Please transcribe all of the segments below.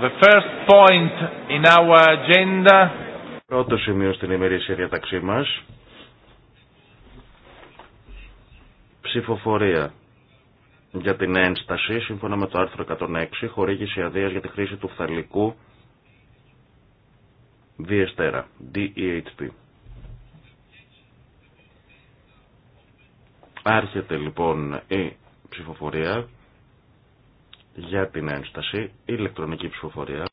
Το Πρώτο σημείο στην ημερήσια διαταξή μας. Ψηφοφορία για την ένσταση, σύμφωνα με το άρθρο 106, χορήγηση αδείας για τη χρήση του φθαλικού διεστέρα, DEHP. Άρχεται λοιπόν η ψηφοφορία για την ένσταση, ηλεκτρονική ψηφοφορία.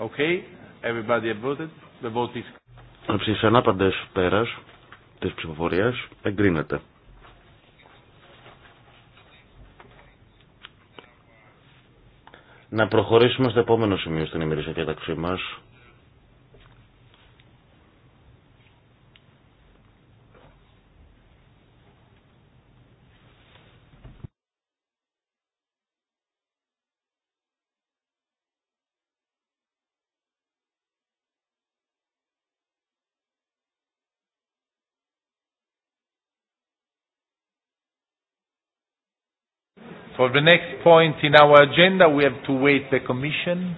Okay, everybody voted. The vote is... Ψήφισαν άπαντες πέρας της ψηφοφορίας εγκρίνεται. να προχωρήσουμε στο επόμενο σημείο στην ημερήσια διάταξή μας For the next point in our agenda, we have to wait the Commission.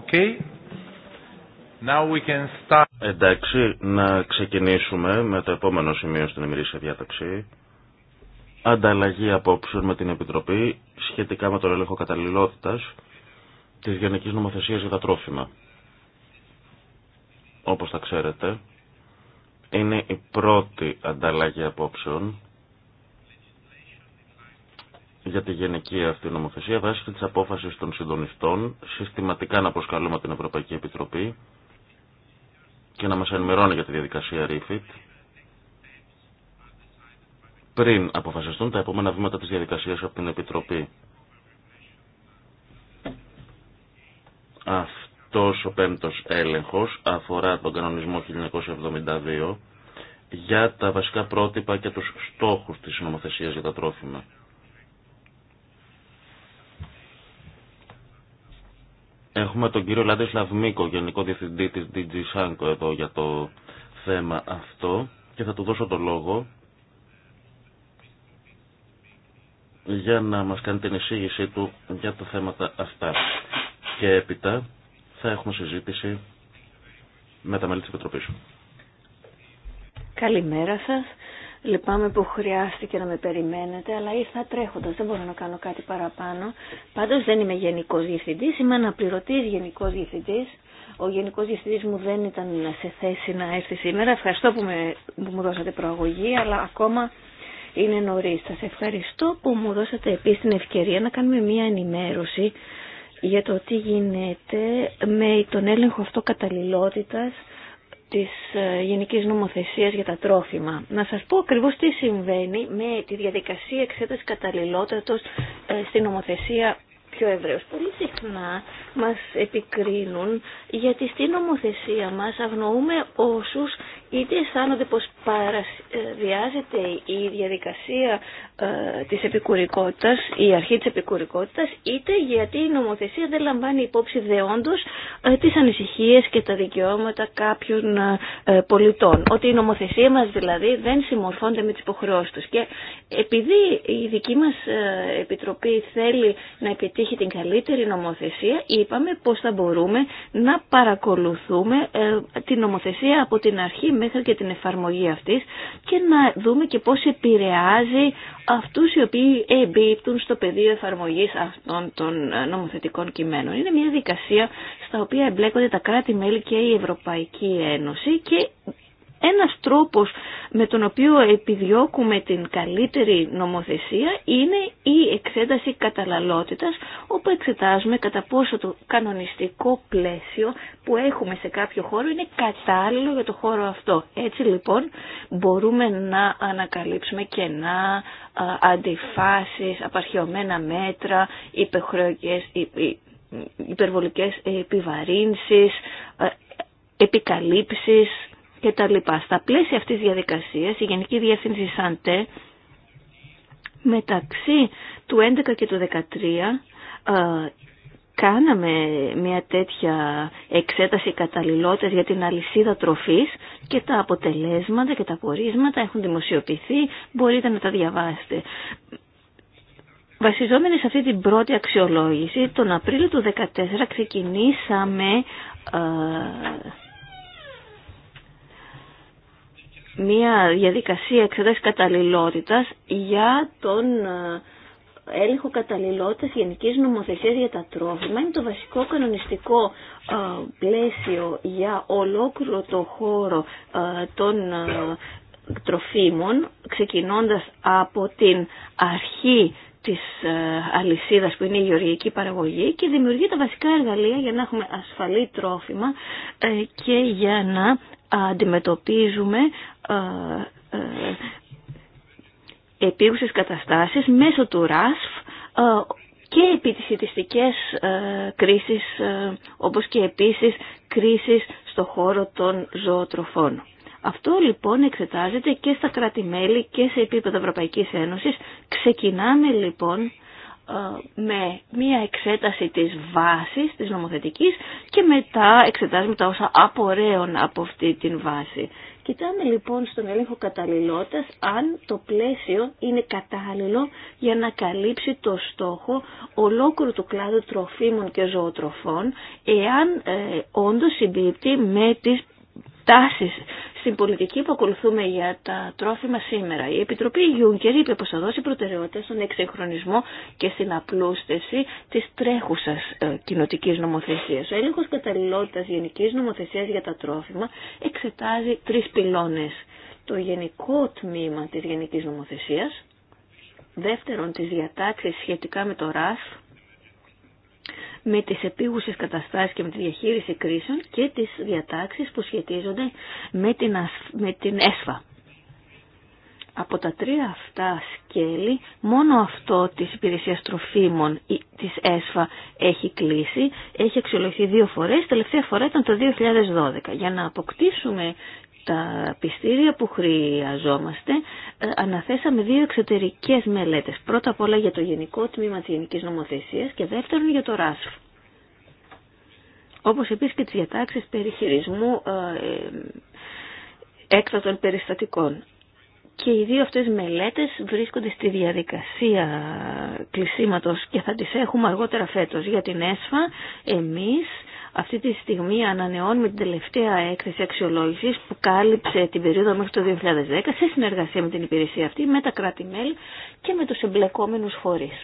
Okay. Now Εντάξει, να ξεκινήσουμε με το επόμενο σημείο στην ημερήσια διάταξη. Ανταλλαγή απόψεων με την Επιτροπή σχετικά με τον έλεγχο καταλληλότητας της Γενικής Νομοθεσίας για τα Τρόφιμα. Όπως τα ξέρετε, είναι η πρώτη ανταλλαγή απόψεων για τη γενική αυτή νομοθεσία βάσει τη απόφαση των συντονιστών συστηματικά να προσκαλούμε την Ευρωπαϊκή Επιτροπή και να μας ενημερώνει για τη διαδικασία REFIT πριν αποφασιστούν τα επόμενα βήματα της διαδικασίας από την Επιτροπή. Αυτός ο πέμπτος έλεγχος αφορά τον κανονισμό 1972 για τα βασικά πρότυπα και τους στόχους της νομοθεσίας για τα τρόφιμα. Έχουμε τον κύριο Λάντισλαβ Μίκο, Γενικό Διευθυντή της DG Sanko εδώ για το θέμα αυτό και θα του δώσω το λόγο για να μας κάνει την εισήγησή του για τα θέματα αυτά. Και έπειτα θα έχουμε συζήτηση με τα μέλη της Επιτροπής. Καλημέρα σας. Λυπάμαι που χρειάστηκε να με περιμένετε, αλλά ήρθα τρέχοντα. Δεν μπορώ να κάνω κάτι παραπάνω. Πάντω δεν είμαι γενικό διευθυντή, είμαι αναπληρωτή γενικό διευθυντή. Ο γενικό διευθυντή μου δεν ήταν σε θέση να έρθει σήμερα. Ευχαριστώ που, μου δώσατε προαγωγή, αλλά ακόμα είναι νωρί. Σα ευχαριστώ που μου δώσατε επίση την ευκαιρία να κάνουμε μία ενημέρωση για το τι γίνεται με τον έλεγχο αυτό καταλληλότητας της ε, Γενικής Νομοθεσίας για τα τρόφιμα. Να σας πω ακριβώς τι συμβαίνει με τη διαδικασία εξέταση καταλληλότητας ε, στην νομοθεσία πιο ευρέως. Πολύ συχνά μας επικρίνουν γιατί στην νομοθεσία μας αγνοούμε όσους είτε αισθάνονται πως παραβιάζεται η διαδικασία ε, της επικουρικότητας, η αρχή της επικουρικότητας, είτε γιατί η νομοθεσία δεν λαμβάνει υπόψη δεόντως ε, τις ανησυχίες και τα δικαιώματα κάποιων ε, πολιτών. Ότι η νομοθεσία μας δηλαδή δεν συμμορφώνεται με τις υποχρεώσεις τους. Και επειδή η δική μας Επιτροπή θέλει να επιτύχει την καλύτερη νομοθεσία, είπαμε πως θα μπορούμε να παρακολουθούμε την νομοθεσία από την αρχή μέχρι και την εφαρμογή αυτής και να δούμε και πώς επηρεάζει αυτούς οι οποίοι εμπίπτουν στο πεδίο εφαρμογής αυτών των ε, νομοθετικών κειμένων. Είναι μια δικασία στα οποία εμπλέκονται τα κράτη-μέλη και η Ευρωπαϊκή Ένωση και ένας τρόπος με τον οποίο επιδιώκουμε την καλύτερη νομοθεσία είναι η εξέταση καταλαλότητας όπου εξετάζουμε κατά πόσο το κανονιστικό πλαίσιο που έχουμε σε κάποιο χώρο είναι κατάλληλο για το χώρο αυτό. Έτσι λοιπόν μπορούμε να ανακαλύψουμε κενά, αντιφάσεις, απαρχαιωμένα μέτρα, υπερχρεωτικές, υπερβολικές επιβαρύνσεις, επικαλύψεις, κτλ. Στα πλαίσια αυτής της διαδικασίας η Γενική Διεύθυνση ΣΑΝΤΕ μεταξύ του 11 και του 13 ε, κάναμε μια τέτοια εξέταση καταλληλότητας για την αλυσίδα τροφής και τα αποτελέσματα και τα πορίσματα έχουν δημοσιοποιηθεί, μπορείτε να τα διαβάσετε. Βασιζόμενοι σε αυτή την πρώτη αξιολόγηση, τον Απρίλιο του 2014 ξεκινήσαμε ε, μια διαδικασία εξέταση καταλληλότητας για τον ε, έλεγχο καταλληλότητας γενικής νομοθεσίας για τα τρόφιμα. Είναι το βασικό κανονιστικό ε, πλαίσιο για ολόκληρο το χώρο ε, των τροφίμων, ξεκινώντας από την αρχή της αλυσίδας που είναι η γεωργική παραγωγή και δημιουργεί τα βασικά εργαλεία για να έχουμε ασφαλή τρόφιμα και για να αντιμετωπίζουμε ε, ε, επίγουσες καταστάσεις μέσω του ΡΑΣΦ ε, και επί τις ιτιστικές κρίσεις όπως και επίσης κρίσεις στο χώρο των ζωοτροφών. Αυτό λοιπόν εξετάζεται και στα κράτη-μέλη και σε επίπεδο Ευρωπαϊκής Ένωσης. Ξεκινάμε λοιπόν ε, με μία εξέταση της βάσης, της νομοθετικής και μετά εξετάζουμε τα όσα απορρέουν από αυτή την βάση. Κοιτάμε λοιπόν στον έλεγχο καταλληλότητας αν το πλαίσιο είναι κατάλληλο για να καλύψει το στόχο ολόκληρου του κλάδου τροφίμων και ζωοτροφών εάν ε, όντως συμπίπτει με τις τάσεις στην πολιτική που ακολουθούμε για τα τρόφιμα σήμερα. Η Επιτροπή Γιούγκερ είπε πως θα δώσει προτεραιότητα στον εξυγχρονισμό και στην απλούστευση της τρέχουσας ε, κοινοτικής νομοθεσίας. Ο έλεγχος καταλληλότητας γενικής νομοθεσίας για τα τρόφιμα εξετάζει τρεις πυλώνες. Το γενικό τμήμα της γενικής νομοθεσίας, δεύτερον τις διατάξεις σχετικά με το ΡΑΦ με τις επίγουσες καταστάσεις και με τη διαχείριση κρίσεων και τις διατάξεις που σχετίζονται με την, με την ΕΣΦΑ. Από τα τρία αυτά σκέλη, μόνο αυτό της υπηρεσίας τροφίμων της ΕΣΦΑ έχει κλείσει, έχει αξιολογηθεί δύο φορές, τελευταία φορά ήταν το 2012. Για να αποκτήσουμε τα πιστήρια που χρειαζόμαστε ε, αναθέσαμε δύο εξωτερικές μελέτες. Πρώτα απ' όλα για το Γενικό Τμήμα της Γενικής Νομοθεσίας και δεύτερον για το ΡΑΣΦ. Όπως επίσης και τις διατάξεις περιχειρισμού ε, ε, έκτατων περιστατικών. Και οι δύο αυτές μελέτες βρίσκονται στη διαδικασία κλεισίματος και θα τις έχουμε αργότερα φέτος για την ΕΣΦΑ. Εμείς αυτή τη στιγμή ανανεώνουμε την τελευταία έκθεση αξιολόγηση που κάλυψε την περίοδο μέχρι το 2010 σε συνεργασία με την υπηρεσία αυτή, με τα κράτη-μέλη και με τους εμπλεκόμενους φορείς.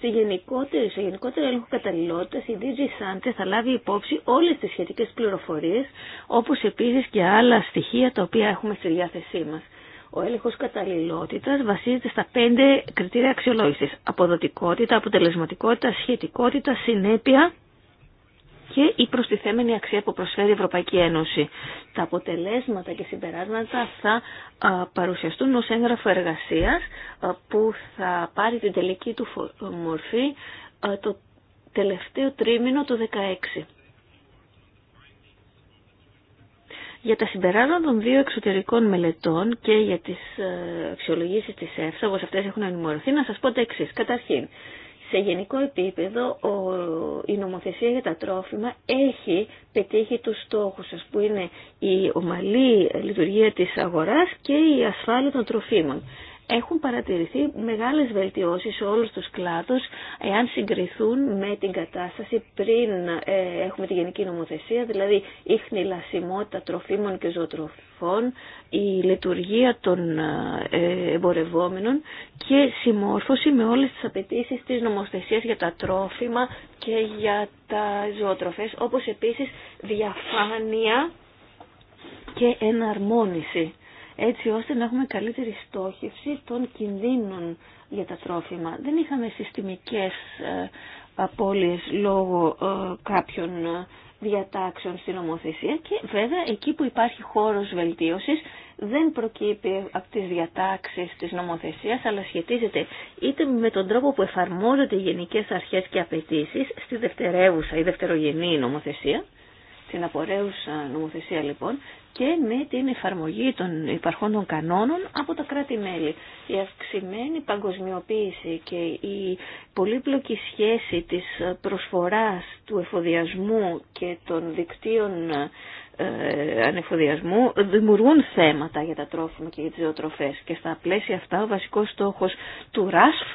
Σε γενικότερη, σε γενικότερο έλεγχο καταλληλότητα, η DG Sante θα λάβει υπόψη όλες τις σχετικές πληροφορίες όπω επίση και άλλα στοιχεία τα οποία έχουμε στη διάθεσή μα. Ο έλεγχος καταλληλότητα βασίζεται στα πέντε κριτήρια αξιολόγησης. Αποδοτικότητα, αποτελεσματικότητα, σχετικότητα, συνέπεια και η προστιθέμενη αξία που προσφέρει η Ευρωπαϊκή Ένωση. Τα αποτελέσματα και συμπεράσματα θα παρουσιαστούν ως έγγραφο εργασίας που θα πάρει την τελική του μορφή το τελευταίο τρίμηνο του 2016. Για τα συμπεράσματα των δύο εξωτερικών μελετών και για τις ε, αξιολογήσεις της ΕΦΣΑ, όπως αυτές έχουν ενημερωθεί, να σας πω τα εξή. Καταρχήν, σε γενικό επίπεδο η νομοθεσία για τα τρόφιμα έχει πετύχει τους στόχους σας που είναι η ομαλή λειτουργία της αγοράς και η ασφάλεια των τροφίμων έχουν παρατηρηθεί μεγάλες βελτιώσεις σε όλους τους κλάδους εάν συγκριθούν με την κατάσταση πριν ε, έχουμε τη γενική νομοθεσία, δηλαδή η χνηλασιμότητα τροφίμων και ζωοτροφών, η λειτουργία των ε, εμπορευόμενων και συμμόρφωση με όλες τις απαιτήσει της νομοθεσίας για τα τρόφιμα και για τα ζωοτροφές, όπως επίσης διαφάνεια και εναρμόνιση έτσι ώστε να έχουμε καλύτερη στόχευση των κινδύνων για τα τρόφιμα. Δεν είχαμε συστημικές ε, απώλειες λόγω ε, κάποιων ε, διατάξεων στην νομοθεσία και βέβαια εκεί που υπάρχει χώρος βελτίωσης δεν προκύπτει από τις διατάξεις της νομοθεσίας αλλά σχετίζεται είτε με τον τρόπο που εφαρμόζονται οι γενικές αρχές και απαιτήσει στη δευτερεύουσα ή δευτερογενή νομοθεσία, στην απορρέουσα νομοθεσία λοιπόν και με την εφαρμογή των υπαρχών των κανόνων από τα κράτη-μέλη. Η αυξημένη παγκοσμιοποίηση και η πολύπλοκη σχέση της προσφοράς του εφοδιασμού και των δικτύων ε, ανεφοδιασμού δημιουργούν θέματα για τα τρόφιμα και για τις ζωοτροφές και στα πλαίσια αυτά ο βασικός στόχος του ΡΑΣΦ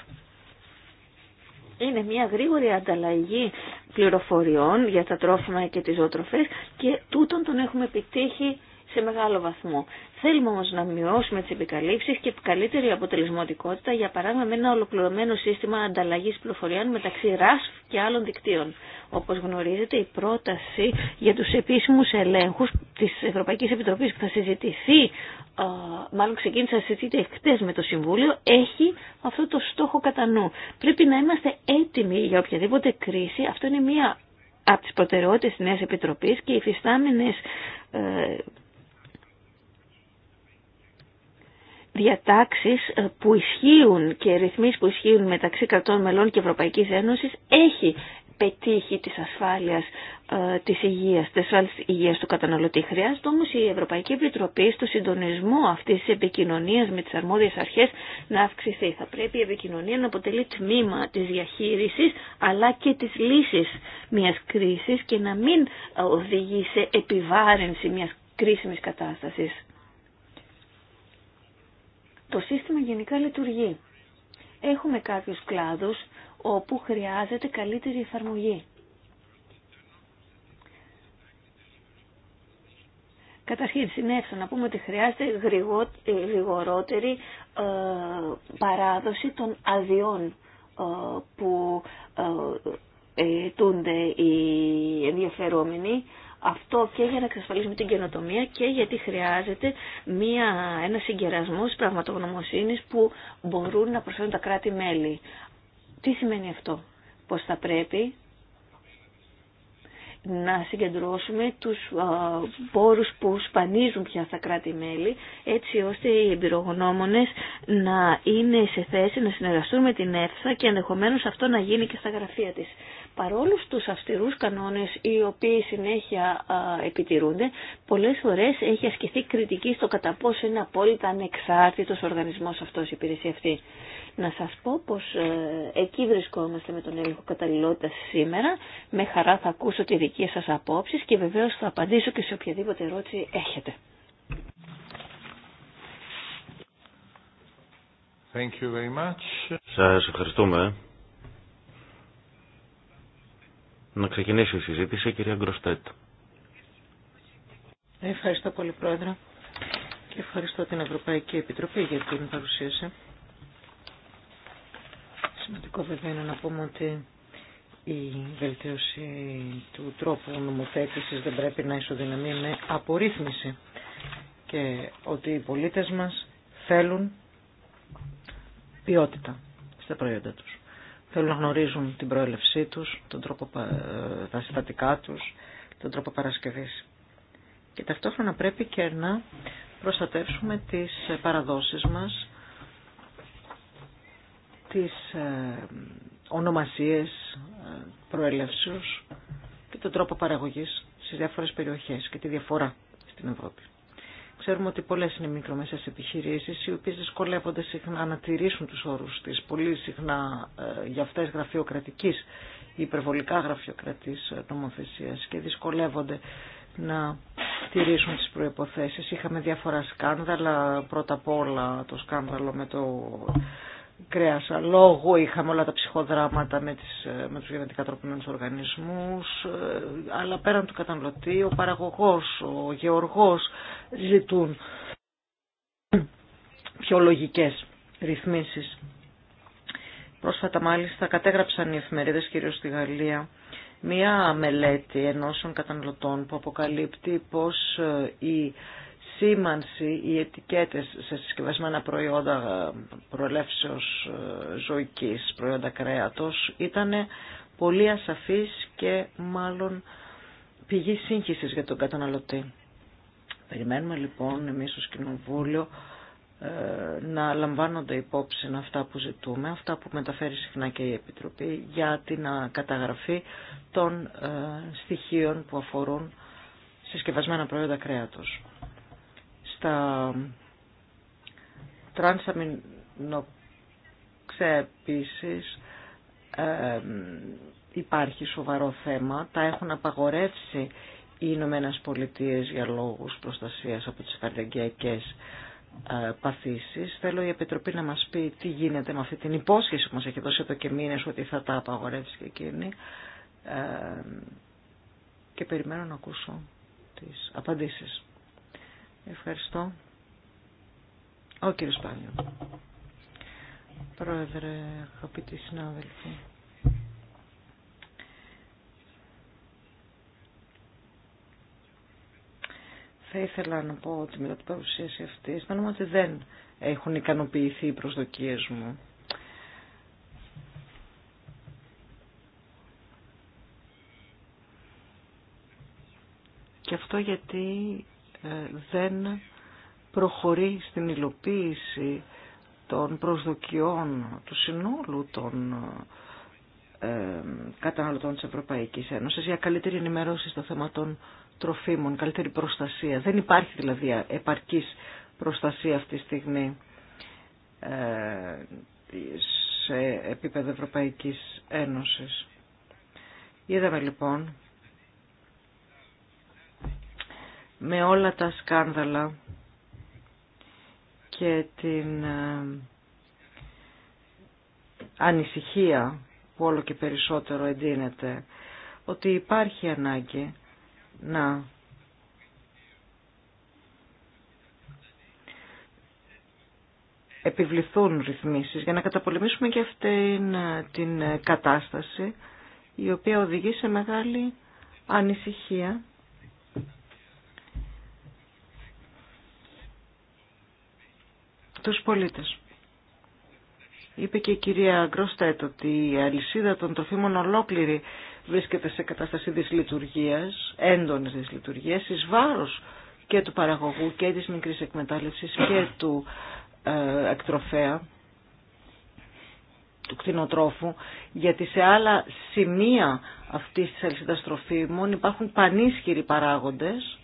είναι μια γρήγορη ανταλλαγή πληροφοριών για τα τρόφιμα και τις ζωοτροφές και τούτον τον έχουμε επιτύχει σε μεγάλο βαθμό. Θέλουμε όμω να μειώσουμε τι επικαλύψει και καλύτερη αποτελεσματικότητα, για παράδειγμα με ένα ολοκληρωμένο σύστημα ανταλλαγή πληροφοριών μεταξύ RASF και άλλων δικτύων. Όπω γνωρίζετε, η πρόταση για του επίσημους ελέγχου τη Ευρωπαϊκή Επιτροπή που θα συζητηθεί, μάλλον ξεκίνησε να συζητείται χτες με το Συμβούλιο, έχει αυτό το στόχο κατά νου. Πρέπει να είμαστε έτοιμοι για οποιαδήποτε κρίση. Αυτό είναι μία από τι προτεραιότητε της νέα Επιτροπής και οι φυστάμενες ε, διατάξεις ε, που ισχύουν και ρυθμίσεις που ισχύουν μεταξύ κρατών μελών και Ευρωπαϊκής Ένωσης έχει πετύχει της ασφάλειας ε, της υγείας, της ασφάλειας υγείας του καταναλωτή. Χρειάζεται όμως η Ευρωπαϊκή Επιτροπή στο συντονισμό αυτής της επικοινωνίας με τις αρμόδιες αρχές να αυξηθεί. Θα πρέπει η επικοινωνία να αποτελεί τμήμα της διαχείρισης αλλά και της λύσης μιας κρίσης και να μην ε, οδηγεί σε επιβάρυνση μιας κρίσιμης κατάστασης. Το σύστημα γενικά λειτουργεί. Έχουμε κάποιους κλάδους όπου χρειάζεται καλύτερη εφαρμογή. Καταρχήν, συνέφθα να πούμε ότι χρειάζεται ε, γρηγορότερη ε, παράδοση των αδειών ε, που ε, οι ενδιαφερόμενοι αυτό και για να εξασφαλίσουμε την καινοτομία και γιατί χρειάζεται μια, ένα συγκερασμό τη πραγματογνωμοσύνη που μπορούν να προσφέρουν τα κράτη-μέλη. Τι σημαίνει αυτό, πως θα πρέπει να συγκεντρώσουμε τους πόρους που σπανίζουν πια στα κράτη-μέλη έτσι ώστε οι εμπειρογνώμονες να είναι σε θέση να συνεργαστούν με την ΕΦΣΑ και ενδεχομένως αυτό να γίνει και στα γραφεία της. Παρόλους τους αυστηρούς κανόνες οι οποίοι συνέχεια επιτηρούνται, πολλές φορές έχει ασκηθεί κριτική στο κατά πόσο είναι απόλυτα ανεξάρτητος ο οργανισμός αυτός, η υπηρεσία αυτή. Να σας πω πως ε, εκεί βρισκόμαστε με τον έλεγχο καταλληλότητας σήμερα. Με χαρά θα ακούσω τη δική σας απόψη και βεβαίως θα απαντήσω και σε οποιαδήποτε ερώτηση έχετε. Thank you very much. Σας ευχαριστούμε. Να ξεκινήσει η συζήτηση, κυρία Γκροστέτ. Ευχαριστώ πολύ, Πρόεδρε. Και ευχαριστώ την Ευρωπαϊκή Επιτροπή για την παρουσίαση. Σημαντικό βέβαια είναι να πούμε ότι η βελτίωση του τρόπου νομοθέτησης δεν πρέπει να ισοδυναμεί με απορρίθμιση και ότι οι πολίτες μας θέλουν ποιότητα στα προϊόντα τους. Θέλουν να γνωρίζουν την προέλευσή τους, τον τρόπο, ε, τα συστατικά τους, τον τρόπο παρασκευής. Και ταυτόχρονα πρέπει και να προστατεύσουμε τις παραδόσεις μας, τις ε, ονομασίες ε, προέλευσεως και τον τρόπο παραγωγής στις διάφορες περιοχές και τη διαφορά στην Ευρώπη. Ξέρουμε ότι πολλές είναι μικρομεσαίες επιχειρήσεις οι οποίες δυσκολεύονται συχνά να τηρήσουν τους όρους της. Πολύ συχνά ε, για αυτές γραφειοκρατικής, υπερβολικά γραφειοκρατής νομοθεσίας και δυσκολεύονται να τηρήσουν τις προϋποθέσεις. Είχαμε διάφορα σκάνδαλα, πρώτα απ' όλα το σκάνδαλο με το κρέας. Λόγω είχαμε όλα τα ψυχοδράματα με, τις, ε, με τους γενετικά τροπημένους οργανισμούς, ε, αλλά πέραν του καταναλωτή, ο παραγωγός, ο γεωργός ζητούν πιο λογικές ρυθμίσεις. Πρόσφατα μάλιστα κατέγραψαν οι εφημερίδες, κυρίως στη Γαλλία, μία μελέτη ενώσεων καταναλωτών που αποκαλύπτει πως ε, η σήμανση, οι ετικέτες σε συσκευασμένα προϊόντα ε, προελεύσεως ε, ζωικής, προϊόντα κρέατος, ήταν πολύ ασαφής και μάλλον πηγή σύγχυσης για τον καταναλωτή. Περιμένουμε λοιπόν εμείς ως Κοινοβούλιο ε, να λαμβάνονται υπόψη αυτά που ζητούμε, αυτά που μεταφέρει συχνά και η Επιτροπή για την καταγραφή των στοιχείων που αφορούν συσκευασμένα προϊόντα κρέατος τα τρανσαμινοξέ επίσης ε, υπάρχει σοβαρό θέμα. Τα έχουν απαγορεύσει οι Ηνωμένε Πολιτείε για λόγους προστασίας από τις καρδιαγκιακές ε, παθήσεις. Θέλω η Επιτροπή να μας πει τι γίνεται με αυτή την υπόσχεση που μας έχει δώσει εδώ και μήνες ότι θα τα απαγορεύσει και εκείνη. Ε, και περιμένω να ακούσω τις απαντήσεις. Ευχαριστώ. Ο κύριος Πάνιο. Πρόεδρε, αγαπητοί συνάδελφοι. Θα ήθελα να πω ότι μετά την παρουσίαση αυτή αισθάνομαι ότι δεν έχουν ικανοποιηθεί οι προσδοκίες μου. Και αυτό γιατί ε, δεν προχωρεί στην υλοποίηση των προσδοκιών του συνόλου των ε, καταναλωτών της Ευρωπαϊκής Ένωσης για καλύτερη ενημέρωση στο θέμα των τροφίμων, καλύτερη προστασία. Δεν υπάρχει δηλαδή επαρκής προστασία αυτή τη στιγμή ε, σε επίπεδο Ευρωπαϊκής Ένωσης. Είδαμε λοιπόν με όλα τα σκάνδαλα και την ε, ανησυχία που όλο και περισσότερο εντείνεται ότι υπάρχει ανάγκη να επιβληθούν ρυθμίσεις για να καταπολεμήσουμε και αυτή ε, την κατάσταση η οποία οδηγεί σε μεγάλη ανησυχία τους πολίτες. Είπε και η κυρία Γκροστέτ ότι η αλυσίδα των τροφίμων ολόκληρη βρίσκεται σε κατάσταση δυσλειτουργίας, έντονης δυσλειτουργίας, εις βάρος και του παραγωγού και της μικρής εκμετάλλευσης και του ε, εκτροφέα, του κτηνοτρόφου, γιατί σε άλλα σημεία αυτής της αλυσίδας τροφίμων υπάρχουν πανίσχυροι παράγοντες,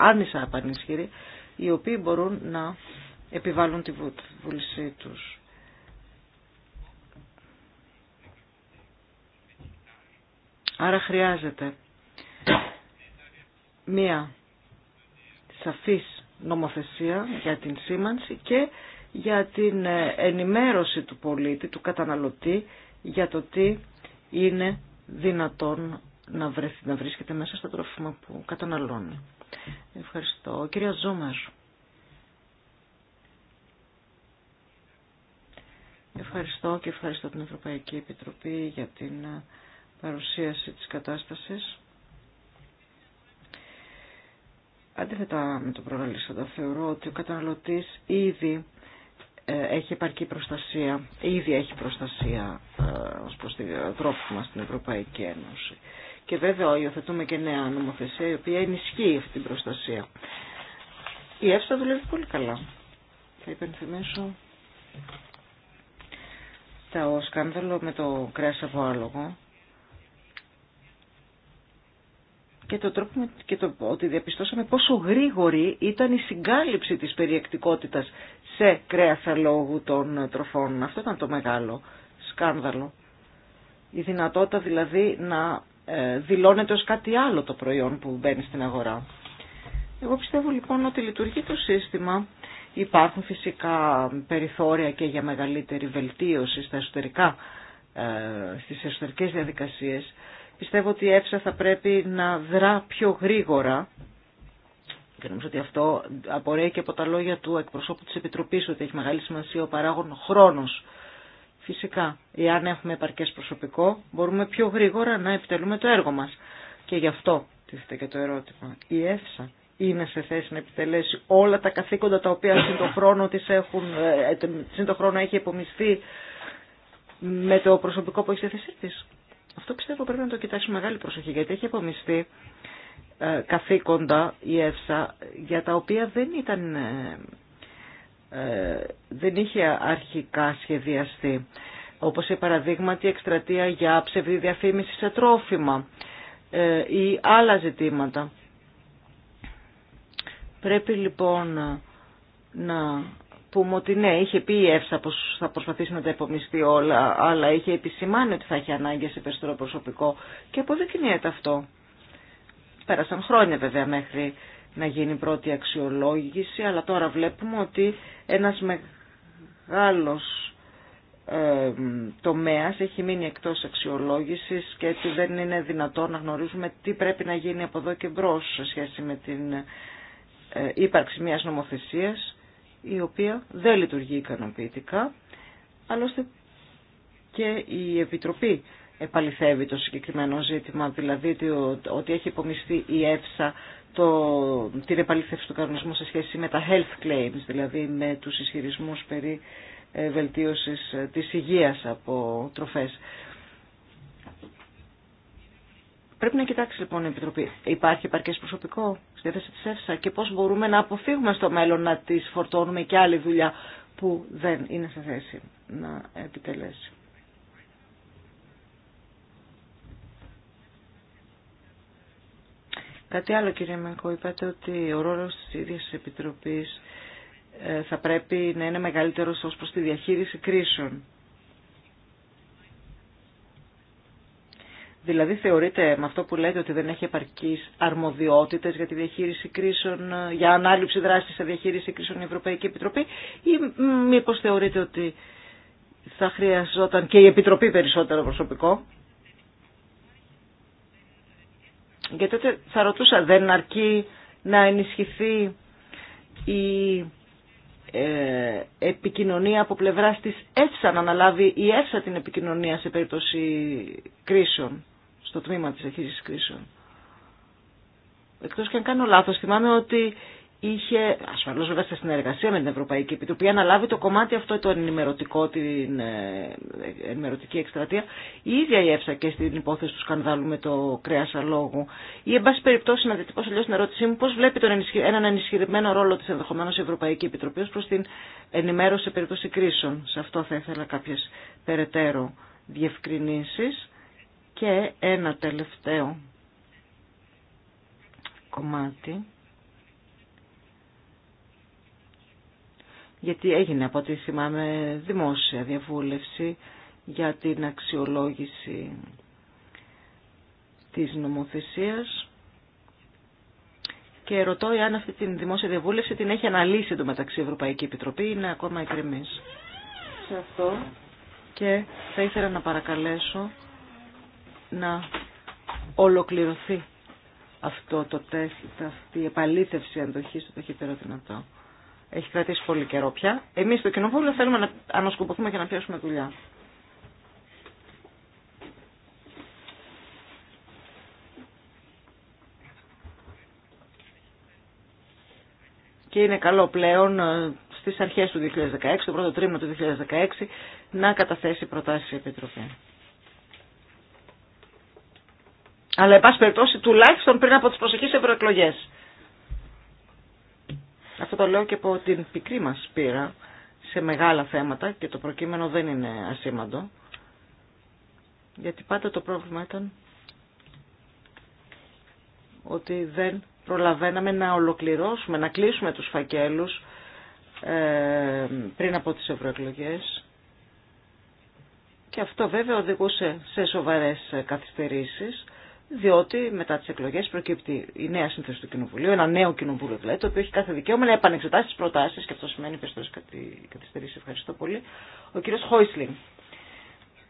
άνισα πανίσχυροι, οι οποίοι μπορούν να επιβάλλουν τη βούλησή τους. Άρα χρειάζεται μία σαφής νομοθεσία για την σήμανση και για την ε, ενημέρωση του πολίτη, του καταναλωτή, για το τι είναι δυνατόν να, βρεθεί, να βρίσκεται μέσα στα τρόφιμα που καταναλώνει. Ευχαριστώ. Κυρία Ζούμερ. Ευχαριστώ και ευχαριστώ την Ευρωπαϊκή Επιτροπή για την ε, παρουσίαση της κατάστασης. Αντίθετα με το προγραλίσαντα θεωρώ ότι ο καταναλωτής ήδη ε, έχει επαρκή προστασία, ήδη έχει προστασία ε, ως προς τη μας στην Ευρωπαϊκή Ένωση. Και βέβαια υιοθετούμε και νέα νομοθεσία η οποία ενισχύει αυτή την προστασία. Η ΕΦΣΑ δουλεύει πολύ καλά. Θα υπενθυμίσω το σκάνδαλο με το κρέας από άλογο και το τρόπο και το, ότι διαπιστώσαμε πόσο γρήγορη ήταν η συγκάλυψη της περιεκτικότητας σε κρέας αλόγου των τροφών. Αυτό ήταν το μεγάλο σκάνδαλο. Η δυνατότητα δηλαδή να ε, δηλώνεται ως κάτι άλλο το προϊόν που μπαίνει στην αγορά. Εγώ πιστεύω λοιπόν ότι λειτουργεί το σύστημα Υπάρχουν φυσικά περιθώρια και για μεγαλύτερη βελτίωση στα εσωτερικά, ε, στις εσωτερικές διαδικασίες. Πιστεύω ότι η ΕΦΣΑ θα πρέπει να δρά πιο γρήγορα και νομίζω ότι αυτό απορρέει και από τα λόγια του εκπροσώπου της Επιτροπής ότι έχει μεγάλη σημασία ο παράγων χρόνος. Φυσικά, εάν έχουμε επαρκές προσωπικό, μπορούμε πιο γρήγορα να επιτελούμε το έργο μας. Και γι' αυτό τίθεται και το ερώτημα. Η ΕΦΣΑ είναι σε θέση να επιτελέσει όλα τα καθήκοντα τα οποία συν χρόνο, της έχουν, ε, έχει επομιστεί με το προσωπικό που έχει στη θέση της. Αυτό πιστεύω πρέπει να το κοιτάξουμε μεγάλη προσοχή γιατί έχει επομιστεί ε, καθήκοντα η ΕΦΣΑ για τα οποία δεν ήταν ε, δεν είχε αρχικά σχεδιαστεί όπως η παραδείγματι εκστρατεία για ψευδή διαφήμιση σε τρόφιμα ή άλλα ζητήματα Πρέπει λοιπόν να πούμε ότι ναι, είχε πει η ΕΦΣΑ πως θα προσπαθήσει να τα επομιστεί όλα, αλλά είχε επισημάνει ότι θα έχει ανάγκη σε περισσότερο προσωπικό και αποδεικνύεται αυτό. Πέρασαν χρόνια βέβαια μέχρι να γίνει πρώτη αξιολόγηση, αλλά τώρα βλέπουμε ότι ένας μεγάλος ε, τομέας έχει μείνει εκτός αξιολόγησης και έτσι δεν είναι δυνατό να γνωρίζουμε τι πρέπει να γίνει από εδώ και μπρος σε σχέση με την ε, ύπαρξη μιας νομοθεσίας η οποία δεν λειτουργεί ικανοποιητικά. Άλλωστε και η Επιτροπή επαληθεύει το συγκεκριμένο ζήτημα, δηλαδή ότι έχει υπομειστεί η ΕΦΣΑ το, την επαλήθευση του κανονισμού σε σχέση με τα health claims, δηλαδή με τους ισχυρισμούς περί ε, βελτίωσης ε, της υγείας από τροφές. Πρέπει να κοιτάξει λοιπόν η Επιτροπή. Υπάρχει επαρκέ προσωπικό στη θέση τη ΕΦΣΑ και πώ μπορούμε να αποφύγουμε στο μέλλον να τη φορτώνουμε και άλλη δουλειά που δεν είναι σε θέση να επιτελέσει. Κάτι άλλο κύριε Μεγκο, είπατε ότι ο ρόλος της ίδιας Επιτροπής ε, θα πρέπει να είναι μεγαλύτερος ως προ τη διαχείριση κρίσεων. Δηλαδή θεωρείτε με αυτό που λέτε ότι δεν έχει επαρκείς αρμοδιότητες για τη διαχείριση κρίσεων, για ανάληψη δράσης σε διαχείριση κρίσεων η Ευρωπαϊκή Επιτροπή ή μήπως θεωρείτε ότι θα χρειαζόταν και η Επιτροπή περισσότερο προσωπικό. Γιατί τότε θα ρωτούσα δεν αρκεί να ενισχυθεί η ε, επικοινωνία από πλευράς της ΕΦΣΑ, να αναλάβει η ΕΦΣΑ την επικοινωνία σε περίπτωση κρίσεων στο τμήμα της αχύσης κρίσεων. Εκτός και αν κάνω λάθος, θυμάμαι ότι είχε, ασφαλώς βέβαια σε συνεργασία με την Ευρωπαϊκή Επιτροπή, αναλάβει το κομμάτι αυτό το ενημερωτικό, την ε, ενημερωτική εκστρατεία, η ίδια η ΕΦΣΑ και στην υπόθεση του σκανδάλου με το κρέας αλόγου. Ή, εν πάση περιπτώσει, να διατυπώσω αλλιώς την ερώτησή μου, πώς βλέπει έναν ενισχυρημένο ρόλο της ενδεχομένως Ευρωπαϊκή Επιτροπή προς την ενημέρωση σε περίπτωση κρίσεων. Σε αυτό θα ήθελα κάποιες περαιτέρω διευκρινήσεις. Και ένα τελευταίο κομμάτι. Γιατί έγινε από ό,τι θυμάμαι δημόσια διαβούλευση για την αξιολόγηση της νομοθεσίας και ρωτώ εάν αυτή την δημόσια διαβούλευση την έχει αναλύσει το μεταξύ Ευρωπαϊκή Επιτροπή είναι ακόμα εκκρεμής. Σε αυτό και θα ήθελα να παρακαλέσω να ολοκληρωθεί αυτό το τεστ, αυτή η επαλήθευση αντοχή στο ταχύτερο δυνατό. Έχει κρατήσει πολύ καιρό πια. Εμεί στο Κοινοβούλιο θέλουμε να ανασκοποθούμε και να πιάσουμε δουλειά. Και είναι καλό πλέον ε, στις αρχές του 2016, το πρώτο τρίμηνο του 2016, να καταθέσει προτάσεις η Επιτροπή αλλά εν περιπτώσει τουλάχιστον πριν από τι προσεχείς ευρωεκλογέ. Αυτό το λέω και από την πικρή μα πείρα σε μεγάλα θέματα και το προκείμενο δεν είναι ασήμαντο. Γιατί πάντα το πρόβλημα ήταν ότι δεν προλαβαίναμε να ολοκληρώσουμε, να κλείσουμε τους φακέλους ε, πριν από τις ευρωεκλογέ. Και αυτό βέβαια οδηγούσε σε σοβαρές καθυστερήσεις διότι μετά τι εκλογέ προκύπτει η νέα σύνθεση του Κοινοβουλίου, ένα νέο Κοινοβούλιο δηλαδή, το οποίο έχει κάθε δικαίωμα να επανεξετάσει τι προτάσει και αυτό σημαίνει περισσότερε καθυστερήσει. Ευχαριστώ πολύ. Ο κύριο Χόισλιν.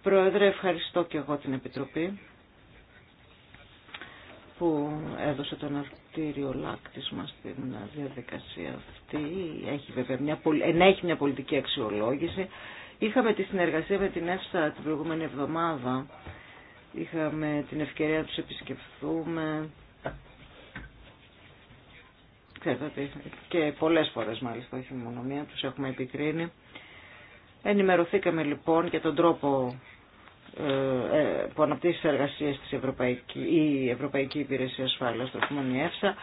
Πρόεδρε, ευχαριστώ και εγώ την Επιτροπή που έδωσε τον αρτήριο λάκτισμα στην διαδικασία αυτή. Έχει βέβαια μια, ενέχει μια πολιτική αξιολόγηση. Είχαμε τη συνεργασία με την ΕΦΣΑ την προηγούμενη εβδομάδα Είχαμε την ευκαιρία να τους επισκεφθούμε. Ξέρετε και πολλές φορές μάλιστα, όχι μόνο μία, τους έχουμε επικρίνει. Ενημερωθήκαμε λοιπόν για τον τρόπο ε, ε, που αναπτύσσει τις εργασίες της Ευρωπαϊκή, η Ευρωπαϊκή Υπηρεσία Ασφάλειας, το ΕΦΣΑ,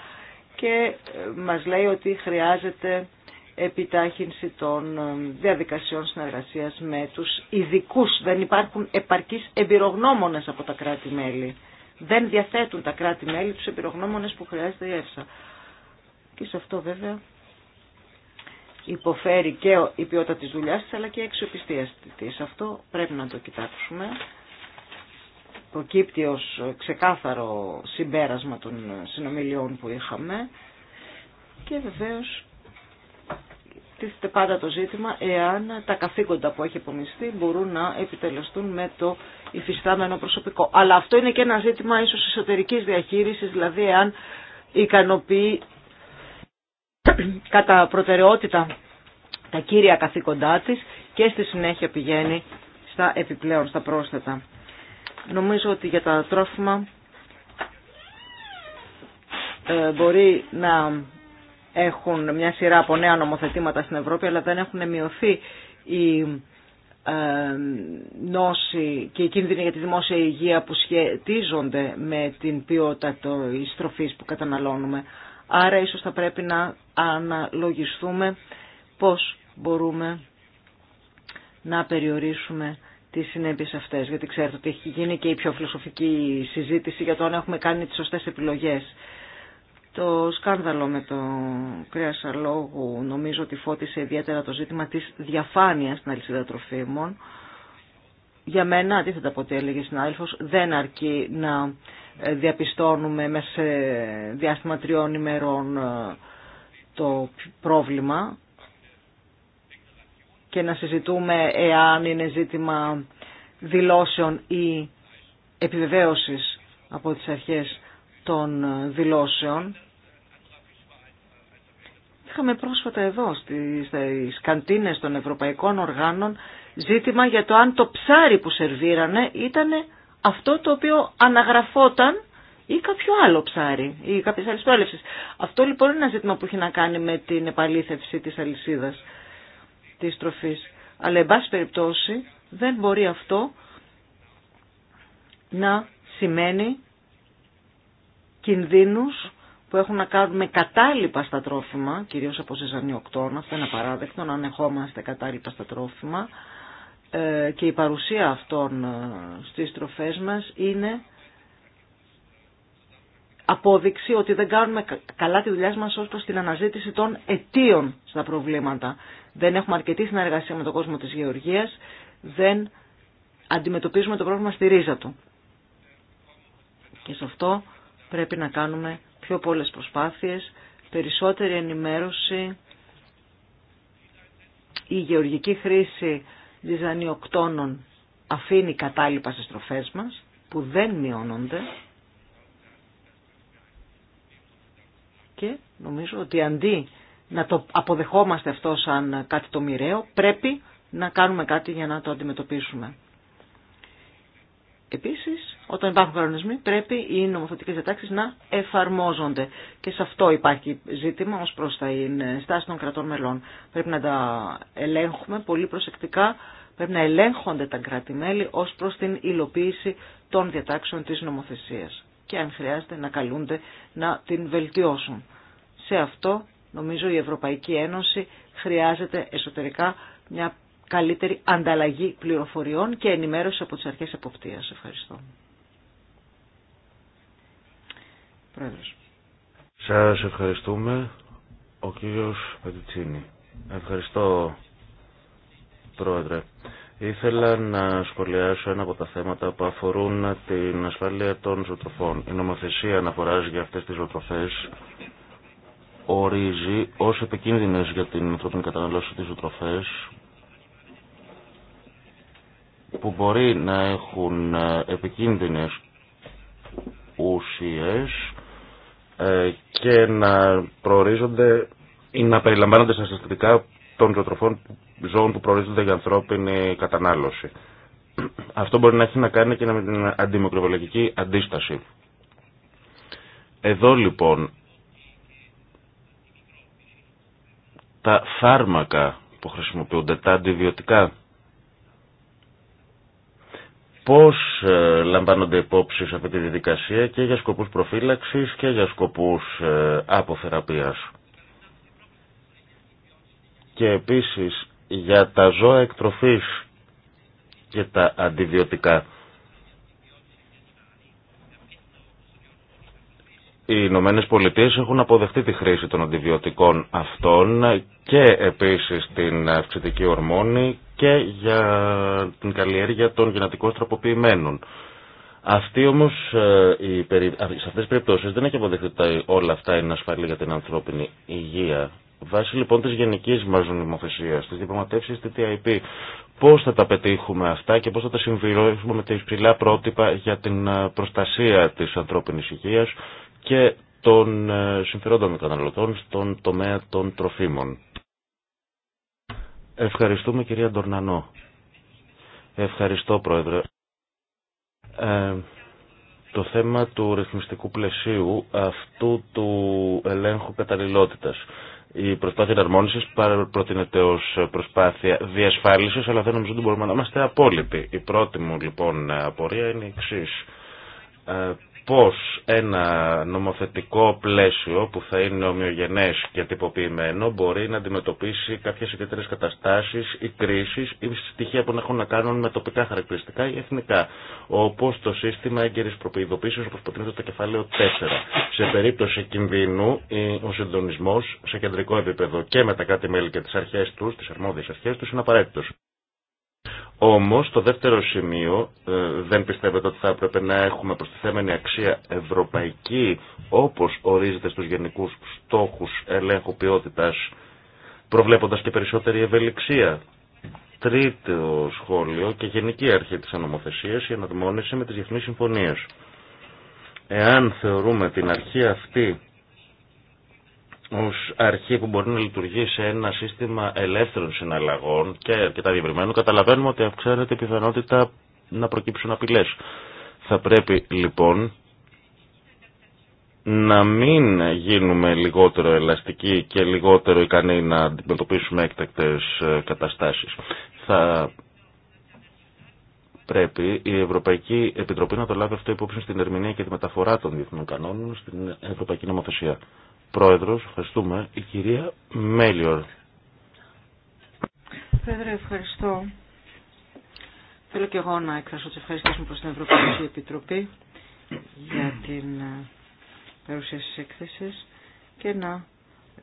και ε, μας λέει ότι χρειάζεται επιτάχυνση των ε, διαδικασιών συνεργασίας με τους ειδικού. Δεν υπάρχουν επαρκείς εμπειρογνώμονες από τα κράτη-μέλη. Δεν διαθέτουν τα κράτη-μέλη τους εμπειρογνώμονες που χρειάζεται η ΕΦΣΑ. Και σε αυτό βέβαια υποφέρει και η ποιότητα της δουλειάς της αλλά και η αξιοπιστία της. Αυτό πρέπει να το κοιτάξουμε. Προκύπτει ως ξεκάθαρο συμπέρασμα των συνομιλιών που είχαμε και βεβαίως τίθεται πάντα το ζήτημα εάν τα καθήκοντα που έχει απομειστεί μπορούν να επιτελεστούν με το υφιστάμενο προσωπικό. Αλλά αυτό είναι και ένα ζήτημα ίσως εσωτερικής διαχείρισης, δηλαδή εάν ικανοποιεί κατά προτεραιότητα τα κύρια καθήκοντά της και στη συνέχεια πηγαίνει στα επιπλέον, στα πρόσθετα. Νομίζω ότι για τα τρόφιμα ε, μπορεί να έχουν μια σειρά από νέα νομοθετήματα στην Ευρώπη, αλλά δεν έχουν μειωθεί οι ε, νόσοι και οι κίνδυνοι για τη δημόσια υγεία που σχετίζονται με την ποιότητα τη τροφής που καταναλώνουμε. Άρα ίσως θα πρέπει να αναλογιστούμε πώς μπορούμε να περιορίσουμε τις συνέπειες αυτές. Γιατί ξέρετε ότι έχει γίνει και η πιο φιλοσοφική συζήτηση για το αν έχουμε κάνει τις σωστές επιλογές το σκάνδαλο με το κρέα αλόγου νομίζω ότι φώτισε ιδιαίτερα το ζήτημα της διαφάνειας στην αλυσίδα τροφίμων. Για μένα, αντίθετα από ό,τι έλεγε συνάδελφος, δεν αρκεί να ε, διαπιστώνουμε μέσα σε διάστημα τριών ημερών ε, το πρόβλημα και να συζητούμε εάν είναι ζήτημα δηλώσεων ή επιβεβαίωσης από τις αρχές των δηλώσεων. Είχαμε πρόσφατα εδώ στις καντίνες των ευρωπαϊκών οργάνων ζήτημα για το αν το ψάρι που σερβίρανε ήταν αυτό το οποίο αναγραφόταν ή κάποιο άλλο ψάρι ή κάποιες άλλες Αυτό λοιπόν είναι ένα ζήτημα που έχει να κάνει με την επαλήθευση της αλυσίδας της τροφής. Αλλά εν πάση περιπτώσει δεν μπορεί αυτό να σημαίνει κινδύνους που έχουν να κάνουν με κατάλοιπα στα τρόφιμα, κυρίως από ζυζανιοκτώνα, αυτό είναι απαράδεκτο να ανεχόμαστε κατάλοιπα στα τρόφιμα ε, και η παρουσία αυτών ε, στις τροφές μας είναι απόδειξη ότι δεν κάνουμε καλά τη δουλειά μας ως προς την αναζήτηση των αιτίων στα προβλήματα. Δεν έχουμε αρκετή συνεργασία με τον κόσμο της γεωργίας, δεν αντιμετωπίζουμε το πρόβλημα στη ρίζα του. Και σε αυτό πρέπει να κάνουμε πιο πολλές προσπάθειες, περισσότερη ενημέρωση, η γεωργική χρήση διζανιοκτώνων αφήνει κατάλοιπα στις τροφές μας, που δεν μειώνονται και νομίζω ότι αντί να το αποδεχόμαστε αυτό σαν κάτι το μοιραίο, πρέπει να κάνουμε κάτι για να το αντιμετωπίσουμε. Επίσης, όταν υπάρχουν κανονισμοί, πρέπει οι νομοθετικέ διατάξεις να εφαρμόζονται. Και σε αυτό υπάρχει ζήτημα ως προς τα στάση των κρατών μελών. Πρέπει να τα ελέγχουμε πολύ προσεκτικά, πρέπει να ελέγχονται τα κράτη-μέλη ως προς την υλοποίηση των διατάξεων της νομοθεσίας. Και αν χρειάζεται να καλούνται να την βελτιώσουν. Σε αυτό νομίζω η Ευρωπαϊκή Ένωση χρειάζεται εσωτερικά μια καλύτερη ανταλλαγή πληροφοριών και ενημέρωση από τις αρχές εποπτείας. Ευχαριστώ. Πρόεδρος. Σας ευχαριστούμε. Ο κύριος Πατιτσίνη. Ευχαριστώ, Πρόεδρε. Ήθελα να σχολιάσω ένα από τα θέματα που αφορούν την ασφάλεια των ζωοτροφών. Η νομοθεσία αναφοράς για αυτές τις ζωοτροφές ορίζει ως επικίνδυνες για την ανθρώπινη κατανάλωση της ζωοτροφές που μπορεί να έχουν ε, επικίνδυνες ουσίες ε, και να προορίζονται ή να περιλαμβάνονται στα συστατικά των ζωοτροφών ζώων που προορίζονται για ανθρώπινη κατανάλωση. Αυτό μπορεί να έχει να κάνει και με την αντιμικροβολογική αντίσταση. Εδώ λοιπόν τα φάρμακα που χρησιμοποιούνται, τα αντιβιωτικά πώς ε, λαμβάνονται υπόψη σε αυτή τη διαδικασία και για σκοπούς προφύλαξης και για σκοπούς ε, αποθεραπείας. Και επίσης για τα ζώα εκτροφής και τα αντιβιωτικά. οι Ηνωμένε Πολιτείε έχουν αποδεχτεί τη χρήση των αντιβιωτικών αυτών και επίσης την αυξητική ορμόνη και για την καλλιέργεια των γενετικώς τροποποιημένων. Αυτή όμως, ε, σε αυτές τις περιπτώσεις δεν έχει αποδεχτεί όλα αυτά είναι ασφαλή για την ανθρώπινη υγεία. Βάσει λοιπόν της γενικής μας νομοθεσία, της διαπραγματεύσεις της TTIP, πώς θα τα πετύχουμε αυτά και πώς θα τα συμβιώσουμε με τα υψηλά πρότυπα για την ε, προστασία της ανθρώπινης υγείας και των ε, συμφερόντων καταναλωτών στον τομέα των τροφίμων. Ευχαριστούμε κυρία Ντορνανό. Ευχαριστώ πρόεδρε. Ε, το θέμα του ρυθμιστικού πλαισίου αυτού του ελέγχου καταλληλότητας. Η προσπάθεια εναρμόνιση προτείνεται ω προσπάθεια διασφάλιση, αλλά δεν νομίζω ότι μπορούμε να είμαστε απόλυτοι. Η πρώτη μου λοιπόν απορία είναι η εξή. Ε, πώς ένα νομοθετικό πλαίσιο που θα είναι ομοιογενές και τυποποιημένο μπορεί να αντιμετωπίσει κάποιες ιδιαίτερες καταστάσεις ή κρίσεις ή στοιχεία που έχουν να κάνουν με τοπικά χαρακτηριστικά ή εθνικά, όπως το σύστημα έγκαιρης προποιηδοποίησης όπως προτείνεται το κεφάλαιο 4. Σε περίπτωση κινδύνου ο συντονισμός σε κεντρικό επίπεδο και με τα κάτι μέλη και τις αρχές τους, τις αρμόδιες αρχές τους είναι απαραίτητος. Όμως το δεύτερο σημείο ε, δεν πιστεύετε ότι θα έπρεπε να έχουμε προστιθέμενη αξία ευρωπαϊκή όπως ορίζεται στους γενικούς στόχους ελέγχου ποιότητας προβλέποντας και περισσότερη ευελιξία. Τρίτο σχόλιο και γενική αρχή της ανομοθεσίας η αναδμόνιση με τις διεθνείς συμφωνίες. Εάν θεωρούμε την αρχή αυτή ως αρχή που μπορεί να λειτουργεί σε ένα σύστημα ελεύθερων συναλλαγών και αρκετά διευρυμένου, καταλαβαίνουμε ότι αυξάνεται η πιθανότητα να προκύψουν απειλές. Θα πρέπει λοιπόν να μην γίνουμε λιγότερο ελαστικοί και λιγότερο ικανοί να αντιμετωπίσουμε έκτακτες ε, καταστάσεις. Θα πρέπει η Ευρωπαϊκή Επιτροπή να το λάβει αυτό υπόψη στην ερμηνεία και τη μεταφορά των διεθνών κανόνων στην Ευρωπαϊκή Νομοθεσία. Πρόεδρος, ευχαριστούμε. Η κυρία Μέλιορ. Πρόεδρε, ευχαριστώ. Θέλω και εγώ να εκφράσω τι ευχαριστήσει μου προ την Ευρωπαϊκή Επιτροπή για την ε, παρουσίαση τη έκθεση και να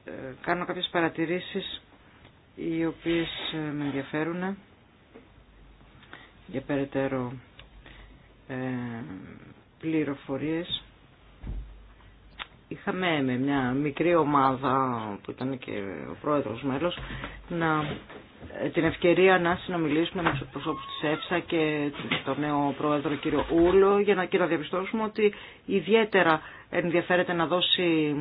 ε, κάνω κάποιε παρατηρήσει οι οποίε ε, με ενδιαφέρουν για περαιτέρω ε, πληροφορίες. Είχαμε με μια μικρή ομάδα που ήταν και ο πρόεδρος μέλος να, ε, την ευκαιρία να συνομιλήσουμε με τους εκπροσώπους της ΕΦΣΑ και τον νέο πρόεδρο κύριο Ούλο για να, και να διαπιστώσουμε ότι ιδιαίτερα ενδιαφέρεται να δώσει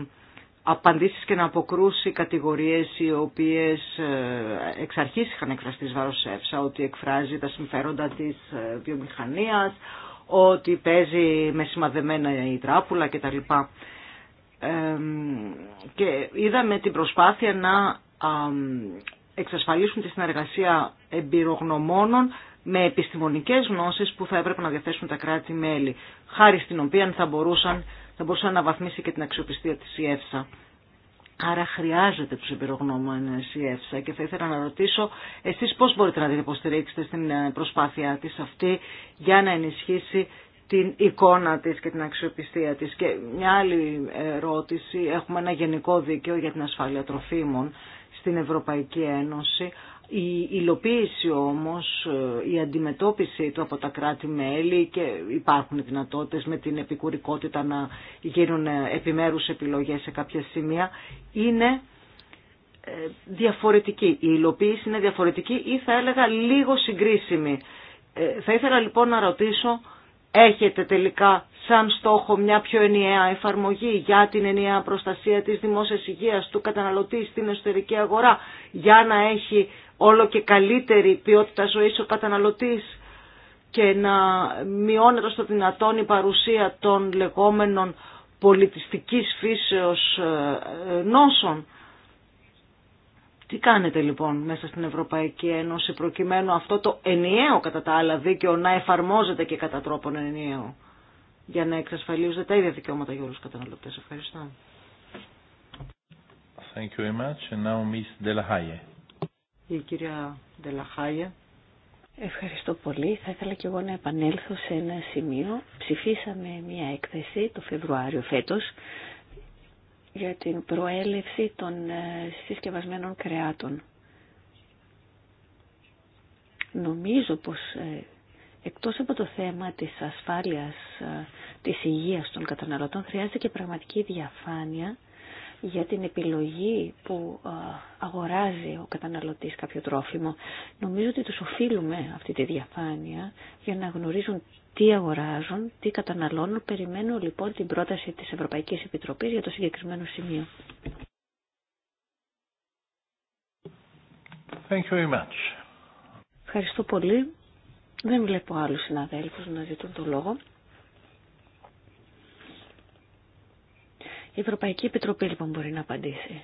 απαντήσεις και να αποκρούσει κατηγορίες οι οποίες ε, εξ αρχής είχαν εκφραστεί ότι εκφράζει τα συμφέροντα της ε, βιομηχανίας, ότι παίζει με σημαδεμένα η τράπουλα κτλ. Και είδαμε την προσπάθεια να εξασφαλίσουν τη συνεργασία εμπειρογνωμόνων με επιστημονικές γνώσεις που θα έπρεπε να διαθέσουν τα κράτη-μέλη χάρη στην οποία θα, μπορούσαν, θα μπορούσε να αναβαθμίσει και την αξιοπιστία της η ΕΦΣΑ. Άρα χρειάζεται τους εμπειρογνώμονες η ΕΦΣΑ και θα ήθελα να ρωτήσω εσείς πώς μπορείτε να την υποστηρίξετε στην ε, προσπάθειά της αυτή για να ενισχύσει την εικόνα της και την αξιοπιστία της. Και μια άλλη ερώτηση, έχουμε ένα γενικό δίκαιο για την ασφάλεια τροφίμων στην Ευρωπαϊκή Ένωση, η υλοποίηση όμως, ε, η αντιμετώπιση του από τα κράτη-μέλη και υπάρχουν δυνατότητες με την επικουρικότητα να γίνουν ε, επιμέρους επιλογές σε κάποια σημεία, είναι ε, διαφορετική. Η υλοποίηση είναι διαφορετική ή θα έλεγα λίγο συγκρίσιμη. Θα ήθελα λοιπόν να ρωτήσω έχετε τελικά σαν στόχο μια πιο ενιαία εφαρμογή για την ενιαία προστασία της δημόσιας υγείας του καταναλωτή στην εσωτερική αγορά για να έχει όλο και καλύτερη ποιότητα ζωής ο καταναλωτής και να μειώνεται στο δυνατόν η παρουσία των λεγόμενων πολιτιστικής φύσεως ε, ε, νόσων τι κάνετε λοιπόν μέσα στην Ευρωπαϊκή Ένωση προκειμένου αυτό το ενιαίο κατά τα άλλα δίκαιο να εφαρμόζεται και κατά τρόπον ενιαίο για να εξασφαλίζονται τα ίδια δικαιώματα για όλους τους καταναλωτές. Ευχαριστώ. Thank you very much. And now Miss Η κυρία Ευχαριστώ πολύ. Θα ήθελα και εγώ να επανέλθω σε ένα σημείο. Ψηφίσαμε μια έκθεση το Φεβρουάριο φέτος για την προέλευση των ε, συσκευασμένων κρεάτων. Νομίζω πως ε, εκτός από το θέμα της ασφάλειας, ε, της υγείας των καταναλωτών, χρειάζεται και πραγματική διαφάνεια για την επιλογή που αγοράζει ο καταναλωτής κάποιο τρόφιμο. Νομίζω ότι τους οφείλουμε αυτή τη διαφάνεια για να γνωρίζουν τι αγοράζουν, τι καταναλώνουν. Περιμένω λοιπόν την πρόταση της Ευρωπαϊκής Επιτροπής για το συγκεκριμένο σημείο. Thank you very much. Ευχαριστώ πολύ. Δεν βλέπω άλλους συναδέλφους να ζητούν το λόγο. Η Ευρωπαϊκή Επιτροπή λοιπόν μπορεί να απαντήσει.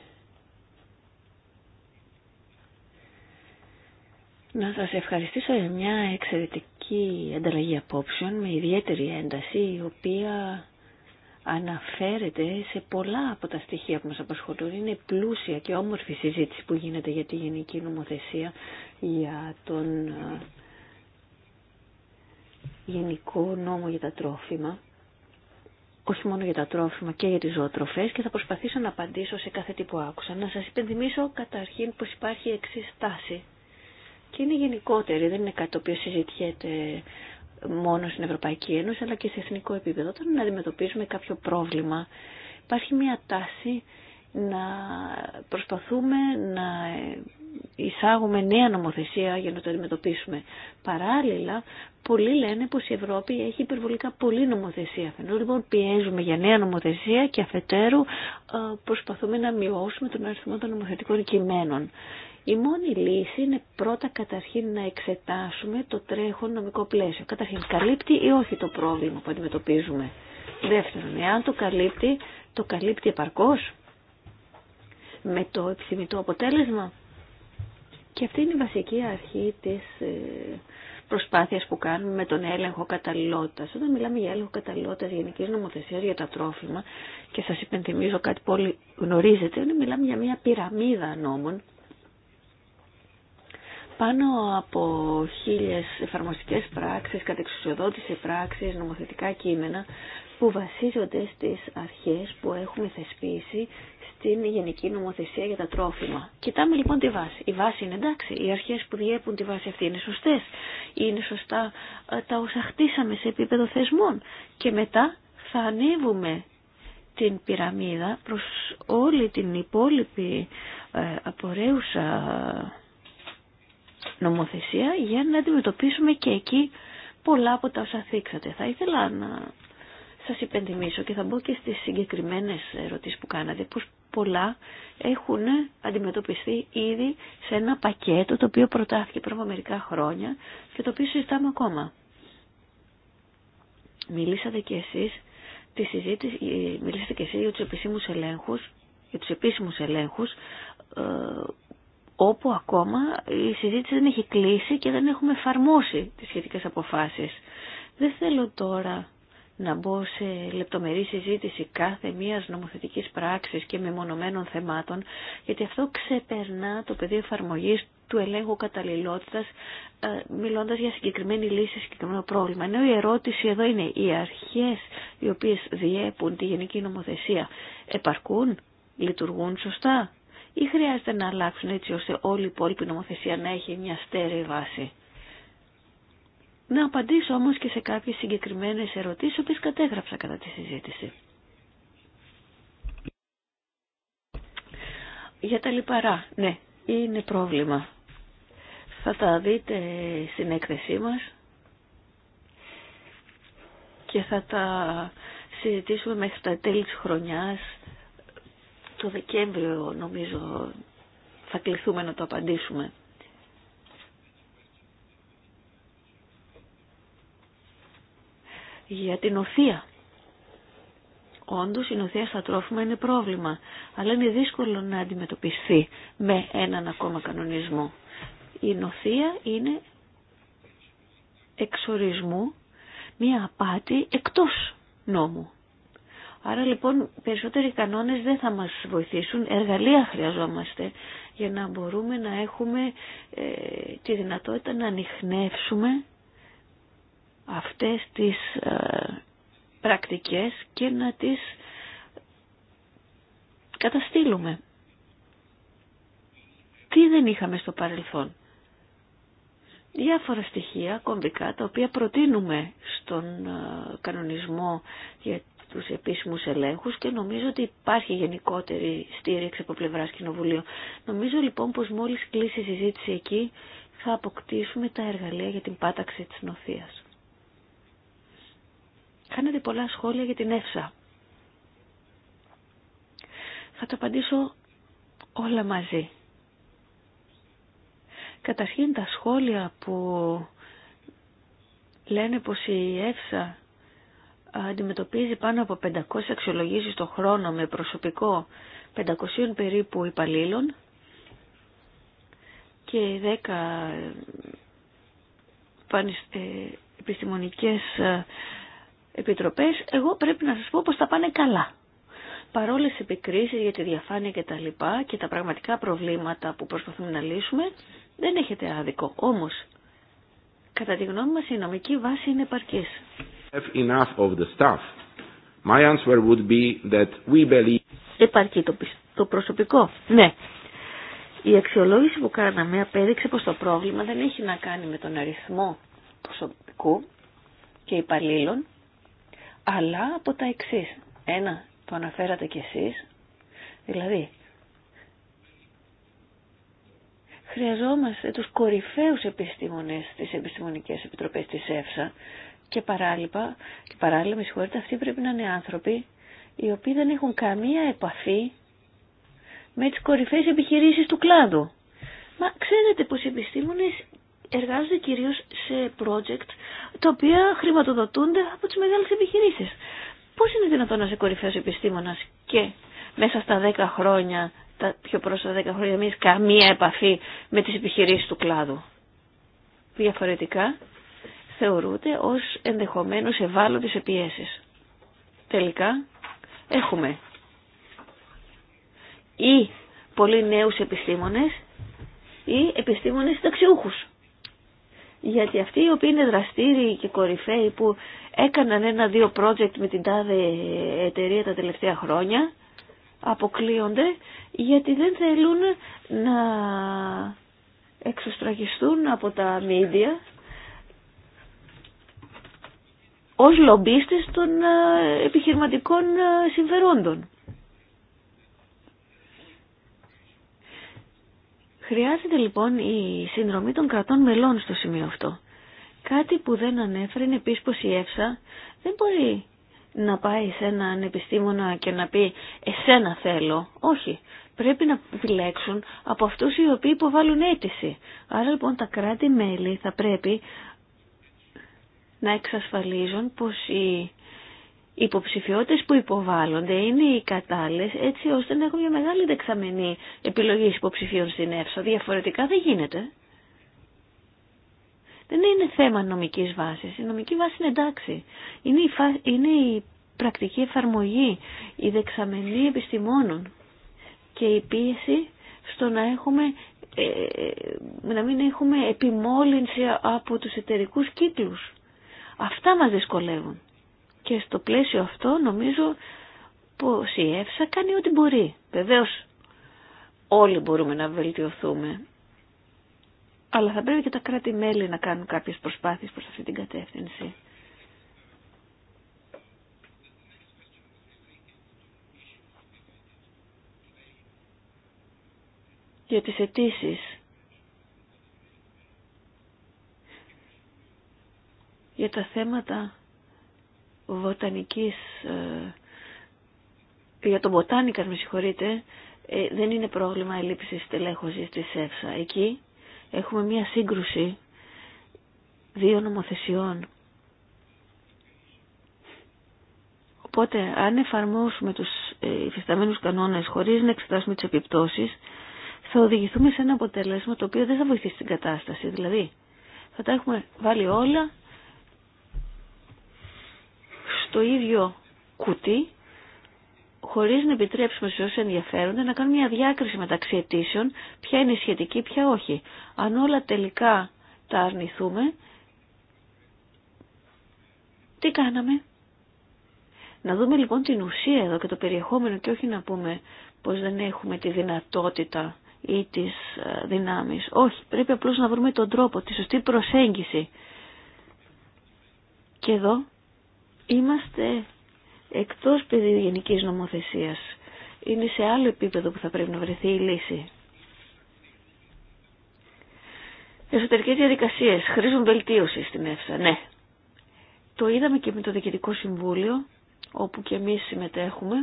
Να σας ευχαριστήσω για μια εξαιρετική ανταλλαγή απόψεων με ιδιαίτερη ένταση η οποία αναφέρεται σε πολλά από τα στοιχεία που μας απασχολούν. Είναι πλούσια και όμορφη συζήτηση που γίνεται για τη Γενική Νομοθεσία, για τον ε, Γενικό Νόμο για τα Τρόφιμα όχι μόνο για τα τρόφιμα και για τις ζωοτροφές και θα προσπαθήσω να απαντήσω σε κάθε τι που άκουσα. Να σας υπενθυμίσω καταρχήν πως υπάρχει εξή τάση και είναι γενικότερη, δεν είναι κάτι το οποίο συζητιέται μόνο στην Ευρωπαϊκή Ένωση αλλά και σε εθνικό επίπεδο. Όταν αντιμετωπίζουμε κάποιο πρόβλημα υπάρχει μια τάση να προσπαθούμε να εισάγουμε νέα νομοθεσία για να το αντιμετωπίσουμε. Παράλληλα, πολλοί λένε πως η Ευρώπη έχει υπερβολικά πολλή νομοθεσία. Αφενός λοιπόν πιέζουμε για νέα νομοθεσία και αφετέρου ε, προσπαθούμε να μειώσουμε τον αριθμό των νομοθετικών κειμένων. Η μόνη λύση είναι πρώτα καταρχήν να εξετάσουμε το τρέχον νομικό πλαίσιο. Καταρχήν καλύπτει ή όχι το πρόβλημα που αντιμετωπίζουμε. Δεύτερον, εάν το καλύπτει, το καλύπτει επαρκώς με το επιθυμητό αποτέλεσμα. Και αυτή είναι η βασική αρχή της ε, προσπάθειας που κάνουμε με τον έλεγχο καταλληλότητας. Όταν μιλάμε για έλεγχο καταλληλότητας γενικής νομοθεσίας για τα τρόφιμα, και σας υπενθυμίζω κάτι που όλοι γνωρίζετε, είναι μιλάμε για μια πυραμίδα νόμων, πάνω από χίλιες εφαρμοστικές πράξεις, κατεξουσιοδότηση πράξεις, νομοθετικά κείμενα που βασίζονται στις αρχές που έχουμε θεσπίσει στην Γενική Νομοθεσία για τα Τρόφιμα. Κοιτάμε λοιπόν τη βάση. Η βάση είναι εντάξει, οι αρχές που διέπουν τη βάση αυτή είναι σωστές, είναι σωστά ε, τα όσα χτίσαμε σε επίπεδο θεσμών και μετά θα ανέβουμε την πυραμίδα προς όλη την υπόλοιπη ε, απορρέουσα νομοθεσία για να αντιμετωπίσουμε και εκεί πολλά από τα όσα θίξατε. Θα ήθελα να σας υπενθυμίσω και θα μπω και στις συγκεκριμένες ερωτήσεις που κάνατε, πως πολλά έχουν αντιμετωπιστεί ήδη σε ένα πακέτο το οποίο προτάθηκε πριν από μερικά χρόνια και το οποίο συζητάμε ακόμα. Μιλήσατε και εσείς, τη συζήτηση, ε, μιλήσατε και εσείς για τους επισήμους ελέγχους, για τους επίσημους ελέγχους, ε, όπου ακόμα η συζήτηση δεν έχει κλείσει και δεν έχουμε εφαρμόσει τις σχετικές αποφάσεις. Δεν θέλω τώρα να μπω σε λεπτομερή συζήτηση κάθε μίας νομοθετικής πράξης και μεμονωμένων θεμάτων, γιατί αυτό ξεπερνά το πεδίο εφαρμογής του ελέγχου καταλληλότητας, ε, μιλώντας για συγκεκριμένη λύση, συγκεκριμένο πρόβλημα. Ενώ η ερώτηση εδώ είναι οι αρχές οι οποίες διέπουν τη γενική νομοθεσία επαρκούν, λειτουργούν σωστά ή χρειάζεται να αλλάξουν έτσι ώστε όλη η υπόλοιπη νομοθεσία να έχει μια στέρεη βάση. Να απαντήσω όμως και σε κάποιες συγκεκριμένες ερωτήσεις, που κατέγραψα κατά τη συζήτηση. Για τα λιπαρά, ναι, είναι πρόβλημα. Θα τα δείτε στην έκθεσή μας και θα τα συζητήσουμε μέχρι τα τέλη της χρονιάς. Το Δεκέμβριο νομίζω θα κληθούμε να το απαντήσουμε. για την οθεία. Όντως η οθεία στα τρόφιμα είναι πρόβλημα, αλλά είναι δύσκολο να αντιμετωπιστεί με έναν ακόμα κανονισμό. Η νοθεία είναι εξορισμού μία απάτη εκτός νόμου. Άρα λοιπόν περισσότεροι κανόνες δεν θα μας βοηθήσουν, εργαλεία χρειαζόμαστε για να μπορούμε να έχουμε ε, τη δυνατότητα να ανοιχνεύσουμε αυτές τις ε, πρακτικές και να τις καταστήλουμε. Τι δεν είχαμε στο παρελθόν. Διάφορα στοιχεία κομβικά τα οποία προτείνουμε στον ε, κανονισμό για τους επίσημους ελέγχους και νομίζω ότι υπάρχει γενικότερη στήριξη από πλευράς Κοινοβουλίου. Νομίζω λοιπόν πως μόλις κλείσει η συζήτηση εκεί θα αποκτήσουμε τα εργαλεία για την πάταξη της νοθείας κάνετε πολλά σχόλια για την ΕΦΣΑ. Θα το απαντήσω όλα μαζί. Καταρχήν τα σχόλια που λένε πως η ΕΦΣΑ αντιμετωπίζει πάνω από 500 αξιολογήσεις το χρόνο με προσωπικό 500 περίπου υπαλλήλων και 10 ε, επιστημονικές ε, επιτροπές, εγώ πρέπει να σας πω πως τα πάνε καλά. Παρόλες επικρίσεις για τη διαφάνεια και τα λοιπά και τα πραγματικά προβλήματα που προσπαθούμε να λύσουμε, δεν έχετε άδικο. Όμως, κατά τη γνώμη μας η νομική βάση είναι επαρκής. Επαρκεί το, το προσωπικό. Ναι. Η αξιολόγηση που κάναμε απέδειξε πως το πρόβλημα δεν έχει να κάνει με τον αριθμό προσωπικού και υπαλλήλων, αλλά από τα εξή. Ένα, το αναφέρατε κι εσείς, δηλαδή χρειαζόμαστε τους κορυφαίους επιστήμονες της επιστημονικές επιτροπές της ΕΦΣΑ και παράλληλα, και παράλληλα με συγχωρείτε, αυτοί πρέπει να είναι άνθρωποι οι οποίοι δεν έχουν καμία επαφή με τις κορυφαίες επιχειρήσεις του κλάδου. Μα ξέρετε πως οι επιστήμονες εργάζονται κυρίως σε project τα οποία χρηματοδοτούνται από τις μεγάλες επιχειρήσεις. Πώς είναι δυνατόν να είσαι κορυφαίος επιστήμονας και μέσα στα 10 χρόνια, τα πιο πρόσφατα 10 χρόνια, μην καμία επαφή με τις επιχειρήσεις του κλάδου. Διαφορετικά θεωρούνται ως ενδεχομένως ευάλωτες επιέσεις. Τελικά έχουμε ή πολύ νέους επιστήμονες ή επιστήμονες ταξιούχους γιατί αυτοί οι οποίοι είναι δραστήριοι και κορυφαίοι που έκαναν ένα-δύο project με την τάδε εταιρεία τα τελευταία χρόνια αποκλείονται γιατί δεν θέλουν να εξωστραγιστούν από τα μίνδια ως λομπίστες των ε, επιχειρηματικών ε, συμφερόντων. Χρειάζεται λοιπόν η συνδρομή των κρατών μελών στο σημείο αυτό. Κάτι που δεν ανέφερε είναι επίσης πως η ΕΦΣΑ δεν μπορεί να πάει σε έναν επιστήμονα και να πει «εσένα θέλω». Όχι. Πρέπει να επιλέξουν από αυτούς οι οποίοι υποβάλλουν αίτηση. Άρα λοιπόν τα κράτη-μέλη θα πρέπει να εξασφαλίζουν πως οι οι υποψηφιότητες που υποβάλλονται είναι οι κατάλληλε έτσι ώστε να έχουμε μια μεγάλη δεξαμενή επιλογής υποψηφίων στην ΕΦΣΑ. Διαφορετικά δεν γίνεται. Δεν είναι θέμα νομικής βάσης. Η νομική βάση είναι εντάξει. Είναι η, είναι η πρακτική εφαρμογή, η δεξαμενή επιστημόνων και η πίεση στο να έχουμε ε, ε, να μην έχουμε επιμόλυνση από τους εταιρικούς κύκλους. Αυτά μας δυσκολεύουν. Και στο πλαίσιο αυτό νομίζω πως η ΕΦΣΑ κάνει ό,τι μπορεί. Βεβαίως όλοι μπορούμε να βελτιωθούμε. Αλλά θα πρέπει και τα κράτη-μέλη να κάνουν κάποιες προσπάθειες προς αυτή την κατεύθυνση. Για τις αιτήσει. Για τα θέματα βοτανικής, ε, για τον βοτάνικα, με συγχωρείτε, ε, δεν είναι πρόβλημα ελλείψης τελέχωσης της ΕΦΣΑ. Εκεί έχουμε μία σύγκρουση δύο νομοθεσιών. Οπότε, αν εφαρμόσουμε τους ε, υφισταμένους κανόνες χωρίς να εξετάσουμε τις επιπτώσεις, θα οδηγηθούμε σε ένα αποτέλεσμα το οποίο δεν θα βοηθήσει την κατάσταση. Δηλαδή, θα τα έχουμε βάλει όλα το ίδιο κουτί χωρίς να επιτρέψουμε σε όσους ενδιαφέρονται να κάνουμε μια διάκριση μεταξύ αιτήσεων, ποια είναι σχετική, ποια όχι. Αν όλα τελικά τα αρνηθούμε, τι κάναμε. Να δούμε λοιπόν την ουσία εδώ και το περιεχόμενο και όχι να πούμε πως δεν έχουμε τη δυνατότητα ή τις ε, δυνάμεις. Όχι, πρέπει απλώς να βρούμε τον τρόπο, τη σωστή προσέγγιση. Και εδώ είμαστε εκτός πεδίου γενικής νομοθεσίας. Είναι σε άλλο επίπεδο που θα πρέπει να βρεθεί η λύση. Εσωτερικές διαδικασίες χρήζουν βελτίωση στην ΕΦΣΑ, ναι. Το είδαμε και με το Διοικητικό Συμβούλιο, όπου και εμείς συμμετέχουμε.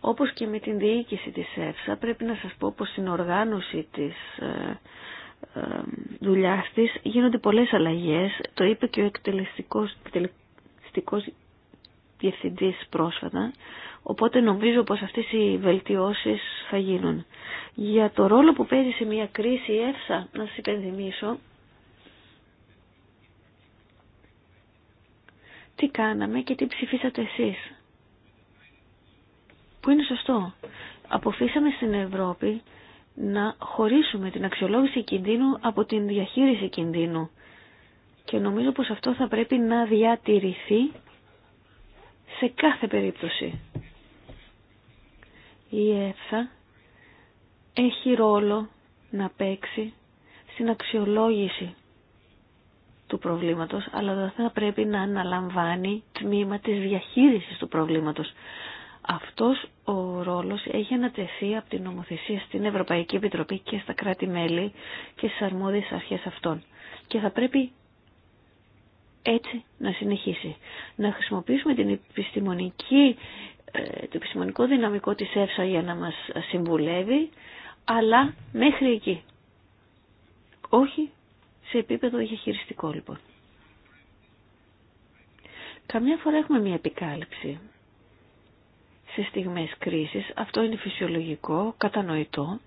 Όπως και με την διοίκηση της ΕΦΣΑ, πρέπει να σας πω πως στην οργάνωση της ε, δουλειά τη γίνονται πολλές αλλαγές. Το είπε και ο εκτελεστικός, εκτελεστικός διευθυντής πρόσφατα. Οπότε νομίζω πως αυτές οι βελτιώσεις θα γίνουν. Για το ρόλο που παίζει σε μια κρίση η ΕΦΣΑ, να σας υπενθυμίσω, τι κάναμε και τι ψηφίσατε εσείς. Που είναι σωστό. Αποφύσαμε στην Ευρώπη να χωρίσουμε την αξιολόγηση κινδύνου από την διαχείριση κινδύνου. Και νομίζω πως αυτό θα πρέπει να διατηρηθεί σε κάθε περίπτωση. Η ΕΦΣΑ έχει ρόλο να παίξει στην αξιολόγηση του προβλήματος, αλλά δεν θα πρέπει να αναλαμβάνει τμήμα της διαχείρισης του προβλήματος. Αυτός ο ρόλος έχει ανατεθεί από την νομοθεσία στην Ευρωπαϊκή Επιτροπή και στα κράτη-μέλη και στις αρμόδιες αρχές αυτών. Και θα πρέπει έτσι να συνεχίσει. Να χρησιμοποιήσουμε την επιστημονική, ε, το επιστημονικό δυναμικό της ΕΦΣΑ για να μας συμβουλεύει, αλλά μέχρι εκεί. Όχι σε επίπεδο διαχειριστικό λοιπόν. Καμιά φορά έχουμε μια επικάλυψη σε στιγμές κρίσης. Αυτό είναι φυσιολογικό, κατανοητό.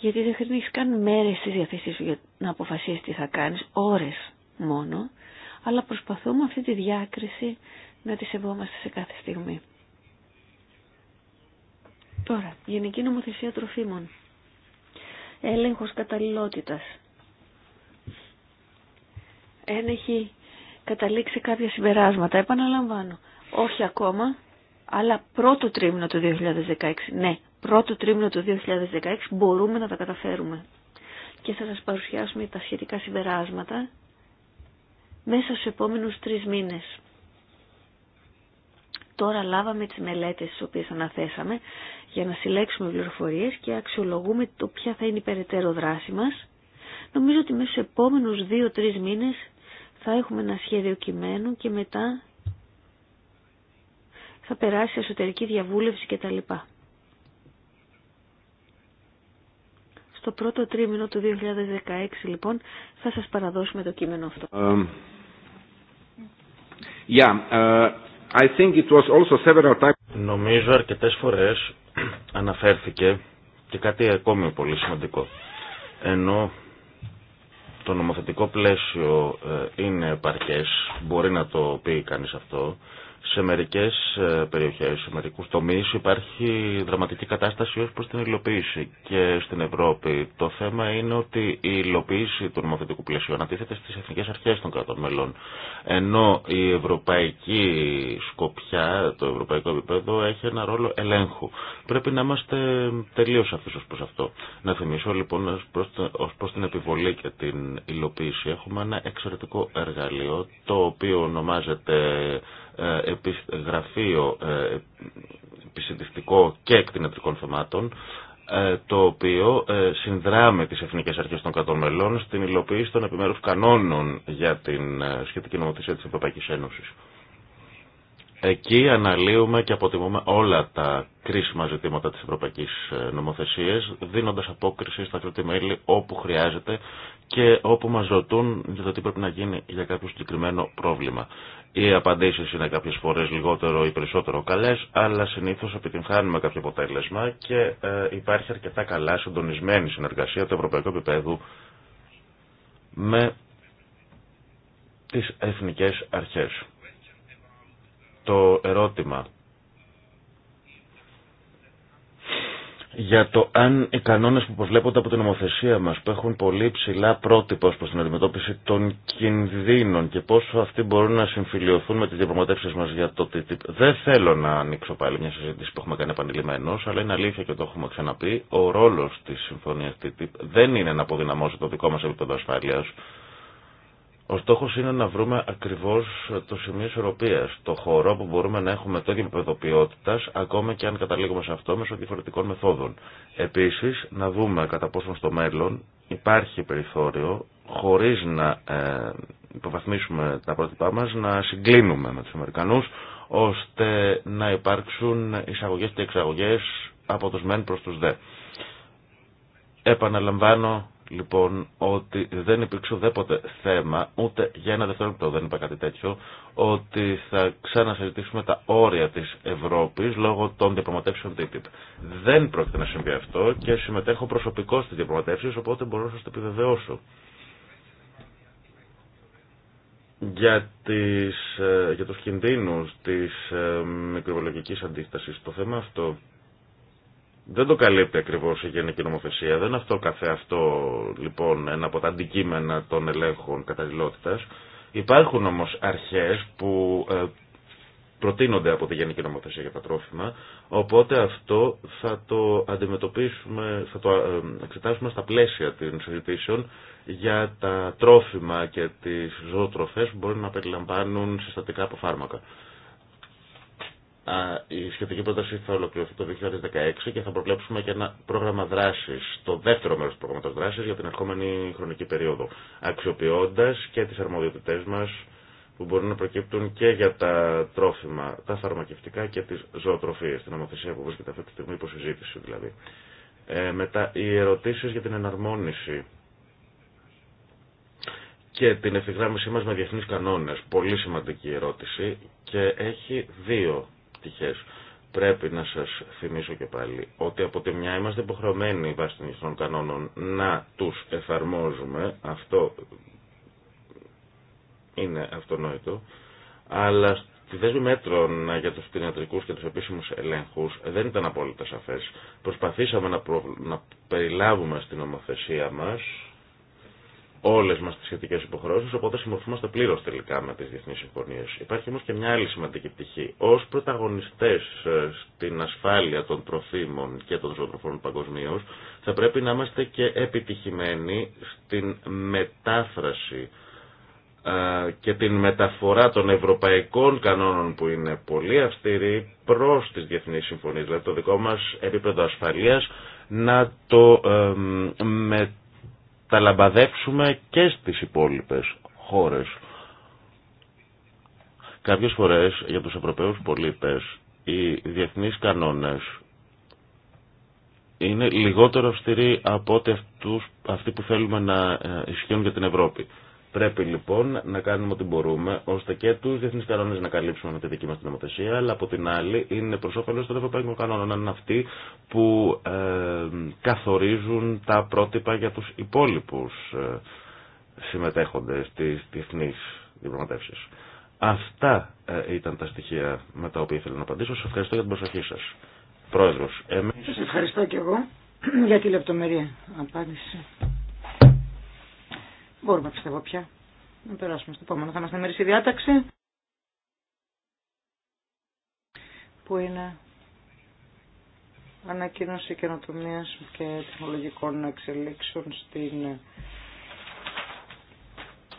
Γιατί δεν χρειάζεται καν μέρες στη διαθέσεις σου για να αποφασίσεις τι θα κάνεις, ώρες μόνο. Αλλά προσπαθούμε αυτή τη διάκριση να τη σεβόμαστε σε κάθε στιγμή. Τώρα, Γενική Νομοθεσία Τροφίμων. Έλεγχος καταλληλότητας. Ένα έχει καταλήξει κάποια συμπεράσματα, επαναλαμβάνω. Όχι ακόμα, αλλά πρώτο τρίμηνο του 2016. Ναι, πρώτο τρίμηνο του 2016 μπορούμε να τα καταφέρουμε. Και θα σας παρουσιάσουμε τα σχετικά συμπεράσματα μέσα στους επόμενους τρεις μήνες. Τώρα λάβαμε τις μελέτες τις οποίες αναθέσαμε για να συλλέξουμε πληροφορίες και αξιολογούμε το ποια θα είναι η περαιτέρω δράση μας. Νομίζω ότι μέσα στους επόμενους δύο-τρεις μήνες θα έχουμε ένα σχέδιο κειμένου και μετά θα περάσει εσωτερική διαβούλευση κτλ. Στο πρώτο τρίμηνο του 2016 λοιπόν θα σας παραδώσουμε το κείμενο αυτό. Um, yeah, uh, I think it was also several times... Νομίζω αρκετές φορές αναφέρθηκε και κάτι ακόμη πολύ σημαντικό. Ενώ το νομοθετικό πλαίσιο ε, είναι επαρκές, μπορεί να το πει κανείς αυτό, σε μερικέ ε, περιοχέ, σε μερικού τομεί υπάρχει δραματική κατάσταση ω προ την υλοποίηση. Και στην Ευρώπη το θέμα είναι ότι η υλοποίηση του νομοθετικού πλαισίου ανατίθεται στι εθνικέ αρχέ των κρατών μελών. Ενώ η ευρωπαϊκή σκοπιά, το ευρωπαϊκό επίπεδο έχει ένα ρόλο ελέγχου. Πρέπει να είμαστε τελείω σαφεί ω προ αυτό. Να θυμίσω λοιπόν ω προ την επιβολή και την υλοποίηση έχουμε ένα εξαιρετικό εργαλείο το οποίο ονομάζεται ε, γραφείο ε, επισυντηστικό και εκτινατρικών θεμάτων, ε, το οποίο συνδράμε τις Εθνικές Αρχές των Κατών Μελών στην υλοποίηση των επιμέρους κανόνων για την σχετική νομοθεσία της Ευρωπαϊκής Ένωσης. Εκεί αναλύουμε και αποτιμούμε όλα τα κρίσιμα ζητήματα της Ευρωπαϊκής ε, Νομοθεσίας, δίνοντας απόκριση στα κράτη-μέλη όπου χρειάζεται και όπου μας ρωτούν για το τι πρέπει να γίνει για κάποιο συγκεκριμένο πρόβλημα. Οι απαντήσεις είναι κάποιες φορές λιγότερο ή περισσότερο καλές, αλλά συνήθως επιτυγχάνουμε κάποιο αποτέλεσμα και ε, υπάρχει αρκετά καλά συντονισμένη συνεργασία του ευρωπαϊκού επίπεδου με τις εθνικές αρχές το ερώτημα για το αν οι κανόνες που προβλέπονται από την νομοθεσία μας που έχουν πολύ ψηλά πρότυπα ως προς την αντιμετώπιση των κινδύνων και πόσο αυτοί μπορούν να συμφιλειωθούν με τις διαπραγματεύσεις μας για το TTIP. Δεν θέλω να ανοίξω πάλι μια συζήτηση που έχουμε κάνει επανειλημμένως, αλλά είναι αλήθεια και το έχουμε ξαναπεί. Ο ρόλος της συμφωνίας TTIP δεν είναι να αποδυναμώσει το δικό μας επίπεδο ασφάλειας ο στόχο είναι να βρούμε ακριβώ το σημείο ισορροπία, το χώρο που μπορούμε να έχουμε το επίπεδο ακόμα και αν καταλήγουμε σε αυτό μέσω διαφορετικών μεθόδων. Επίση, να δούμε κατά πόσο στο μέλλον υπάρχει περιθώριο, χωρί να ε, υποβαθμίσουμε τα πρότυπά μα, να συγκλίνουμε με του Αμερικανού, ώστε να υπάρξουν εισαγωγέ και εξαγωγέ από του μεν προ του δε. Επαναλαμβάνω λοιπόν ότι δεν υπήρξε ουδέποτε θέμα, ούτε για ένα δευτερόλεπτο δεν είπα κάτι τέτοιο, ότι θα ξανασυζητήσουμε τα όρια της Ευρώπης λόγω των διαπραγματεύσεων TTIP. Δεν πρόκειται να συμβεί αυτό και συμμετέχω προσωπικό στις διαπραγματεύσεις, οπότε μπορώ να σας το επιβεβαιώσω. Για, τις, ε, για τους κινδύνους της ε, αντίστασης, το θέμα αυτό δεν το καλύπτει ακριβώ η Γενική Νομοθεσία. Δεν αυτό αυτό λοιπόν ένα από τα αντικείμενα των ελέγχων καταλληλότητα. Υπάρχουν όμω αρχέ που ε, προτείνονται από τη Γενική Νομοθεσία για τα τρόφιμα, οπότε αυτό θα το αντιμετωπίσουμε, θα το ε, εξετάσουμε στα πλαίσια των συζητήσεων για τα τρόφιμα και τις ζωοτροφές που μπορεί να περιλαμβάνουν συστατικά από φάρμακα η σχετική πρόταση θα ολοκληρωθεί το 2016 και θα προβλέψουμε και ένα πρόγραμμα δράση, το δεύτερο μέρο του προγράμματο δράση για την ερχόμενη χρονική περίοδο. Αξιοποιώντα και τι αρμοδιότητέ μα που μπορούν να προκύπτουν και για τα τρόφιμα, τα φαρμακευτικά και τι ζωοτροφίε, την ομοθεσία που βρίσκεται αυτή τη στιγμή υποσυζήτηση δηλαδή. Ε, μετά οι ερωτήσει για την εναρμόνιση και την ευθυγράμμισή μας με διεθνείς κανόνες. Πολύ σημαντική ερώτηση και έχει δύο πτυχές. Πρέπει να σας θυμίσω και πάλι ότι από τη μια είμαστε υποχρεωμένοι βάσει των κανόνων να τους εφαρμόζουμε. Αυτό είναι αυτονόητο. Αλλά Στη δέσμη μέτρων για τους κτηνιατρικούς και τους επίσημους ελέγχους δεν ήταν απόλυτα σαφές. Προσπαθήσαμε να, να περιλάβουμε στην ομοθεσία μας όλε μα τι σχετικέ υποχρεώσει, οπότε συμμορφούμαστε πλήρω τελικά με τι διεθνεί συμφωνίε. Υπάρχει όμω και μια άλλη σημαντική πτυχή. Ω πρωταγωνιστέ ε, στην ασφάλεια των τροφίμων και των ζωοτροφών παγκοσμίω, θα πρέπει να είμαστε και επιτυχημένοι στην μετάφραση ε, και την μεταφορά των ευρωπαϊκών κανόνων που είναι πολύ αυστηροί προς τις διεθνείς συμφωνίες. Δηλαδή το δικό μας επίπεδο ασφαλείας να το ε, με τα λαμπαδέψουμε και στις υπόλοιπες χώρες. Κάποιες φορές για τους Ευρωπαίους πολίτες οι διεθνείς κανόνες είναι λιγότερο αυστηροί από ό,τι αυτοί που θέλουμε να ε, ισχύουν για την Ευρώπη. Πρέπει λοιπόν να κάνουμε ό,τι μπορούμε ώστε και του διεθνεί κανόνε να καλύψουμε με τη δική μα την νομοθεσία, αλλά από την άλλη είναι προ όφελο των ευρωπαϊκών κανόνων. Είναι αυτοί που ε, καθορίζουν τα πρότυπα για του υπόλοιπου ε, συμμετέχοντε τη διεθνή διαπραγματεύσει. Αυτά ε, ήταν τα στοιχεία με τα οποία ήθελα να απαντήσω. Σα ευχαριστώ για την προσοχή σα. Πρόεδρο, εμείς... Σα ευχαριστώ και εγώ για τη λεπτομερή απάντηση. Μπορούμε πιστεύω πια να περάσουμε στο επόμενο. Θα μας αναμερίσει στη διάταξη που είναι ανακοίνωση καινοτομία και τεχνολογικών εξελίξεων στην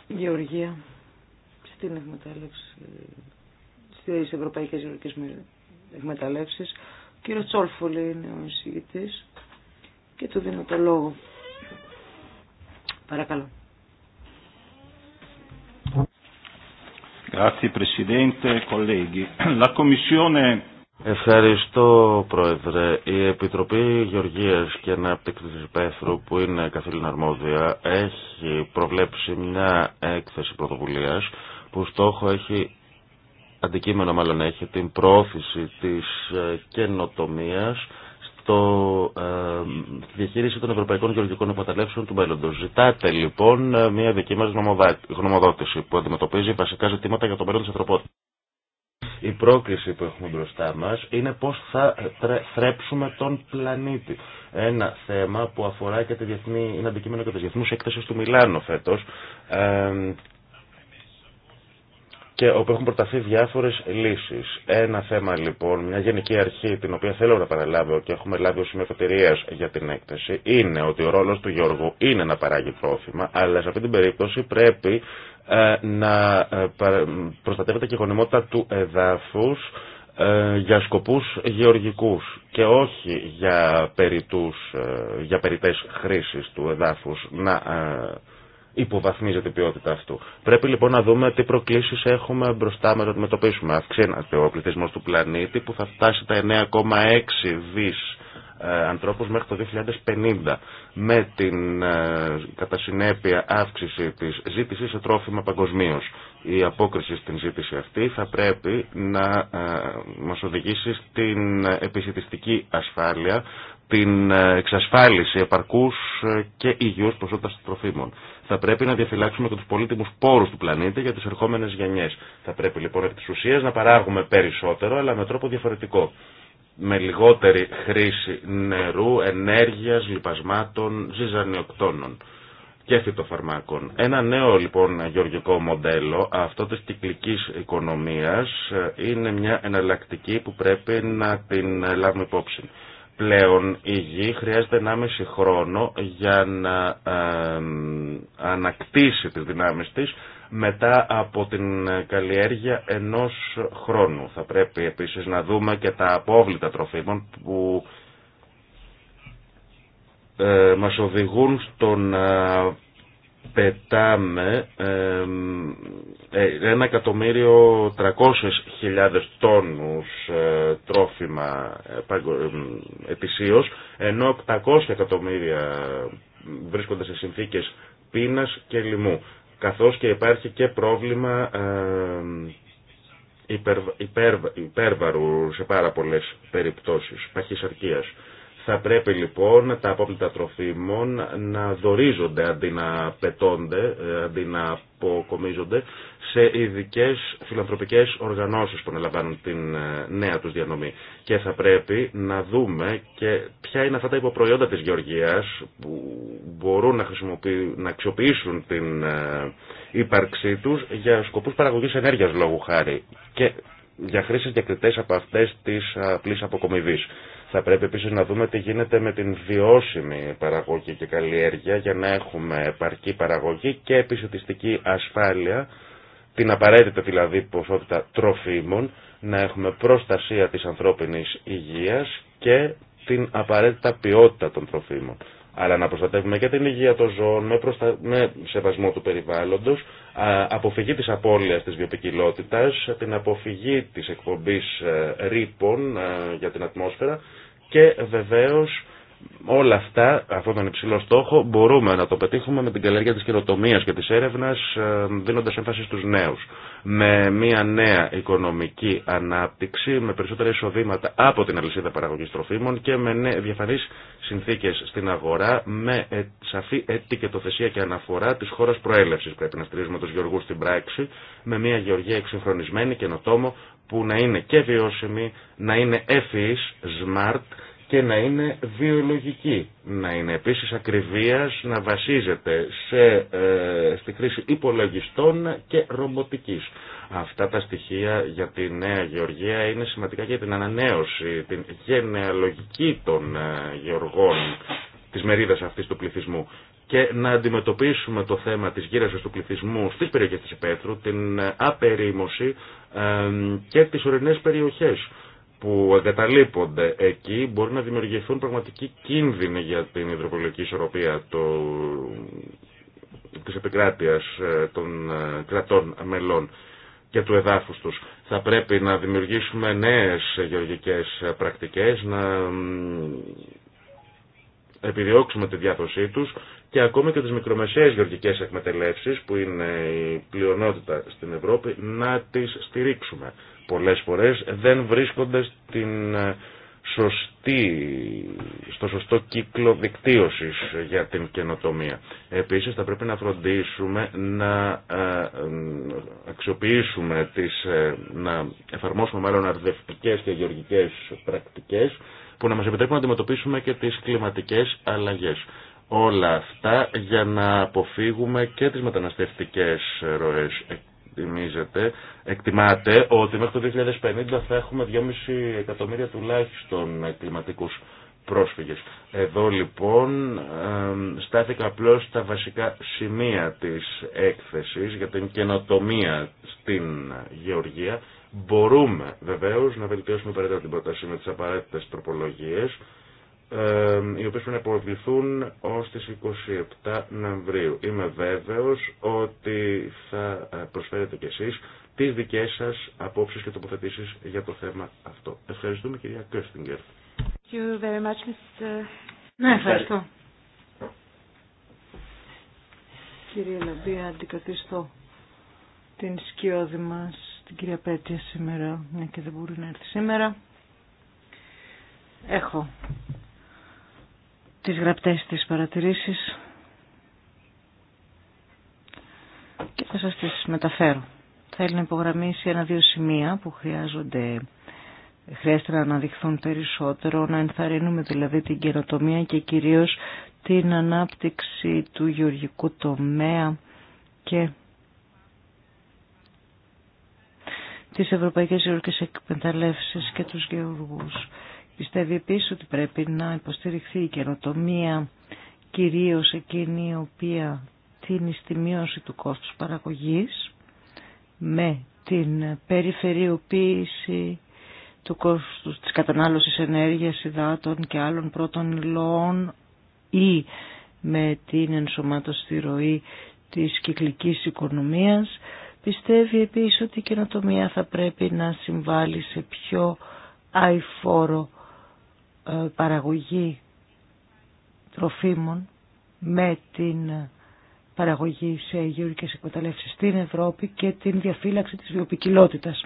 γεωργία, στην εκμετάλλευση, στις ευρωπαϊκές γεωργικές εκμεταλλεύσεις. Ο κύριος Τσόλφολη είναι ο εισηγητής και του δίνω το λόγο. Παρακαλώ. Ευχαριστώ, Πρόεδρε. Η Επιτροπή Γεωργίας και Ανάπτυξη της Πέθρου, που είναι καθήλυνα αρμόδια, έχει προβλέψει μια έκθεση πρωτοβουλίας που στόχο έχει, αντικείμενο μάλλον έχει, την προώθηση της ε, καινοτομίας το ε, στη διαχείριση των ευρωπαϊκών γεωργικών εκμεταλλεύσεων του μέλλοντο. Ζητάτε λοιπόν ε, μια δική μα γνωμοδότηση που αντιμετωπίζει βασικά ζητήματα για το μέλλον τη ανθρωπότητα. Η πρόκληση που έχουμε μπροστά μα είναι πώ θα θρέψουμε τον πλανήτη. Ένα θέμα που αφορά και τη διεθνή, είναι αντικείμενο και τη διεθνού έκθεση του Μιλάνου φέτο. Ε, και όπου έχουν προταθεί διάφορες λύσεις. Ένα θέμα λοιπόν, μια γενική αρχή την οποία θέλω να παραλάβω και έχουμε λάβει ως σημείο για την έκθεση είναι ότι ο ρόλος του Γιώργου είναι να παράγει πρόθυμα αλλά σε αυτή την περίπτωση πρέπει ε, να ε, προστατεύεται και η γονιμότητα του εδάφους ε, για σκοπούς γεωργικούς και όχι για, περιτούς, για χρήσεις του εδάφους να υποβαθμίζεται η ποιότητα αυτού. Πρέπει λοιπόν να δούμε τι προκλήσει έχουμε μπροστά μα να αντιμετωπίσουμε. Αυξήνεται ο πληθυσμό του πλανήτη που θα φτάσει τα 9,6 δι ε, ανθρώπους μέχρι το 2050 με την ε, κατά συνέπεια αύξηση της ζήτησης σε τρόφιμα παγκοσμίω. Η απόκριση στην ζήτηση αυτή θα πρέπει να ε, μας οδηγήσει στην επισητιστική ασφάλεια την εξασφάλιση επαρκούς και υγιούς ποσότητας τροφίμων. Θα πρέπει να διαφυλάξουμε και του πολύτιμου πόρου του πλανήτη για τι ερχόμενε γενιέ. Θα πρέπει λοιπόν επί τη ουσία να παράγουμε περισσότερο, αλλά με τρόπο διαφορετικό. Με λιγότερη χρήση νερού, ενέργεια, λιπασμάτων, ζυζανιοκτώνων και φυτοφαρμάκων. Ένα νέο λοιπόν γεωργικό μοντέλο αυτό τη κυκλική οικονομία ε, είναι μια εναλλακτική που πρέπει να την ε, λάβουμε υπόψη πλέον η γη χρειάζεται 1,5 χρόνο για να ανακτήσει τις δυνάμεις της μετά από την καλλιέργεια ενός χρόνου. Θα πρέπει επίσης να δούμε και τα απόβλητα τροφίμων που ε, μας οδηγούν στον... Ε, πετάμε ε, ένα εκατομμύριο τρακόσες χιλιάδες τόνους ε, τρόφιμα επισίως ενώ 800 εκατομμύρια βρίσκονται σε συνθήκες πείνας και λιμού, καθώς και υπάρχει και πρόβλημα υπέρβαρου σε πάρα πολλές περιπτώσεις, παχυσαρκίας. Θα πρέπει λοιπόν τα απόπλητα τροφίμων να δορίζονται αντί να πετώνται, ε, αντί να αποκομίζονται σε ειδικέ φιλανθρωπικές οργανώσεις που αναλαμβάνουν την ε, νέα τους διανομή. Και θα πρέπει να δούμε και ποια είναι αυτά τα υποπροϊόντα της γεωργίας που μπορούν να, να αξιοποιήσουν την ε, ύπαρξή τους για σκοπούς παραγωγής ενέργειας λόγου χάρη και για χρήσεις διακριτές από αυτές της απλής αποκομιβής. Θα πρέπει επίση να δούμε τι γίνεται με την βιώσιμη παραγωγή και καλλιέργεια για να έχουμε επαρκή παραγωγή και επισητιστική ασφάλεια, την απαραίτητη δηλαδή ποσότητα τροφίμων, να έχουμε προστασία της ανθρώπινης υγείας και την απαραίτητα ποιότητα των τροφίμων. Αλλά να προστατεύουμε και την υγεία των ζώων με, προστα... με σεβασμό του περιβάλλοντος, αποφυγή της απώλειας της βιοπικιλότητας, την αποφυγή της εκπομπής ε, ρήπων ε, για την ατμόσφαιρα και βεβαίως όλα αυτά, αυτόν τον υψηλό στόχο, μπορούμε να το πετύχουμε με την καλλιέργεια της καινοτομία και της έρευνας, ε, δίνοντας έμφαση στους νέους. Με μια νέα οικονομική ανάπτυξη, με περισσότερα εισοδήματα από την αλυσίδα παραγωγής τροφίμων και με διαφανείς συνθήκες στην αγορά, με ε, σαφή ετικετοθεσία και αναφορά της χώρας προέλευσης. Πρέπει να στηρίζουμε τους γεωργούς στην πράξη, με μια γεωργία εξυγχρονισμένη, καινοτόμο, που να είναι και βιώσιμη, να είναι εφή, smart και να είναι βιολογική, να είναι επίσης ακριβίας, να βασίζεται σε, ε, στη χρήση υπολογιστών και ρομποτικής. Αυτά τα στοιχεία για τη νέα γεωργία είναι σημαντικά για την ανανέωση, την γενεαλογική των ε, γεωργών της μερίδας αυτής του πληθυσμού και να αντιμετωπίσουμε το θέμα της γύρασης του πληθυσμού στις περιοχές της Πέτρου, την ε, απερίμωση και τις ορεινές περιοχές που εγκαταλείπονται εκεί μπορεί να δημιουργηθούν πραγματικοί κίνδυνοι για την υδροπολογική ισορροπία το... της επικράτειας ε, των ε, κρατών μελών και του εδάφους τους. Θα πρέπει να δημιουργήσουμε νέες γεωργικές πρακτικές, να επιδιώξουμε τη διάδοσή τους και ακόμη και τις μικρομεσαίες γεωργικές εκμετελεύσεις που είναι η πλειονότητα στην Ευρώπη να τις στηρίξουμε πολλές φορές δεν βρίσκονται στην ε, σωστή, στο σωστό κύκλο δικτύωσης για την καινοτομία. Επίσης θα πρέπει να φροντίσουμε να ε, ε, αξιοποιήσουμε τις, να εφαρμόσουμε μάλλον αρδευτικές και γεωργικές πρακτικές που να μας επιτρέπουν να αντιμετωπίσουμε και τις κλιματικές αλλαγές. Όλα αυτά για να αποφύγουμε και τις μεταναστευτικές ροές εκτιμάται ότι μέχρι το 2050 θα έχουμε 2,5 εκατομμύρια τουλάχιστον κλιματικούς πρόσφυγες. Εδώ λοιπόν στάθηκα απλώς στα βασικά σημεία της έκθεσης για την καινοτομία στην Γεωργία. Μπορούμε βεβαίως να βελτιώσουμε περαιτέρω την πρόταση με τις απαραίτητες τροπολογίες οι οποίες πρέπει να υποβληθούν ως τις 27 Νοεμβρίου. Είμαι βέβαιος ότι θα ε, προσφέρετε κι εσείς τις δικές σας απόψεις και τοποθετήσεις για το θέμα αυτό. Ευχαριστούμε κυρία Κέρστιγκερ. Ναι, ευχαριστώ. Κύριε Λαμπία, αντικαθιστώ την σκιώδη μας, την κυρία Πέτια σήμερα, μια και δεν μπορεί να έρθει σήμερα. Έχω τις γραπτές της παρατηρήσεις και θα σας τις μεταφέρω. Θέλει να υπογραμμίσει ένα-δύο σημεία που χρειάζονται χρειάζεται να αναδειχθούν περισσότερο, να ενθαρρύνουμε δηλαδή την καινοτομία και κυρίως την ανάπτυξη του γεωργικού τομέα και τις ευρωπαϊκές γεωργικές εκμεταλλεύσεις και τους γεωργούς. Πιστεύει επίσης ότι πρέπει να υποστηριχθεί η καινοτομία, κυρίως εκείνη η οποία τίνει στη μείωση του κόστους παραγωγής με την περιφερειοποίηση του κόστους της κατανάλωσης ενέργειας, υδάτων και άλλων πρώτων υλών ή με την ενσωμάτωση στη ροή της κυκλικής οικονομίας. Πιστεύει επίσης ότι η καινοτομία θα πρέπει να συμβάλλει σε πιο αηφόρο ε, παραγωγή τροφίμων με την παραγωγή σε γεωργικές εκμεταλλεύσεις στην Ευρώπη και την διαφύλαξη της βιοπικιλότητας.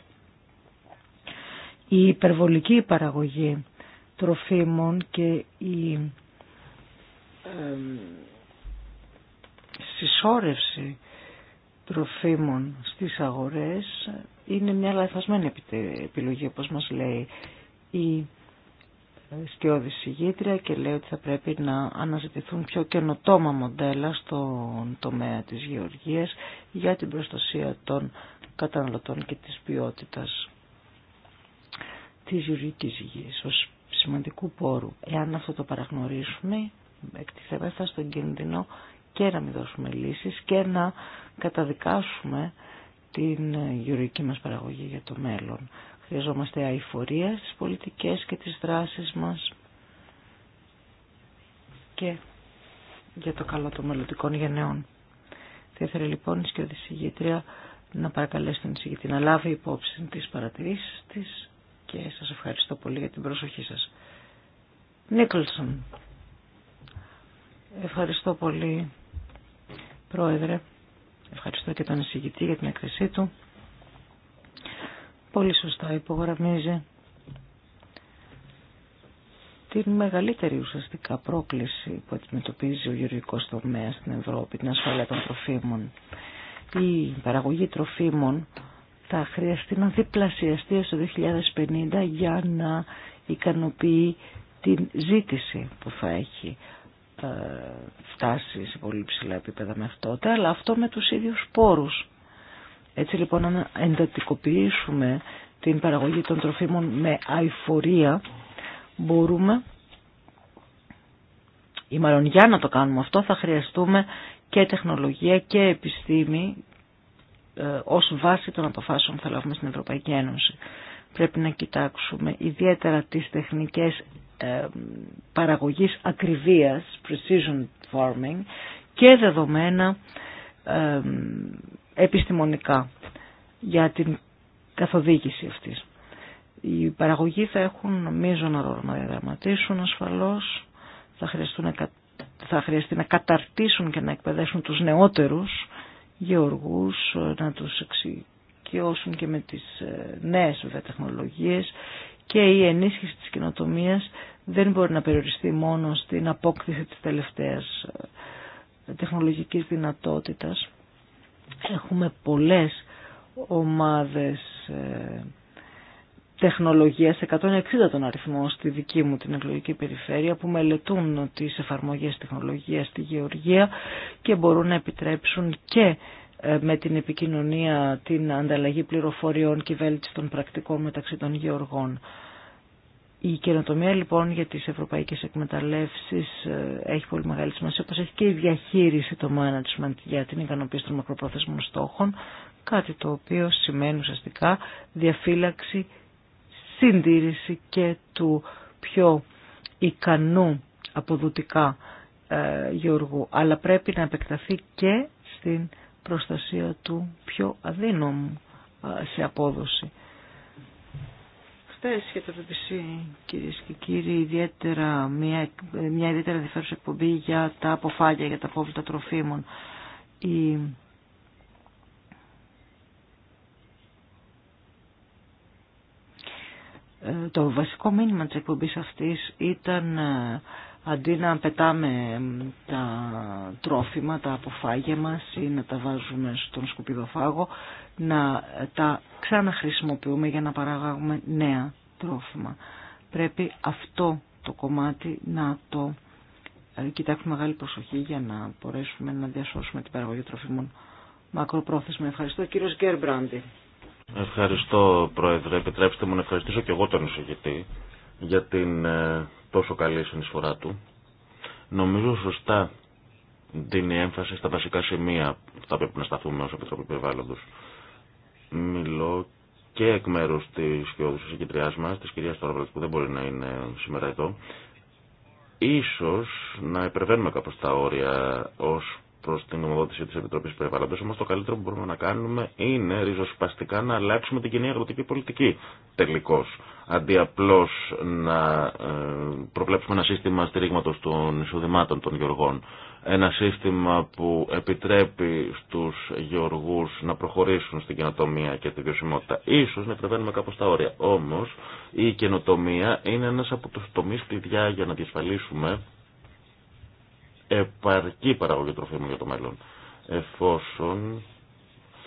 Η υπερβολική παραγωγή τροφίμων και η συσσόρευση τροφίμων στις αγορές είναι μια λαθασμένη επιλογή όπως μας λέει η σκιώδη συγγήτρια και λέει ότι θα πρέπει να αναζητηθούν πιο καινοτόμα μοντέλα στον τομέα της γεωργίας για την προστασία των καταναλωτών και της ποιότητας της γεωργικής υγείας ως σημαντικού πόρου. Εάν αυτό το παραγνωρίσουμε, εκτιθέμεθα στον κίνδυνο και να μην δώσουμε λύσεις και να καταδικάσουμε την γεωργική μας παραγωγή για το μέλλον. Χρειαζόμαστε αηφορία στις πολιτικές και τις δράσεις μας και για το καλό των μελλοντικών γενναιών. Θα ήθελα λοιπόν η σκιωδησηγήτρια να παρακαλέσει την εισηγητή να λάβει υπόψη τις παρατηρήσεις της και σας ευχαριστώ πολύ για την προσοχή σας. Νίκολσον, ευχαριστώ πολύ πρόεδρε, ευχαριστώ και τον εισηγητή για την έκθεσή του πολύ σωστά υπογραμμίζει την μεγαλύτερη ουσιαστικά πρόκληση που αντιμετωπίζει ο γεωργικός τομέα στην Ευρώπη, την ασφάλεια των τροφίμων. Η παραγωγή τροφίμων θα χρειαστεί να διπλασιαστεί έως το 2050 για να ικανοποιεί την ζήτηση που θα έχει ε, φτάσει σε πολύ ψηλά επίπεδα με αυτό. αλλά αυτό με τους ίδιους πόρους. Έτσι λοιπόν αν εντατικοποιήσουμε την παραγωγή των τροφίμων με αηφορία μπορούμε ή μάλλον για να το κάνουμε αυτό θα χρειαστούμε και τεχνολογία και επιστήμη ε, ως βάση των αποφάσεων που θα λάβουμε στην Ευρωπαϊκή Ένωση. Πρέπει να κοιτάξουμε ιδιαίτερα τις τεχνικές ε, παραγωγής ακριβίας, precision farming και δεδομένα ε, επιστημονικά για την καθοδήγηση αυτής. Οι παραγωγοί θα έχουν νομίζω να ρόλο να διαδραματίσουν ασφαλώς, θα, θα χρειαστεί να καταρτήσουν και να εκπαιδεύσουν τους νεότερους γεωργούς, να τους εξοικειώσουν και με τις ε, νέες βέβαια τεχνολογίες και η ενίσχυση της κοινοτομία δεν μπορεί να περιοριστεί μόνο στην απόκτηση της τελευταίας ε, τεχνολογικής δυνατότητας Έχουμε πολλές ομάδες ε, τεχνολογίας, 160 τον αριθμό στη δική μου την εκλογική περιφέρεια που μελετούν τις εφαρμογές τεχνολογίας στη γεωργία και μπορούν να επιτρέψουν και ε, με την επικοινωνία, την ανταλλαγή πληροφοριών και βέλτιση των πρακτικών μεταξύ των γεωργών. Η καινοτομία λοιπόν για τις ευρωπαϊκές εκμεταλλεύσεις ε, έχει πολύ μεγάλη σημασία, όπως έχει και η διαχείριση, το management για την ικανοποίηση των μακροπρόθεσμων στόχων, κάτι το οποίο σημαίνει ουσιαστικά διαφύλαξη, συντήρηση και του πιο ικανού αποδοτικά ε, αλλά πρέπει να επεκταθεί και στην προστασία του πιο αδύναμου ε, σε απόδοση σαφές για το BBC, κυρίε και κύριοι, ιδιαίτερα μια, μια ιδιαίτερα ενδιαφέρουσα εκπομπή για τα αποφάγια, για τα απόβλητα τροφίμων. Η... Ε, το βασικό μήνυμα της εκπομπής αυτής ήταν ε, αντί να πετάμε τα τρόφιμα, τα αποφάγια μας ή να τα βάζουμε στον σκουπιδοφάγο, να τα ξαναχρησιμοποιούμε για να παράγουμε νέα τρόφιμα. Πρέπει αυτό το κομμάτι να το ε, κοιτάξουμε μεγάλη προσοχή για να μπορέσουμε να διασώσουμε την παραγωγή τροφίμων μακροπρόθεσμα. Ευχαριστώ κύριος Γκέρμπραντι. Ευχαριστώ Πρόεδρε. Επιτρέψτε μου να ευχαριστήσω και εγώ τον εισηγητή για την ε, τόσο καλή συνεισφορά του. Νομίζω σωστά δίνει έμφαση στα βασικά σημεία που θα πρέπει να σταθούμε ως Επιτροπή Περιβάλλοντος. Μιλώ και εκ μέρου τη κοιόδου συγκεντριά μα, τη κυρία Τόραβλετ, που δεν μπορεί να είναι σήμερα εδώ, ίσω να υπερβαίνουμε κάπω τα όρια ω προ την ομοδότηση τη Επιτροπή Περιβάλλοντο, όμω το καλύτερο που μπορούμε να κάνουμε είναι ριζοσπαστικά να αλλάξουμε την κοινή αγροτική πολιτική τελικώ αντί απλώ να ε, προβλέψουμε ένα σύστημα στηρίγματος των εισοδημάτων των γεωργών. Ένα σύστημα που επιτρέπει στους γεωργούς να προχωρήσουν στην καινοτομία και τη βιωσιμότητα. Ίσως να εκτεβαίνουμε κάπως τα όρια. Όμως η καινοτομία είναι ένας από τους τομείς κλειδιά για να διασφαλίσουμε επαρκή παραγωγή τροφίμων για το μέλλον. Εφόσον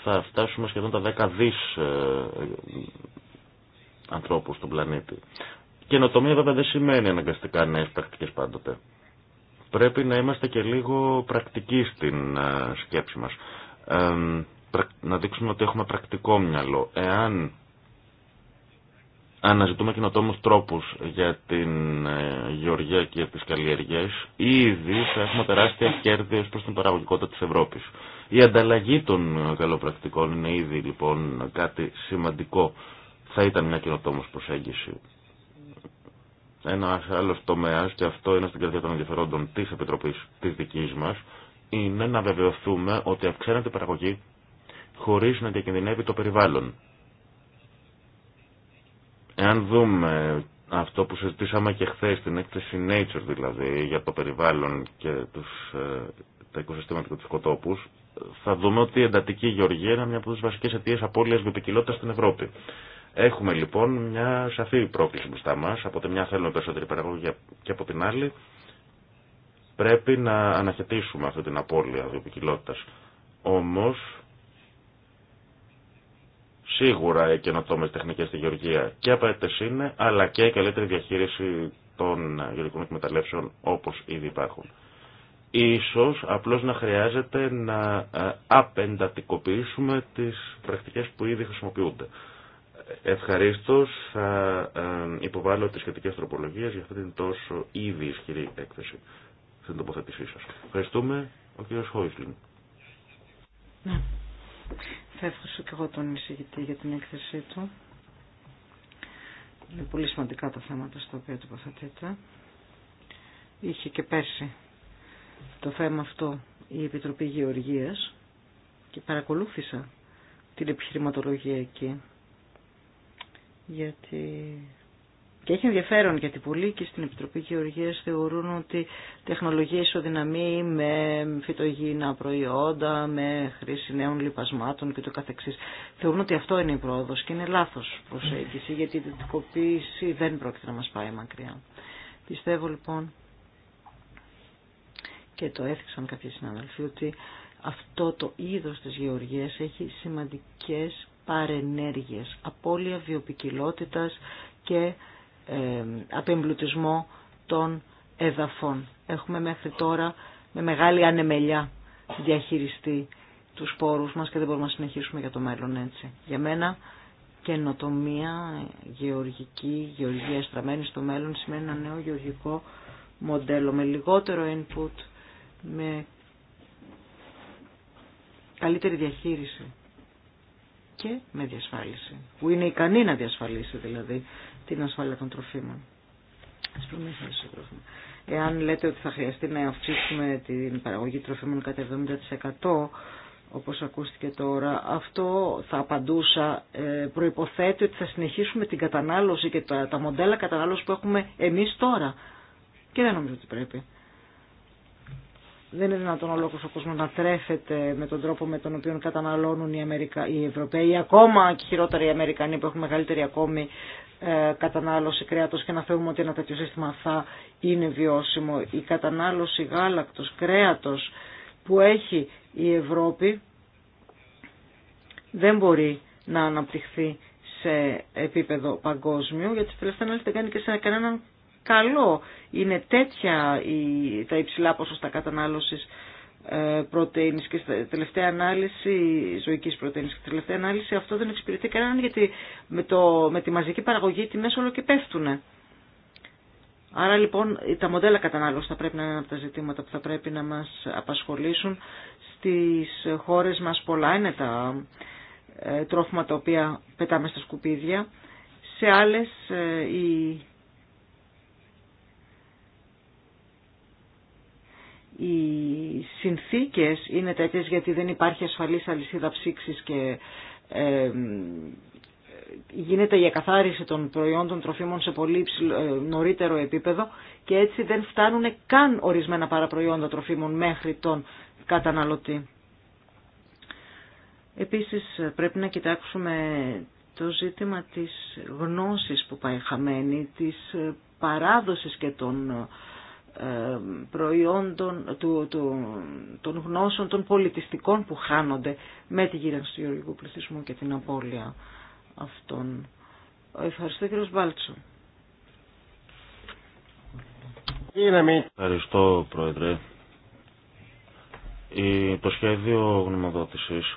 θα φτάσουμε σχεδόν τα 10 δις ε, Ανθρώπου στον πλανήτη. Καινοτομία βέβαια δεν σημαίνει αναγκαστικά νέε πρακτικές πάντοτε. Πρέπει να είμαστε και λίγο πρακτικοί στην ε, σκέψη μας. να δείξουμε ότι έχουμε πρακτικό μυαλό. Εάν αναζητούμε καινοτόμου τρόπου για την ε, γεωργία και τι καλλιεργίε, ήδη θα έχουμε τεράστια κέρδη ω προ την παραγωγικότητα τη Ευρώπη. Η ανταλλαγή των ε, καλοπρακτικών είναι ήδη λοιπόν κάτι σημαντικό θα ήταν μια καινοτόμω προσέγγιση. Ένα άλλο τομέα, και αυτό είναι στην καρδιά των ενδιαφερόντων τη Επιτροπή τη δική μα, είναι να βεβαιωθούμε ότι αυξάνεται η παραγωγή χωρί να διακινδυνεύει το περιβάλλον. Εάν δούμε αυτό που συζητήσαμε και χθε στην έκθεση Nature δηλαδή για το περιβάλλον και τους, ε, τα οικοσυστήματα και του οικοτόπου, θα δούμε ότι η εντατική γεωργία είναι μια από τι βασικέ αιτίε απώλεια βιοπικιλότητα στην Ευρώπη. Έχουμε λοιπόν μια σαφή πρόκληση μπροστά μα. Από τη μια θέλουμε περισσότερη παραγωγή και από την άλλη πρέπει να αναχαιτήσουμε αυτή την απώλεια βιοποικιλότητα. Όμω σίγουρα οι καινοτόμε τεχνικέ στη Γεωργία και απαραίτητε είναι, αλλά και η καλύτερη διαχείριση των γεωργικών εκμεταλλεύσεων όπω ήδη υπάρχουν. Ίσως απλώς να χρειάζεται να ε, απεντατικοποιήσουμε τις πρακτικές που ήδη χρησιμοποιούνται. Ευχαριστώ, θα ε, υποβάλω τις σχετικές τροπολογίες για αυτή την τόσο ήδη ισχυρή έκθεση στην τοποθετησή σας. Ευχαριστούμε ο κ. Χόισλιν. Ναι. Θα εύχομαι και εγώ τον εισηγητή για την έκθεσή του. Είναι πολύ σημαντικά τα θέματα στα οποία τοποθετείται. Είχε και πέρσι το θέμα αυτό η Επιτροπή Γεωργίας και παρακολούθησα την επιχειρηματολογία εκεί γιατί και έχει ενδιαφέρον γιατί πολλοί και στην Επιτροπή Γεωργίας θεωρούν ότι τεχνολογία ισοδυναμεί με φυτογίνα προϊόντα, με χρήση νέων λοιπασμάτων και το καθεξής. Θεωρούν ότι αυτό είναι η πρόοδος και είναι λάθος προσέγγιση γιατί η δυτικοποίηση δεν πρόκειται να μας πάει μακριά. Πιστεύω λοιπόν και το έθιξαν κάποιοι συναδελφοί ότι αυτό το είδος της γεωργίας έχει σημαντικές παρενέργειες, απώλεια βιοπικιλότητας και ε, απεμπλουτισμό των εδαφών. Έχουμε μέχρι τώρα με μεγάλη ανεμελιά διαχειριστεί τους σπόρους μας και δεν μπορούμε να συνεχίσουμε για το μέλλον έτσι. Για μένα καινοτομία γεωργική, γεωργία στραμμένη στο μέλλον σημαίνει ένα νέο γεωργικό μοντέλο με λιγότερο input, με καλύτερη διαχείριση και με διασφάλιση. Που είναι ικανή να διασφαλίσει δηλαδή την ασφάλεια των τροφίμων. Εάν λέτε ότι θα χρειαστεί να αυξήσουμε την παραγωγή τροφίμων κατά 70% όπως ακούστηκε τώρα, αυτό θα απαντούσα ε, προϋποθέτει ότι θα συνεχίσουμε την κατανάλωση και τα, τα μοντέλα κατανάλωση που έχουμε εμείς τώρα. Και δεν νομίζω ότι πρέπει δεν είναι δυνατόν ολόκληρο ο κόσμο να τρέφεται με τον τρόπο με τον οποίο καταναλώνουν οι, Αμερικα... οι Ευρωπαίοι, ακόμα και χειρότερα οι Αμερικανοί που έχουν μεγαλύτερη ακόμη ε, κατανάλωση κρέατος και να θεωρούμε ότι ένα τέτοιο σύστημα θα είναι βιώσιμο. Η κατανάλωση γάλακτο, κρέατος που έχει η Ευρώπη δεν μπορεί να αναπτυχθεί σε επίπεδο παγκόσμιο, γιατί τελευταία δεν κάνει και σε κανέναν καλό. Είναι τέτοια τα υψηλά ποσοστά κατανάλωσης ε, πρωτεΐνης και τελευταία ανάλυση ζωικής πρωτεΐνης και τελευταία ανάλυση αυτό δεν εξυπηρετεί κανέναν γιατί με, το, με τη μαζική παραγωγή οι τιμές όλο και πέφτουν. Άρα λοιπόν τα μοντέλα κατανάλωσης θα πρέπει να είναι ένα από τα ζητήματα που θα πρέπει να μας απασχολήσουν. Στις χώρες μας πολλά είναι τα ε, τρόφιμα τα οποία πετάμε στα σκουπίδια. Σε άλλες ε, οι... οι συνθήκες είναι τέτοιες γιατί δεν υπάρχει ασφαλής αλυσίδα ψήξης και γίνεται η εκαθάριση των προϊόντων τροφίμων σε πολύ ε, νωρίτερο επίπεδο και έτσι δεν φτάνουν καν ορισμένα παραπροϊόντα τροφίμων μέχρι τον καταναλωτή. Επίσης πρέπει να κοιτάξουμε το ζήτημα της γνώσης που πάει χαμένη, της παράδοσης και των ε, προϊόντων, του, του, των γνώσεων, των πολιτιστικών που χάνονται με τη γύρανση του γεωργικού πληθυσμού και την απώλεια αυτών. Ευχαριστώ κύριο Μπάλτσο. Ευχαριστώ Πρόεδρε. το σχέδιο γνωμοδότησης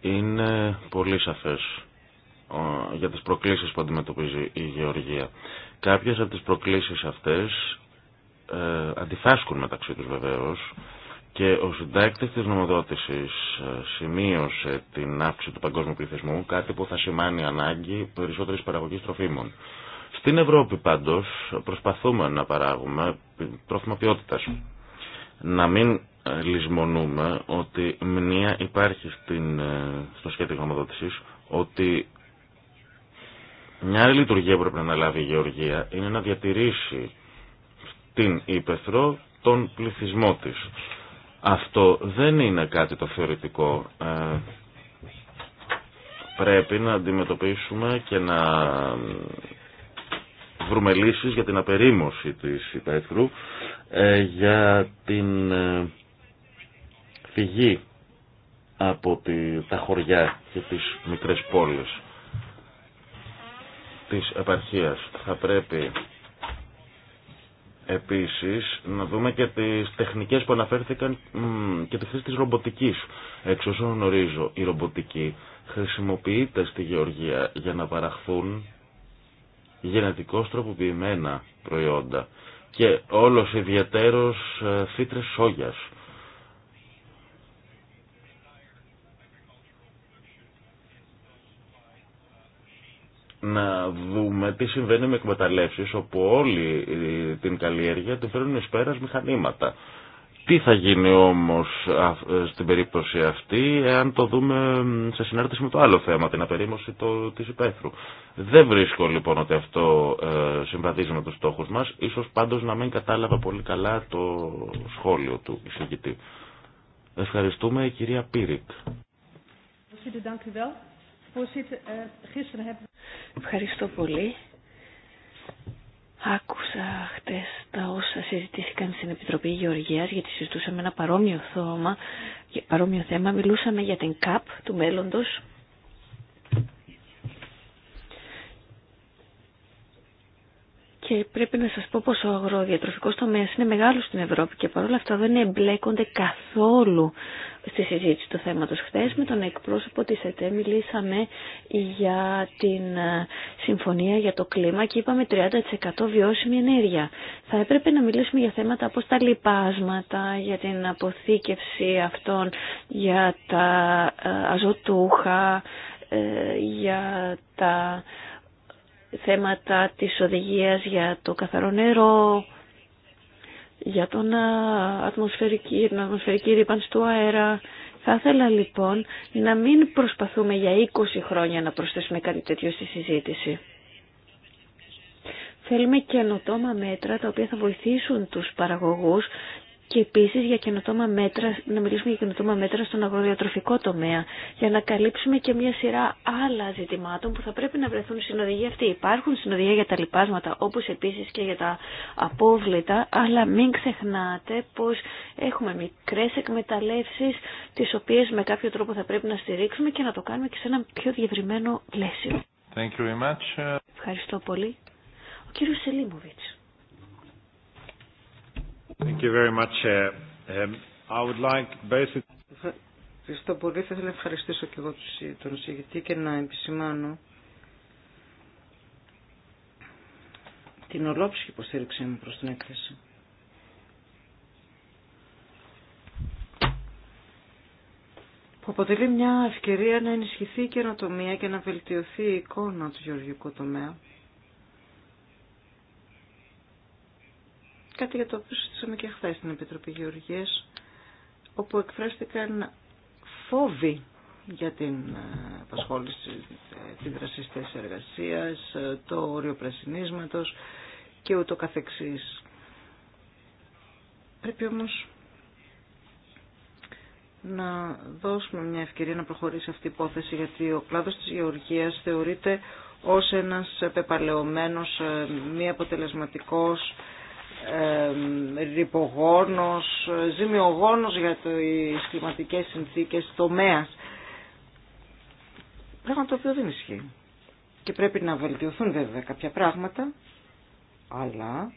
είναι πολύ σαφές για τις προκλήσεις που αντιμετωπίζει η Γεωργία. Κάποιες από τις προκλήσεις αυτές ε, αντιφάσκουν μεταξύ τους βεβαίως και ο συντάκτης της νομοδότησης ε, σημείωσε την αύξηση του παγκόσμιου πληθυσμού, κάτι που θα σημάνει ανάγκη περισσότερης παραγωγής τροφίμων. Στην Ευρώπη πάντως προσπαθούμε να παράγουμε τρόφιμα ποιότητας. Να μην ε, λησμονούμε ότι μνήα υπάρχει στην, στο σχέδιο νομοδότησης ότι μια άλλη λειτουργία που πρέπει να λάβει η Γεωργία είναι να διατηρήσει την Ήπεθρο, τον πληθυσμό της. Αυτό δεν είναι κάτι το θεωρητικό. Ε, πρέπει να αντιμετωπίσουμε και να βρούμε λύσεις για την απερίμωση της Ήπεθρου, ε, για την ε, φυγή από τη, τα χωριά και τις μικρές πόλεις της επαρχίας. Θα πρέπει Επίσης, να δούμε και τις τεχνικές που αναφέρθηκαν και τη χρήση της ρομποτικής. Εξ όσων γνωρίζω, η ρομποτική χρησιμοποιείται στη γεωργία για να παραχθούν γενετικώς τροποποιημένα προϊόντα και όλος ιδιαίτερος ε, φύτρες σόγιας. να δούμε τι συμβαίνει με εκμεταλλεύσει όπου όλη την καλλιέργεια την φέρνουν εις πέρας μηχανήματα. Τι θα γίνει όμως ε, στην περίπτωση αυτή εάν το δούμε σε συνάρτηση με το άλλο θέμα, την απερίμωση το, της υπαίθρου. Δεν βρίσκω λοιπόν ότι αυτό ε, συμβαδίζει με τους στόχους μας, ίσως πάντως να μην κατάλαβα πολύ καλά το σχόλιο του εισηγητή. Ευχαριστούμε κυρία Πύρικ. Eh, Ευχαριστώ πολύ. Άκουσα χτε τα όσα συζητήθηκαν στην Επιτροπή Γεωργίας γιατί συζητούσαμε ένα παρόμοιο, παρόμοιο θέμα. Μιλούσαμε για την ΚΑΠ του μέλλοντος και πρέπει να σας πω πως ο αγροδιατροφικός τομέας είναι μεγάλος στην Ευρώπη και παρόλα αυτά δεν εμπλέκονται καθόλου στη συζήτηση του θέματος. Χθες με τον εκπρόσωπο της ΕΤΕ μιλήσαμε για την ε, συμφωνία για το κλίμα και είπαμε 30% βιώσιμη ενέργεια. Θα έπρεπε να μιλήσουμε για θέματα όπως τα λιπάσματα, για την αποθήκευση αυτών, για τα ε, αζωτούχα, ε, για τα θέματα της οδηγίας για το καθαρό νερό, για τον ατμοσφαιρική, την ατμοσφαιρική ρήπανση του αέρα. Θα ήθελα λοιπόν να μην προσπαθούμε για 20 χρόνια να προσθέσουμε κάτι τέτοιο στη συζήτηση. Θέλουμε καινοτόμα μέτρα τα οποία θα βοηθήσουν τους παραγωγούς και επίση για καινοτόμα μέτρα, να μιλήσουμε για καινοτόμα μέτρα στον αγροδιατροφικό τομέα για να καλύψουμε και μια σειρά άλλα ζητημάτων που θα πρέπει να βρεθούν συνοδηγία αυτή. Υπάρχουν συνοδηγία για τα λοιπάσματα όπω επίση και για τα απόβλητα αλλά μην ξεχνάτε πω έχουμε μικρέ εκμεταλλεύσει, τι οποίε με κάποιο τρόπο θα πρέπει να στηρίξουμε και να το κάνουμε και σε ένα πιο διευρυμένο πλαίσιο. Thank you very much. Ευχαριστώ πολύ. Ο κύριος Σελίμωβιτς. Ευχαριστώ πολύ. Θα ήθελα να ευχαριστήσω και εγώ τον συγητή και να επισημάνω την ολόψυχη υποστήριξή μου προς την έκθεση. που αποτελεί μια ευκαιρία να ενισχυθεί η καινοτομία και να βελτιωθεί η εικόνα του γεωργικού τομέα. Κάτι για το οποίο συζητήσαμε και χθε στην Επιτροπή Γεωργίας, όπου εκφράστηκαν φόβοι για την ε, απασχόληση ε, της θέσης εργασίας, ε, το όριο πρασινίσματος και ούτω καθεξής. Πρέπει όμως να δώσουμε μια ευκαιρία να προχωρήσει αυτή η υπόθεση γιατί ο κλάδος της γεωργίας θεωρείται ως ένας πεπαλαιωμένος, μη αποτελεσματικός ρηπογόνος, ζημιογόνος για τις κλιματικές συνθήκες τομέας. Πράγμα το οποίο δεν ισχύει. Και πρέπει να βελτιωθούν βέβαια κάποια πράγματα, αλλά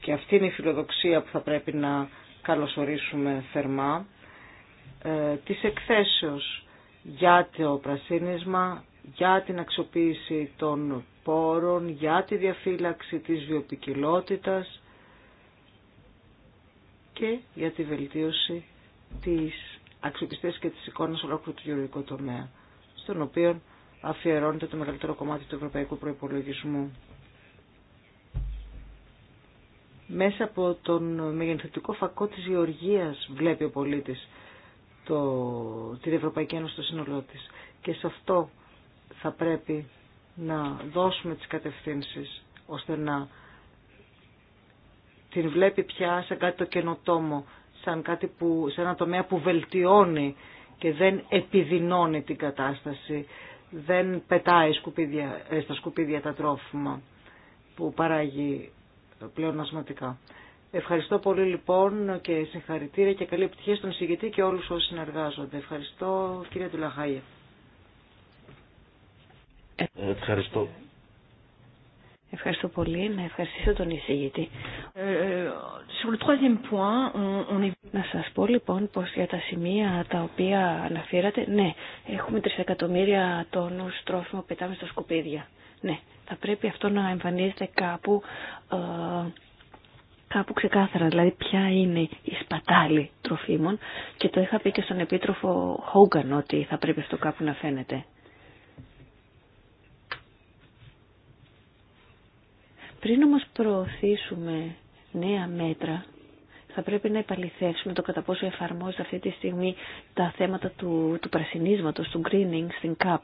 και αυτή είναι η φιλοδοξία που θα πρέπει να καλωσορίσουμε θερμά, ε, της εκθέσεως για το πρασίνισμα, για την αξιοποίηση των για τη διαφύλαξη της βιοπικιλότητας και για τη βελτίωση της αξιοπιστίας και της εικόνας ολόκληρου του γεωργικού τομέα, στον οποίο αφιερώνεται το μεγαλύτερο κομμάτι του ευρωπαϊκού προϋπολογισμού. Μέσα από τον μεγενθετικό φακό της γεωργίας βλέπει ο πολίτης το, την Ευρωπαϊκή Ένωση στο σύνολό της. Και σε αυτό θα πρέπει να δώσουμε τις κατευθύνσεις ώστε να την βλέπει πια σαν κάτι το καινοτόμο, σαν κάτι που, σε ένα τομέα που βελτιώνει και δεν επιδεινώνει την κατάσταση, δεν πετάει σκουπίδια, ε, στα σκουπίδια τα τρόφιμα που παράγει πλεονασματικά. Ευχαριστώ πολύ λοιπόν και συγχαρητήρια και καλή επιτυχία στον εισηγητή και όλους όσοι συνεργάζονται. Ευχαριστώ κύριε Τουλαχάγεφ. Ευχαριστώ. Ευχαριστώ πολύ. Να ευχαριστήσω τον εισηγητή. Ε, ε, να σας πω λοιπόν πως για τα σημεία τα οποία αναφέρατε, ναι, έχουμε τρισεκατομμύρια εκατομμύρια τόνους τρόφιμο που πετάμε στα σκουπίδια. Ναι, θα πρέπει αυτό να εμφανίζεται κάπου, ε, κάπου ξεκάθαρα, δηλαδή ποια είναι η σπατάλη τροφίμων και το είχα πει και στον επίτροφο Χόγκαν ότι θα πρέπει αυτό κάπου να φαίνεται. Πριν όμως προωθήσουμε νέα μέτρα, θα πρέπει να επαληθεύσουμε το κατά πόσο εφαρμόζεται αυτή τη στιγμή τα θέματα του, του πρασινίσματος, του greening στην ΚΑΠ.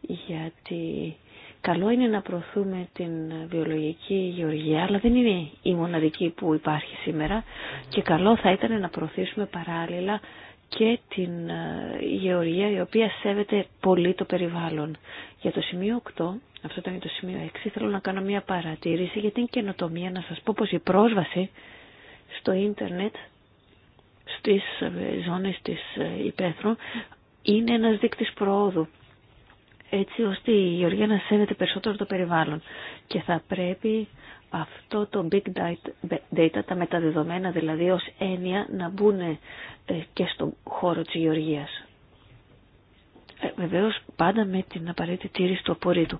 Γιατί καλό είναι να προωθούμε την βιολογική γεωργία, αλλά δεν είναι η μοναδική που υπάρχει σήμερα και καλό θα ήταν να προωθήσουμε παράλληλα και την ε, γεωργία η οποία σέβεται πολύ το περιβάλλον. Για το σημείο 8, αυτό ήταν το σημείο 6, θέλω να κάνω μια παρατήρηση για την καινοτομία, να σας πω πως η πρόσβαση στο ίντερνετ, στις ε, ζώνες της ε, υπαίθρου, είναι ένας δείκτης προόδου έτσι ώστε η Γεωργία να σέβεται περισσότερο το περιβάλλον και θα πρέπει αυτό το big data, τα μεταδεδομένα δηλαδή ως έννοια να μπουν ε, και στον χώρο της Γεωργίας. Ε, Βεβαίω πάντα με την απαραίτητη τήρηση του απορρίτου.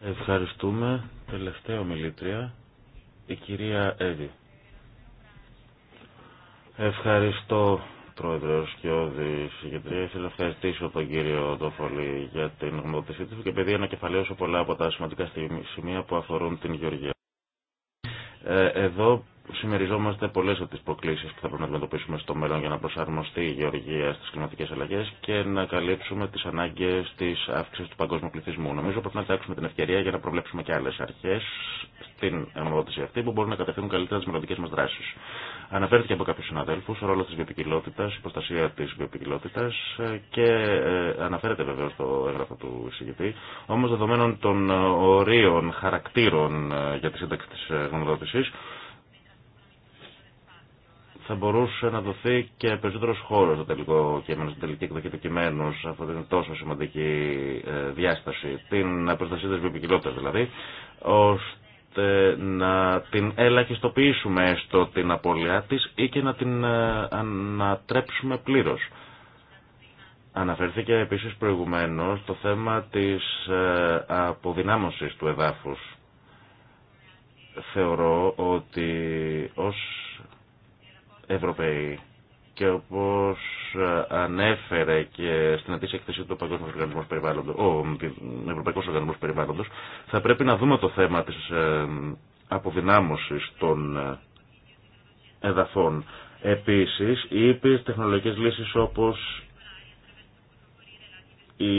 Ευχαριστούμε. Τελευταία ομιλήτρια, η κυρία Εύη. Ευχαριστώ πρόεδρο και όδη συγκεντρία. Θέλω να ευχαριστήσω τον κύριο Ντόφολη για την γνωμοδότησή του και επειδή ανακεφαλαίωσε πολλά από τα σημαντικά σημεία που αφορούν την Γεωργία. Ε, εδώ συμμεριζόμαστε πολλές από τις προκλήσεις που θα πρέπει να αντιμετωπίσουμε στο μέλλον για να προσαρμοστεί η γεωργία στις κλιματικές αλλαγές και να καλύψουμε τις ανάγκες της αύξησης του παγκόσμιου πληθυσμού. Νομίζω πρέπει να τάξουμε την ευκαιρία για να προβλέψουμε και άλλες αρχές στην αναμοδότηση αυτή που μπορούν να κατευθύνουν καλύτερα τις μελλοντικέ μας δράσεις. Αναφέρθηκε από κάποιου συναδέλφου ο ρόλο τη βιοπικιλότητα, η προστασία τη βιοπικιλότητα ε, και ε, αναφέρεται βεβαίω το έγγραφο του εισηγητή. Όμω δεδομένων των ε, ορίων, χαρακτήρων για τη σύνταξη τη γνωμοδότηση, θα μπορούσε να δοθεί και περισσότερο χώρο στο τελικό κείμενο, στην τελική εκδοχή του κειμένου, σε αυτή την τόσο σημαντική διάσταση, την προστασία τη βιοπικιλότητα δηλαδή, να την ελαχιστοποιήσουμε έστω την απώλειά της ή και να την ε, ανατρέψουμε πλήρως. Αναφέρθηκε επίσης προηγουμένως το θέμα της ε, αποδυνάμωσης του εδάφους. Θεωρώ ότι ως Ευρωπαίοι και όπως ε, ανέφερε και στην αντίστοιχη εκθεσή του Παγκόσμιου Οργανισμού Περιβάλλοντος, ο Περιβάλλοντος, θα πρέπει να δούμε το θέμα της ε, αποδυνάμωσης των ε, εδαφών. Επίσης, οι τεχνολογικές λύσεις όπως η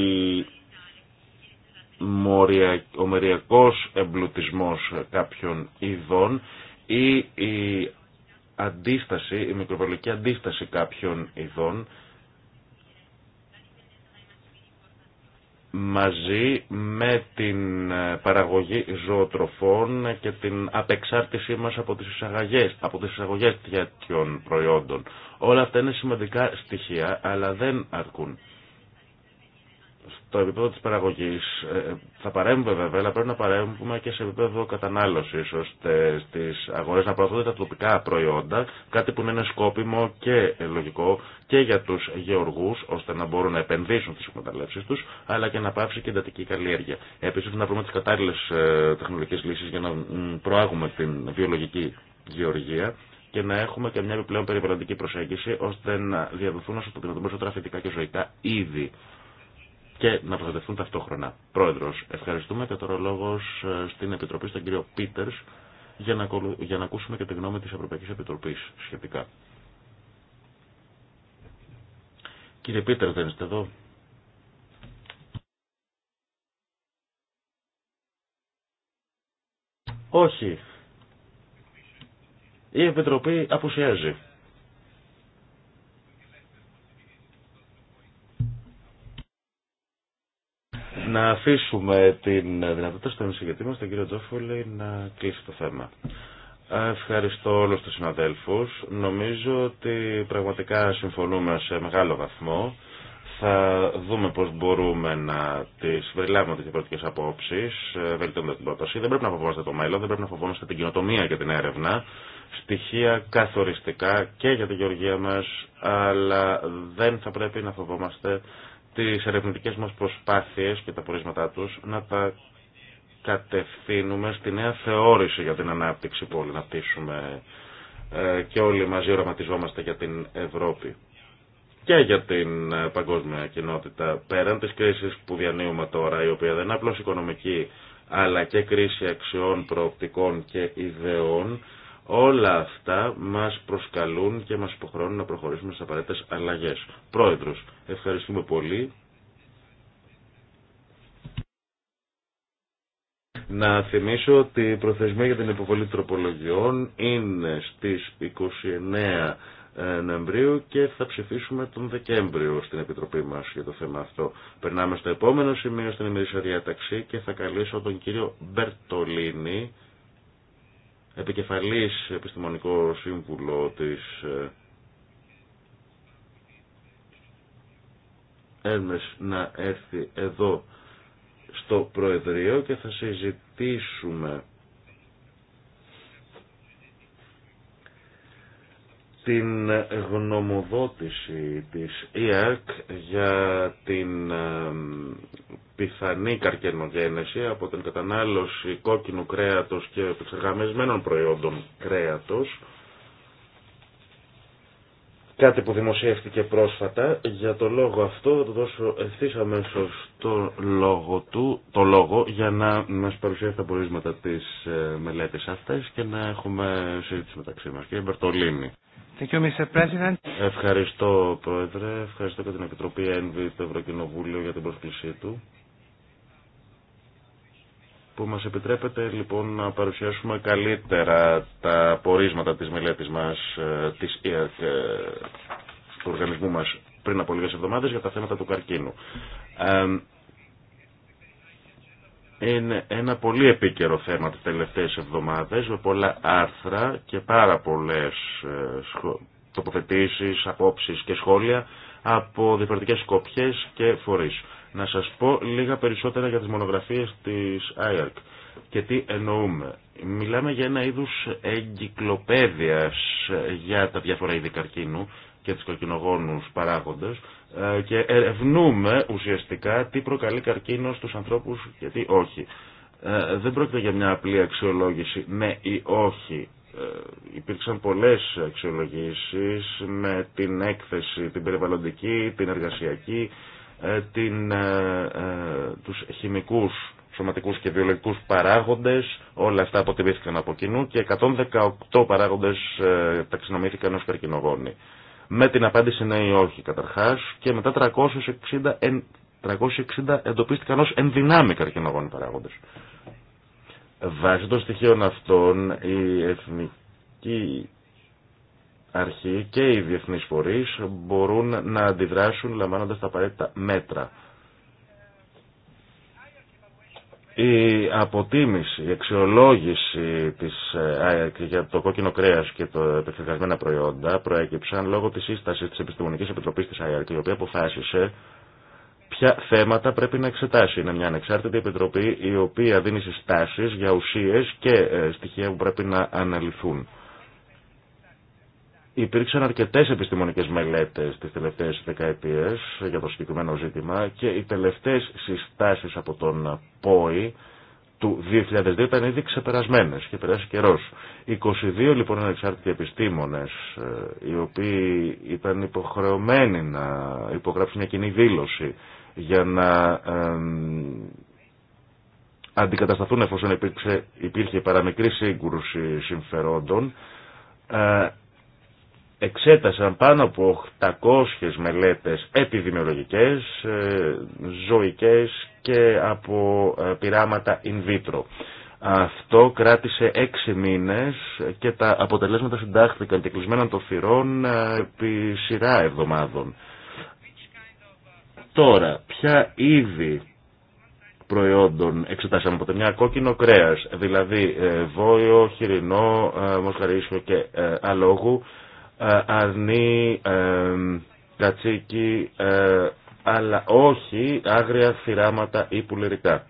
ο μεριακός εμπλουτισμός κάποιων ειδών ή η αντίσταση, η μικροβολική αντίσταση κάποιων ειδών μαζί με την ε, παραγωγή ζωοτροφών και την απεξάρτησή μας από τις εισαγωγές, από τις εισαγωγές τέτοιων προϊόντων. Όλα αυτά είναι σημαντικά στοιχεία, αλλά δεν αρκούν το επίπεδο της παραγωγής. Ε, θα παρέμβουμε βέβαια, αλλά πρέπει να παρέμβουμε και σε επίπεδο κατανάλωση ώστε στις αγορές να προωθούνται τα τοπικά προϊόντα, κάτι που είναι σκόπιμο και λογικό και για τους γεωργούς, ώστε να μπορούν να επενδύσουν τις εκμεταλλεύσεις τους, αλλά και να πάψει και εντατική καλλιέργεια. Επίσης να βρούμε τις κατάλληλες ε, τεχνολογικές λύσεις για να προάγουμε την βιολογική γεωργία και να έχουμε και μια επιπλέον περιβαλλοντική προσέγγιση ώστε να διαδοθούν όσο το δυνατόν περισσότερα και ζωικά είδη και να προστατευτούν ταυτόχρονα. Πρόεδρο, ευχαριστούμε και τώρα λόγο ε, στην Επιτροπή, στον κύριο Πίτερ, για, να, για να ακούσουμε και τη γνώμη τη Ευρωπαϊκή Επιτροπή σχετικά. Κύριε Πίτερ, δεν είστε εδώ. Όχι. Η Επιτροπή απουσιάζει. να αφήσουμε την δυνατότητα στον εισηγητή μας, τον κύριο Τζόφολη, να κλείσει το θέμα. Ευχαριστώ όλους τους συναδέλφους. Νομίζω ότι πραγματικά συμφωνούμε σε μεγάλο βαθμό. Θα δούμε πώς μπορούμε να τις περιλάβουμε τις διαφορετικές απόψεις, ε, βελτιώνοντας την πρόταση. Δεν πρέπει να φοβόμαστε το μέλλον, δεν πρέπει να φοβόμαστε την κοινοτομία και την έρευνα. Στοιχεία καθοριστικά και για τη γεωργία μας, αλλά δεν θα πρέπει να φοβόμαστε τι ερευνητικέ μας προσπάθειες και τα πορίσματά τους να τα κατευθύνουμε στη νέα θεώρηση για την ανάπτυξη που όλοι να πτήσουμε ε, και όλοι μαζί οραματιζόμαστε για την Ευρώπη και για την ε, παγκόσμια κοινότητα. Πέραν της κρίσης που διανύουμε τώρα, η οποία δεν είναι απλώς οικονομική, αλλά και κρίση αξιών, προοπτικών και ιδεών, Όλα αυτά μας προσκαλούν και μας υποχρεώνουν να προχωρήσουμε στις απαραίτητες αλλαγές. Πρόεδρος, ευχαριστούμε πολύ. Να θυμίσω ότι η προθεσμία για την υποβολή τροπολογιών είναι στις 29 ε, Νοεμβρίου και θα ψηφίσουμε τον Δεκέμβριο στην Επιτροπή μας για το θέμα αυτό. Περνάμε στο επόμενο σημείο στην ημερήσια διάταξη και θα καλέσω τον κύριο Μπερτολίνη επικεφαλής επιστημονικό σύμβουλο της ε, Έρμες να έρθει εδώ στο Προεδρείο και θα συζητήσουμε την γνωμοδότηση της ΙΑΚ για την πιθανή καρκενογένεση από την κατανάλωση κόκκινου κρέατος και επεξεργαμισμένων προϊόντων κρέατος κάτι που δημοσιεύτηκε πρόσφατα. Για το λόγο αυτό θα του δώσω ευθύ αμέσω το λόγο του, το λόγο για να μας παρουσιάσει τα πορίσματα της ε, μελέτης αυτές και να έχουμε συζήτηση μεταξύ μας. Κύριε Μπερτολίνη. Thank you, Mr. President. Ευχαριστώ, Πρόεδρε. Ευχαριστώ και την Επιτροπή ΕΝΒΗ του Ευρωκοινοβούλιο για την πρόσκλησή του που μας επιτρέπεται λοιπόν να παρουσιάσουμε καλύτερα τα πορίσματα της μελέτης μας, ε, της, ε, του οργανισμού μας πριν από λίγες εβδομάδες για τα θέματα του καρκίνου. Ε, είναι ένα πολύ επίκαιρο θέμα τις τελευταίες εβδομάδες με πολλά άρθρα και πάρα πολλές ε, τοποθετήσεις, απόψεις και σχόλια από διαφορετικές σκοπιές και φορείς. Να σας πω λίγα περισσότερα για τις μονογραφίες της IARC και τι εννοούμε. Μιλάμε για ένα είδους εγκυκλοπαίδειας για τα διάφορα είδη καρκίνου και τις καρκινογόνους παράγοντες ε, και ερευνούμε ουσιαστικά τι προκαλεί καρκίνο στους ανθρώπους και τι όχι. Ε, δεν πρόκειται για μια απλή αξιολόγηση ναι ή όχι. Ε, υπήρξαν πολλές αξιολογήσεις με την έκθεση, την περιβαλλοντική, την εργασιακή, την, τους χημικούς σωματικούς και βιολογικούς παράγοντες, όλα αυτά αποτιμήθηκαν από κοινού και 118 παράγοντες ταξινομήθηκαν ως καρκινογόνοι με την απάντηση ναι ή όχι καταρχάς και μετά 360, 360 εντοπίστηκαν ως ενδυνάμει καρκινογόνοι παράγοντες. Βάσει των στοιχείων αυτών η Εθνική Αρχή και οι διεθνείς φορεί μπορούν να αντιδράσουν λαμβάνοντας τα απαραίτητα μέτρα η αποτίμηση, η αξιολόγηση της, ε, για το κόκκινο κρέας και τα επεξεργασμένα προϊόντα προέκυψαν λόγω της σύσταση της Επιστημονικής Επιτροπής της ΑΕΡΚ, η οποία αποφάσισε ποια θέματα πρέπει να εξετάσει. Είναι μια ανεξάρτητη επιτροπή η οποία δίνει συστάσεις για ουσίες και ε, στοιχεία που πρέπει να αναλυθούν. Υπήρξαν αρκετέ επιστημονικέ μελέτε τι τελευταίε δεκαετίε για το συγκεκριμένο ζήτημα και οι τελευταίε συστάσεις από τον ΠΟΗ του 2002 ήταν ήδη ξεπερασμένε και περάσει καιρό. 22 λοιπόν ανεξάρτητοι επιστήμονε, ε, οι οποίοι ήταν υποχρεωμένοι να υπογράψουν μια κοινή δήλωση για να αντικατασταθούν εφόσον υπήρξε, υπήρχε παραμικρή σύγκρουση συμφερόντων, ε, εξέτασαν πάνω από 800 μελέτες επιδημιολογικές, ε, ζωικές και από ε, πειράματα in vitro. Αυτό κράτησε έξι μήνες και τα αποτελέσματα συντάχθηκαν και κλεισμέναν των θυρών ε, επί σειρά εβδομάδων. Τώρα, ποια είδη προϊόντων εξετάσαμε από μια κόκκινο κρέας, δηλαδή βόλιο, χοιρινό, μοσχαρίσιο και αλόγου, ε, αρνή, ε, κατσίκι, ε, αλλά όχι άγρια θυράματα ή πουλερικά.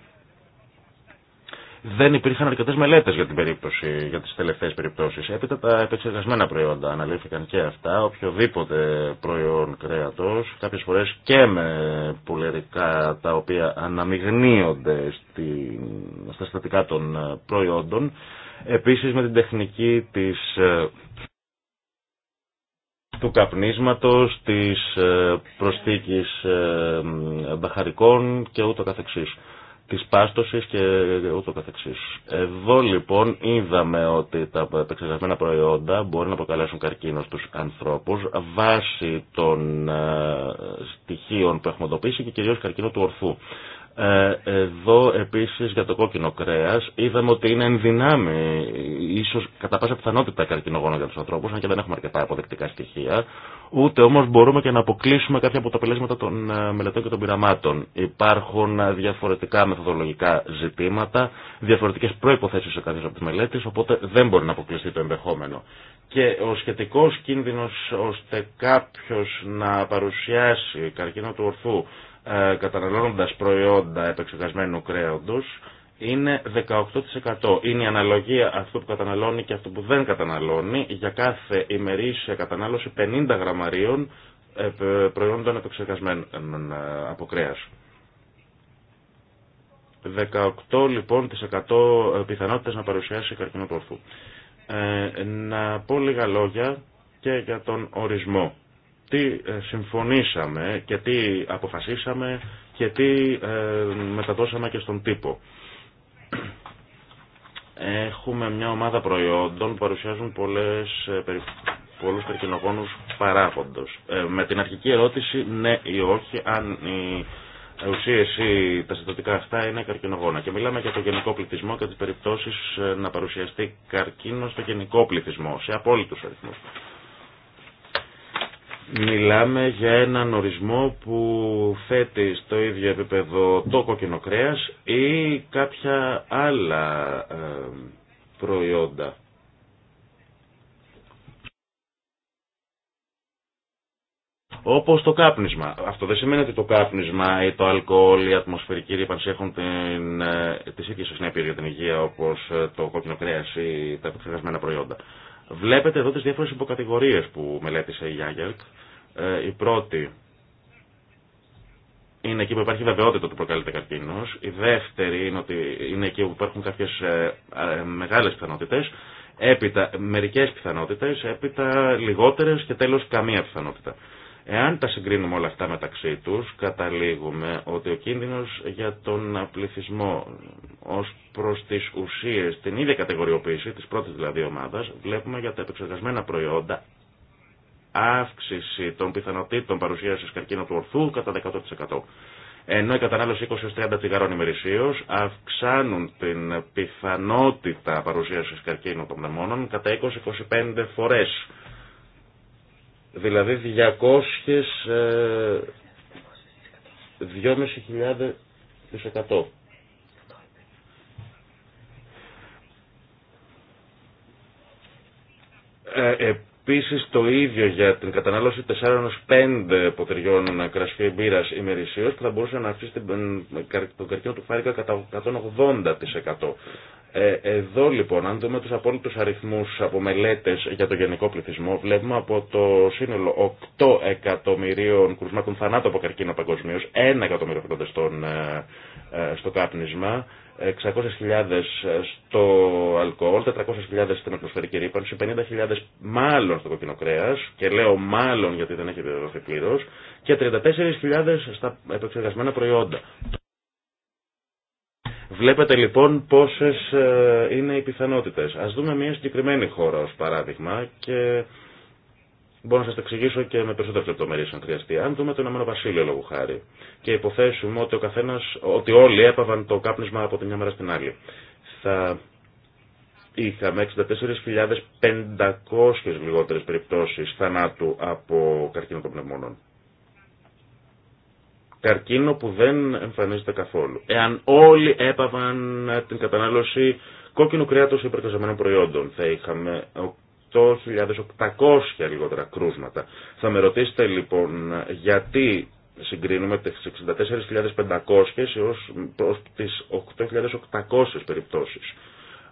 Δεν υπήρχαν αρκετέ μελέτε για την περίπτωση, για τι τελευταίε περιπτώσει. Έπειτα τα επεξεργασμένα προϊόντα αναλύθηκαν και αυτά. Οποιοδήποτε προϊόν κρέατο, κάποιε φορέ και με πουλερικά τα οποία αναμειγνύονται στη, στα στατικά των προϊόντων. Επίση με την τεχνική τη του καπνίσματος, της ε, προσθήκης ε, μπαχαρικών και ούτω καθεξής της πάστοσης και ε, ούτω καθεξής. Εδώ λοιπόν είδαμε ότι τα επεξεργασμένα προϊόντα μπορεί να προκαλέσουν καρκίνο στους ανθρώπους βάσει των στοιχείων που έχουμε εντοπίσει και κυρίως καρκίνο του ορθού. Ε, εδώ επίσης για το κόκκινο κρέας είδαμε ότι είναι ενδυνάμει ίσως κατά πάσα πιθανότητα καρκινογόνο για τους ανθρώπους αν και δεν έχουμε αρκετά αποδεκτικά στοιχεία ούτε όμως μπορούμε και να αποκλείσουμε κάποια από τα πελέσματα των ε, μελετών και των πειραμάτων. Υπάρχουν ε, διαφορετικά μεθοδολογικά ζητήματα, διαφορετικές προϋποθέσεις σε κάποιες από τις μελέτες οπότε δεν μπορεί να αποκλειστεί το ενδεχόμενο. Και ο σχετικός κίνδυνος ώστε κάποιος να παρουσιάσει καρκίνο του ορθού ε, καταναλώνοντας προϊόντα επεξεργασμένου κρέοντος είναι 18%. Είναι η αναλογία αυτού που καταναλώνει και αυτού που δεν καταναλώνει για κάθε ημερήσια κατανάλωση 50 γραμμαρίων ε, προϊόντων επεξεργασμένων ε, από κρέας. 18% λοιπόν τις 100 πιθανότητες να παρουσιάσει καρκινό Ε, να πω λίγα λόγια και για τον ορισμό τι ε, συμφωνήσαμε και τι αποφασίσαμε και τι ε, μεταδώσαμε και στον τύπο. Έχουμε μια ομάδα προϊόντων που παρουσιάζουν πολλές, ε, πολλούς καρκινογόνους παράγοντος. με την αρχική ερώτηση ναι ή όχι αν η ουσίες ή τα συντοτικά αυτά είναι καρκινογόνα. Και μιλάμε για το γενικό πληθυσμό και τις περιπτώσεις να παρουσιαστεί καρκίνο στο γενικό πληθυσμό, σε απόλυτους αριθμούς. Μιλάμε για έναν ορισμό που θέτει στο ίδιο επίπεδο το κόκκινο κρέας ή κάποια άλλα ε, προϊόντα. Όπως το κάπνισμα. Αυτό δεν σημαίνει ότι το κάπνισμα ή το αλκοόλ ή η ατμοσφαιρική ρήπανση έχουν την, ε, τις ίδιες συνέπειες για την υγεία όπως ε, το κόκκινο κρέας ή τα επεξεργασμένα προϊόντα. Βλέπετε εδώ τις διάφορες υποκατηγορίες που μελέτησε η Γιάγκελκ ε, η πρώτη είναι εκεί που υπάρχει βεβαιότητα ότι προκαλείται καρκίνο. Η δεύτερη είναι ότι είναι εκεί που υπάρχουν κάποιε ε, μεγάλε πιθανότητε. Έπειτα μερικέ πιθανότητε, έπειτα λιγότερε και τέλο καμία πιθανότητα. Εάν τα συγκρίνουμε όλα αυτά μεταξύ του, καταλήγουμε ότι ο κίνδυνο για τον πληθυσμό ω προ τι ουσίε, την ίδια κατηγοριοποίηση, τη πρώτη δηλαδή ομάδα, βλέπουμε για τα επεξεργασμένα προϊόντα αύξηση των πιθανότητων παρουσίαση καρκίνου του ορθού κατά 100%. Ενώ η κατανάλωση 20-30 τσιγάρων ημερησίω αυξάνουν την πιθανότητα παρουσίαση καρκίνου των πνευμόνων κατά 20-25 φορές. Δηλαδή 200 2.500%. Ε, Επίση το ίδιο για την κατανάλωση 4-5 ποτηριών κρασιού μπύρα ημερησίω που θα μπορούσε να αυξήσει τον καρκίνο του φάρικα κατά 180%. Ε, εδώ λοιπόν, αν δούμε του απόλυτου αριθμού από μελέτε για τον γενικό πληθυσμό, βλέπουμε από το σύνολο 8 εκατομμυρίων κρουσμάτων θανάτου από καρκίνο παγκοσμίω, 1 εκατομμύριο φροντιστών ε, ε, στο κάπνισμα, 600.000 στο αλκοόλ, 400.000 στην ατμοσφαιρική ρήπανση, 50.000 μάλλον στο κοκκινό κρέα, και λέω μάλλον γιατί δεν έχει επιβεβαιωθεί πλήρω, και 34.000 στα επεξεργασμένα προϊόντα. Βλέπετε λοιπόν πόσε ε, είναι οι πιθανότητε. Α δούμε μια συγκεκριμένη χώρα ω παράδειγμα και Μπορώ να σα το εξηγήσω και με περισσότερε λεπτομέρειε αν χρειαστεί. Αν δούμε το Ηνωμένο Βασίλειο λόγου χάρη και υποθέσουμε ότι, ο καθένας, ότι όλοι έπαβαν το κάπνισμα από τη μια μέρα στην άλλη, θα είχαμε 64.500 λιγότερε περιπτώσει θανάτου από καρκίνο των πνευμόνων. Καρκίνο που δεν εμφανίζεται καθόλου. Εάν όλοι έπαβαν την κατανάλωση κόκκινου κρέατος υπερκαζεμένων προϊόντων, θα είχαμε 8.800 λιγότερα κρούσματα. Θα με ρωτήσετε λοιπόν γιατί συγκρίνουμε τις 64.500 έως, προς τις 8.800 περιπτώσεις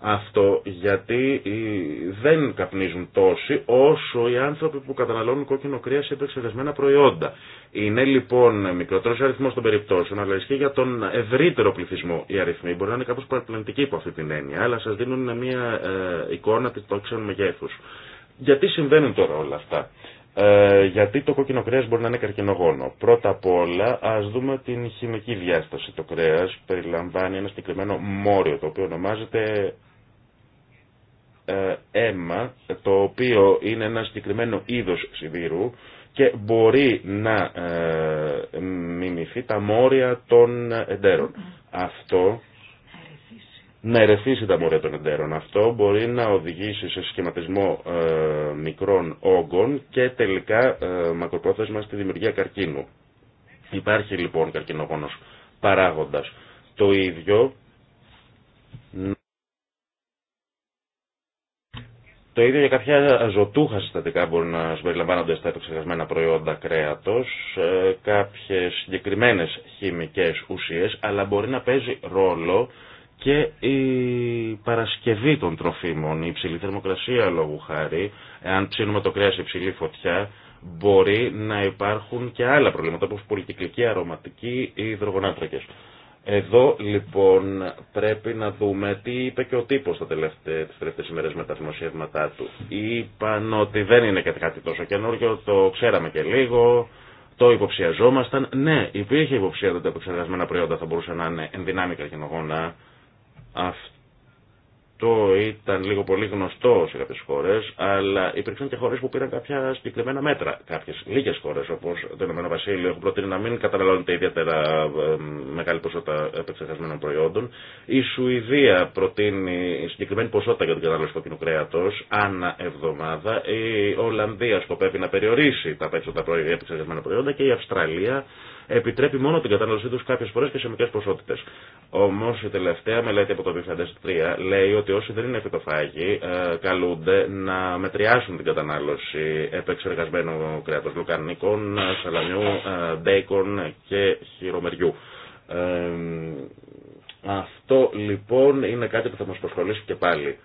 αυτό γιατί δεν καπνίζουν τόσοι όσο οι άνθρωποι που καταναλώνουν κόκκινο κρέα σε επεξεργασμένα προϊόντα. Είναι λοιπόν μικρότερο αριθμό των περιπτώσεων, αλλά ισχύει για τον ευρύτερο πληθυσμό. Οι αριθμοί μπορεί να είναι κάπω παραπλανητικοί από αυτή την έννοια, αλλά σα δίνουν μια ε, εικόνα τη τόξεων μεγέθου. Γιατί συμβαίνουν τώρα όλα αυτά. Ε, γιατί το κόκκινο κρέα μπορεί να είναι καρκινογόνο. Πρώτα απ' όλα α δούμε την χημική διάσταση. Το κρέα, περιλαμβάνει ένα συγκεκριμένο μόριο το οποίο ονομάζεται ε, αίμα, το οποίο είναι ένα συγκεκριμένο είδος σιδήρου και μπορεί να ε, μιμηθεί τα μόρια των εντέρων. Αυτό να ερεθίσει τα μόρια των εντέρων. Αυτό μπορεί να οδηγήσει σε σχηματισμό ε, μικρών όγκων και τελικά μακροπρόθεσμα στη δημιουργία καρκίνου. Υπάρχει λοιπόν καρκινογόνος παράγοντας. Το ίδιο Το ίδιο για κάποια ζωτούχα συστατικά μπορεί να συμπεριλαμβάνονται στα επεξεργασμένα προϊόντα κρέατος, ε, κάποιες συγκεκριμένες χημικές ουσίες, αλλά μπορεί να παίζει ρόλο και η παρασκευή των τροφίμων, η υψηλή θερμοκρασία λόγου χάρη, εάν ψήνουμε το κρέας υψηλή φωτιά, μπορεί να υπάρχουν και άλλα προβλήματα όπως πολυκυκλική, αρωματική ή υδρογονάτρακες. Εδώ λοιπόν πρέπει να δούμε τι είπε και ο τύπος τα τελευταία τις τελευταίες ημέρες με τα δημοσιεύματά του. Είπαν ότι δεν είναι κάτι, κάτι τόσο καινούργιο, το ξέραμε και λίγο, το υποψιαζόμασταν. Ναι, υπήρχε υποψία ότι τα επεξεργασμένα προϊόντα θα μπορούσαν να είναι ενδυνάμικα κοινογόνα. Αυτό αυτό ήταν λίγο πολύ γνωστό σε κάποιε χώρε, αλλά υπήρξαν και χώρε που πήραν κάποια συγκεκριμένα μέτρα. Κάποιε λίγε χώρε, όπω το Ηνωμένο Βασίλειο, έχουν προτείνει να μην καταναλώνεται ιδιαίτερα ε, μεγάλη ποσότητα επεξεργασμένων προϊόντων. Η Σουηδία προτείνει συγκεκριμένη ποσότητα για την κατανάλωση κόκκινου κρέατο ανά εβδομάδα. Η Ολλανδία σκοπεύει να περιορίσει τα επεξεργασμένα προϊόντα και η Αυστραλία επιτρέπει μόνο την κατανάλωσή του κάποιε φορέ και σε μικρέ ποσότητε. Όμω η τελευταία μελέτη από το 2003 λέει ότι όσοι δεν είναι φυτοφάγοι ε, καλούνται να μετριάσουν την κατανάλωση επεξεργασμένου κρέατο λουκανικών, ε, σαλαμιού, μπέικον ε, και χειρομεριού. Αυτό λοιπόν είναι κάτι που θα μα προσχολήσει και πάλι.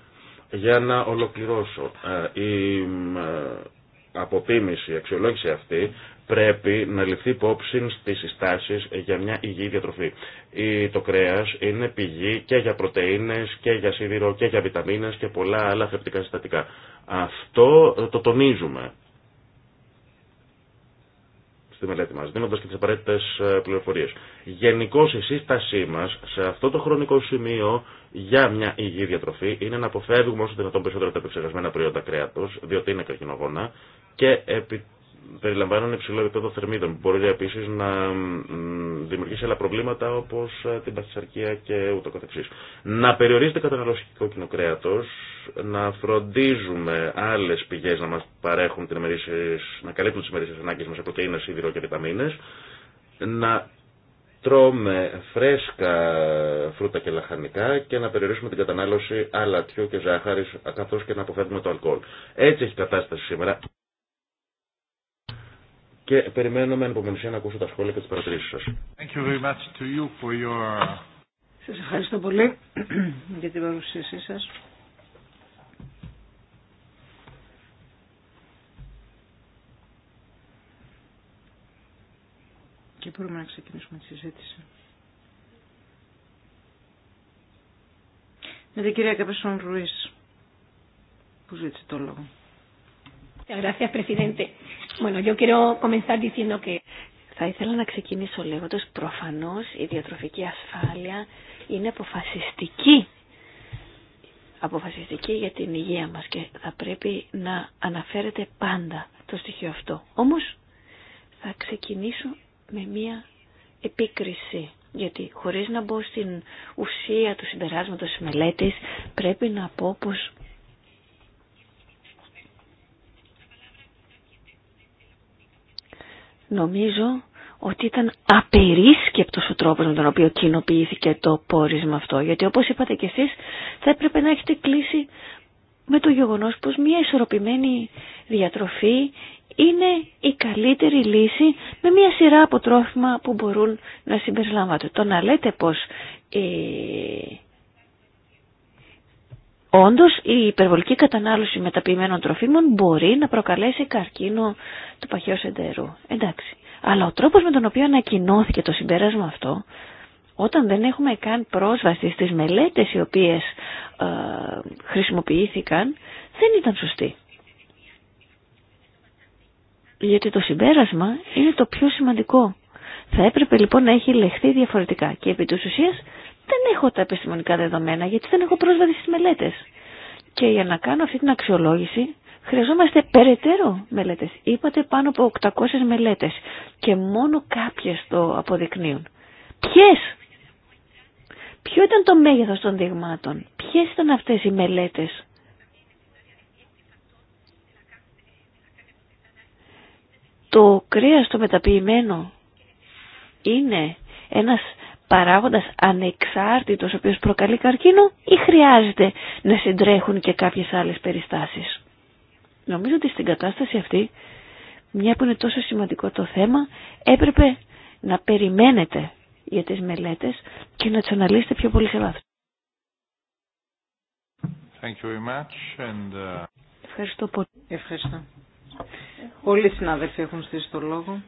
Για να ολοκληρώσω, η αποτίμηση, η αξιολόγηση αυτή πρέπει να ληφθεί υπόψη στι συστάσει για μια υγιή διατροφή. Το κρέα είναι πηγή και για πρωτενε και για σίδηρο και για βιταμίνε και πολλά άλλα θρεπτικά συστατικά. Αυτό ε, το τονίζουμε στη μελέτη μα, δίνοντα και τι απαραίτητε πληροφορίε. Γενικώ η σύστασή μα σε αυτό το χρονικό σημείο για μια υγιή διατροφή είναι να αποφεύγουμε όσο δυνατόν περισσότερο τα επεξεργασμένα προϊόντα κρέατο, διότι είναι καρκινογόνα και επί περιλαμβάνουν υψηλό επίπεδο θερμίδων που μπορεί επίση να δημιουργήσει άλλα προβλήματα όπω ε, την παθησαρκία και ούτω καθεξής. Να περιορίζεται καταναλώση κόκκινο κρέατο, να φροντίζουμε άλλε πηγέ να μα παρέχουν την να καλύπτουν τι ημερήσει ανάγκε μα σε πρωτενε, σίδηρο και βιταμίνε, να τρώμε φρέσκα φρούτα και λαχανικά και να περιορίσουμε την κατανάλωση αλατιού και ζάχαρης καθώς και να αποφεύγουμε το αλκοόλ. Έτσι έχει κατάσταση σήμερα και περιμένω με ανυπομονησία να ακούσω τα σχόλια και τι παρατηρήσει σα. Σα Σας ευχαριστώ πολύ για την παρουσίασή σα. Και μπορούμε να ξεκινήσουμε τη συζήτηση. Με την κυρία Καπεσόν Ρουίς που ζήτησε το λόγο. Gracias, presidente. Bueno, Θα ήθελα να ξεκινήσω λέγοντας προφανώς η διατροφική ασφάλεια είναι αποφασιστική αποφασιστική για την υγεία μας και θα πρέπει να αναφέρεται πάντα το στοιχείο αυτό. Όμως θα ξεκινήσω με μία επίκριση γιατί χωρίς να μπω στην ουσία του συμπεράσματος της μελέτης πρέπει να πω πως Νομίζω ότι ήταν απερίσκεπτος ο τρόπος με τον οποίο κοινοποιήθηκε το πόρισμα αυτό. Γιατί όπως είπατε κι εσείς θα έπρεπε να έχετε κλείσει με το γεγονός πως μια ισορροπημένη διατροφή είναι η καλύτερη λύση με μια σειρά από τρόφιμα που μπορούν να συμπεριλαμβάνονται. Το να λέτε πως ε, Όντως η υπερβολική κατανάλωση μεταποιημένων τροφίμων μπορεί να προκαλέσει καρκίνο του παχαίου εντερού. Εντάξει. Αλλά ο τρόπος με τον οποίο ανακοινώθηκε το συμπέρασμα αυτό, όταν δεν έχουμε καν πρόσβαση στις μελέτες οι οποίες ε, χρησιμοποιήθηκαν, δεν ήταν σωστή. Γιατί το συμπέρασμα είναι το πιο σημαντικό. Θα έπρεπε λοιπόν να έχει λεχθεί διαφορετικά. Και επί ουσίας δεν έχω τα επιστημονικά δεδομένα γιατί δεν έχω πρόσβαση στις μελέτες. Και για να κάνω αυτή την αξιολόγηση χρειαζόμαστε περαιτέρω μελέτες. Είπατε πάνω από 800 μελέτες και μόνο κάποιες το αποδεικνύουν. Ποιες! Ποιο ήταν το μέγεθος των δειγμάτων, ποιες ήταν αυτές οι μελέτες. Το κρέας το μεταποιημένο είναι ένας παράγοντας ανεξάρτητος ο οποίος προκαλεί καρκίνο ή χρειάζεται να συντρέχουν και κάποιες άλλες περιστάσεις. Νομίζω ότι στην κατάσταση αυτή, μια που είναι τόσο σημαντικό το θέμα, έπρεπε να περιμένετε για τις μελέτες και να τις αναλύσετε πιο πολύ σε βάθος. Uh, Ευχαριστώ πολύ. Ευχαριστώ. Όλοι οι συνάδελφοι έχουν στήσει το λόγο.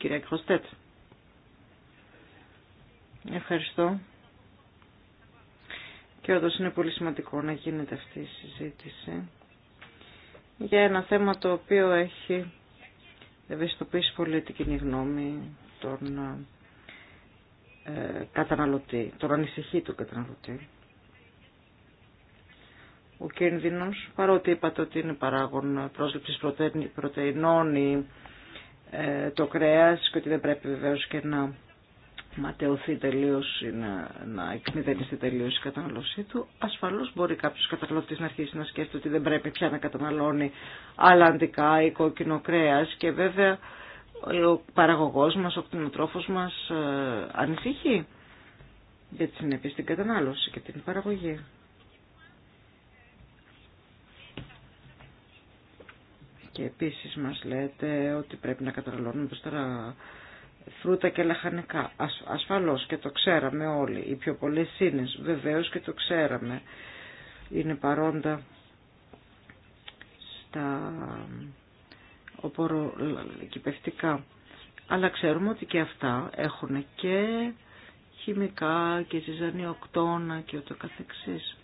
Κυρία Κροστέτ. Ευχαριστώ. Και όντως είναι πολύ σημαντικό να γίνεται αυτή η συζήτηση για ένα θέμα το οποίο έχει ευαισθητοποιήσει πολύ την κοινή γνώμη των ε, καταναλωτή, τον ανησυχεί του καταναλωτή. Ο κίνδυνος, παρότι είπατε ότι είναι παράγον πρόσληψης πρωτεϊνών ή ε, το κρέας και ότι δεν πρέπει βεβαίως και να ματαιωθεί τελείως ή να, να εκμηδενιστεί τελείως η καταναλωσή του, ασφαλώς μπορεί κάποιος καταναλωτής να αρχίσει να σκέφτεται ότι δεν πρέπει πια να καταναλώνει αλλαντικά ή κόκκινο κρέας και βέβαια ο παραγωγός μας, ο κτηνοτρόφος μας ε, ανησυχεί για τη συνέπεια στην κατανάλωση και την παραγωγή. Και επίσης μας λέτε ότι πρέπει να καταναλώνουμε τα φρούτα και λαχανικά. Ασ, ασφαλώς και το ξέραμε όλοι. Οι πιο πολλές είναι βεβαίως και το ξέραμε. Είναι παρόντα στα οποροκυπευτικά. Αλλά ξέρουμε ότι και αυτά έχουν και χημικά και ζυζανιοκτώνα και ούτω καθεξής.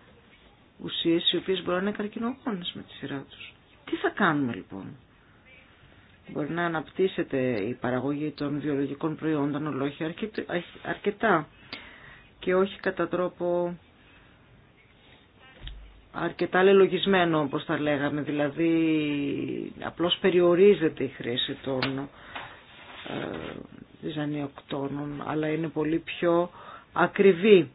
Ουσίες οι οποίες μπορούν να είναι καρκινογόνες με τη σειρά τους. Τι θα κάνουμε λοιπόν. Μπορεί να αναπτύσσεται η παραγωγή των βιολογικών προϊόντων ολόχη αρκετά και όχι κατά τρόπο αρκετά λελογισμένο όπως θα λέγαμε, δηλαδή απλώς περιορίζεται η χρήση των ε, αλλά είναι πολύ πιο ακριβή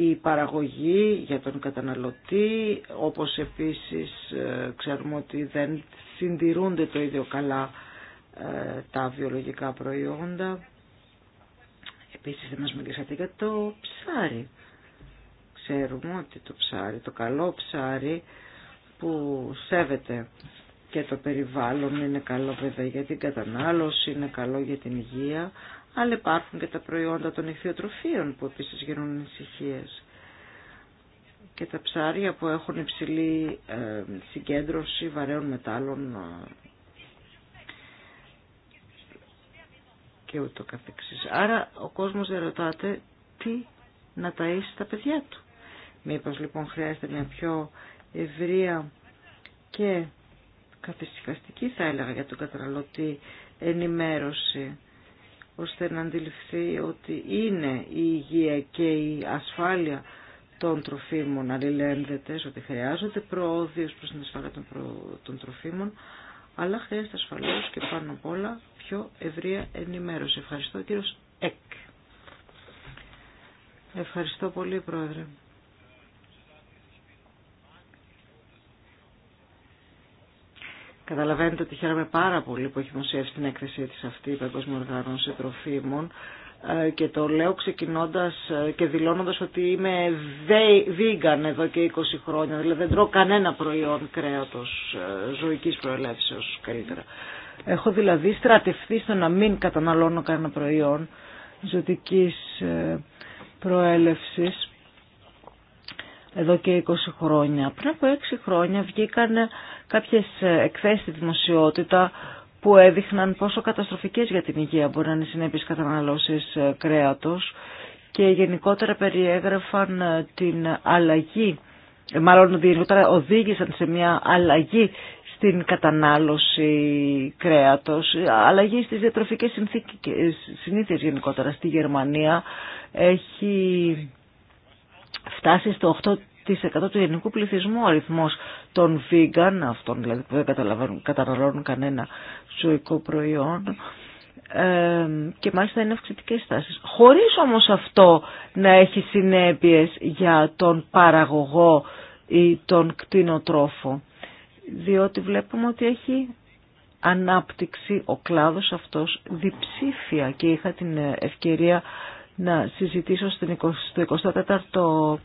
η παραγωγή για τον καταναλωτή, όπως επίσης ε, ξέρουμε ότι δεν συντηρούνται το ίδιο καλά ε, τα βιολογικά προϊόντα. Επίσης δεν μας μιλήσατε για το ψάρι. Ξέρουμε ότι το ψάρι, το καλό ψάρι που σέβεται και το περιβάλλον είναι καλό βέβαια για την κατανάλωση, είναι καλό για την υγεία, αλλά υπάρχουν και τα προϊόντα των ηχθειοτροφίων που επίσης γίνουν ανησυχίε. Και τα ψάρια που έχουν υψηλή ε, συγκέντρωση βαρέων μετάλλων ε, και ούτω καθεξής. Άρα ο κόσμος δεν ρωτάται τι να ταΐσει τα παιδιά του. Μήπως λοιπόν χρειάζεται μια πιο ευρεία και καθησυχαστική θα έλεγα για τον καταναλωτή ενημέρωση ώστε να αντιληφθεί ότι είναι η υγεία και η ασφάλεια των τροφίμων αλληλένδετε, ότι χρειάζονται προόδειες προς την ασφάλεια των, των τροφίμων, αλλά χρειάζεται ασφαλώς και πάνω απ' όλα πιο ευρεία ενημέρωση. Ευχαριστώ κύριος Εκ. Ευχαριστώ πολύ πρόεδρε. Καταλαβαίνετε ότι χαίρομαι πάρα πολύ που έχει δημοσιεύσει την έκθεσή της αυτή η Παγκόσμια Οργάνωση Τροφίμων ε, και το λέω ξεκινώντας ε, και δηλώνοντας ότι είμαι vegan εδώ και 20 χρόνια, δηλαδή δεν τρώω κανένα προϊόν κρέατος ε, ζωικής προελεύσεως καλύτερα. Έχω δηλαδή στρατευτεί στο να μην καταναλώνω κανένα προϊόν ζωτικής προέλευσης εδώ και 20 χρόνια. Πριν από 6 χρόνια βγήκαν κάποιες εκθέσεις στη δημοσιότητα που έδειχναν πόσο καταστροφικές για την υγεία μπορεί να είναι συνέπειες καταναλώσεις ε, κρέατος και γενικότερα περιέγραφαν ε, την αλλαγή, ε, μάλλον γενικότερα οδήγησαν σε μια αλλαγή στην κατανάλωση κρέατος, αλλαγή στις διατροφικές συνήθειες γενικότερα στη Γερμανία έχει φτάσει στο 8% του γενικού πληθυσμού ο αριθμός των vegan, αυτών δηλαδή που δεν καταναλώνουν κανένα ζωικό προϊόν, ε, και μάλιστα είναι αυξητικέ τάσει. Χωρίς όμως αυτό να έχει συνέπειες για τον παραγωγό ή τον κτηνοτρόφο, διότι βλέπουμε ότι έχει ανάπτυξη ο κλάδος αυτός διψήφια και είχα την ευκαιρία να συζητήσω στο 24ο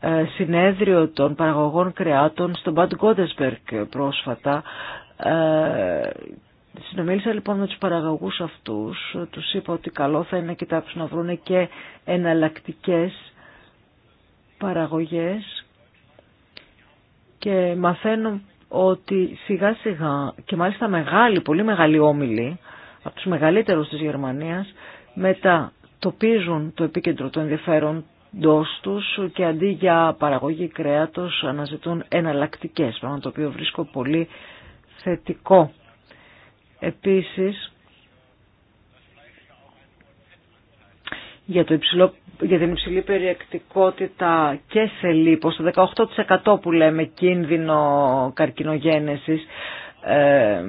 ε, συνέδριο των παραγωγών κρεάτων στον Μπαντ Γκόντεσμπερκ πρόσφατα. Ε, συνομίλησα λοιπόν με τους παραγωγούς αυτούς, τους είπα ότι καλό θα είναι να κοιτάξουν να βρούνε και εναλλακτικές παραγωγές και μαθαίνω ότι σιγά σιγά και μάλιστα μεγάλη, πολύ μεγάλη όμιλη από τους μεγαλύτερους της Γερμανίας μετά τοπίζουν το επίκεντρο των ενδιαφέροντός τους και αντί για παραγωγή κρέατος αναζητούν εναλλακτικές, πράγμα το οποίο βρίσκω πολύ θετικό. Επίσης, για, το υψηλό, για την υψηλή περιεκτικότητα και σε λίπος, το 18% που λέμε κίνδυνο καρκινογένεσης, ε,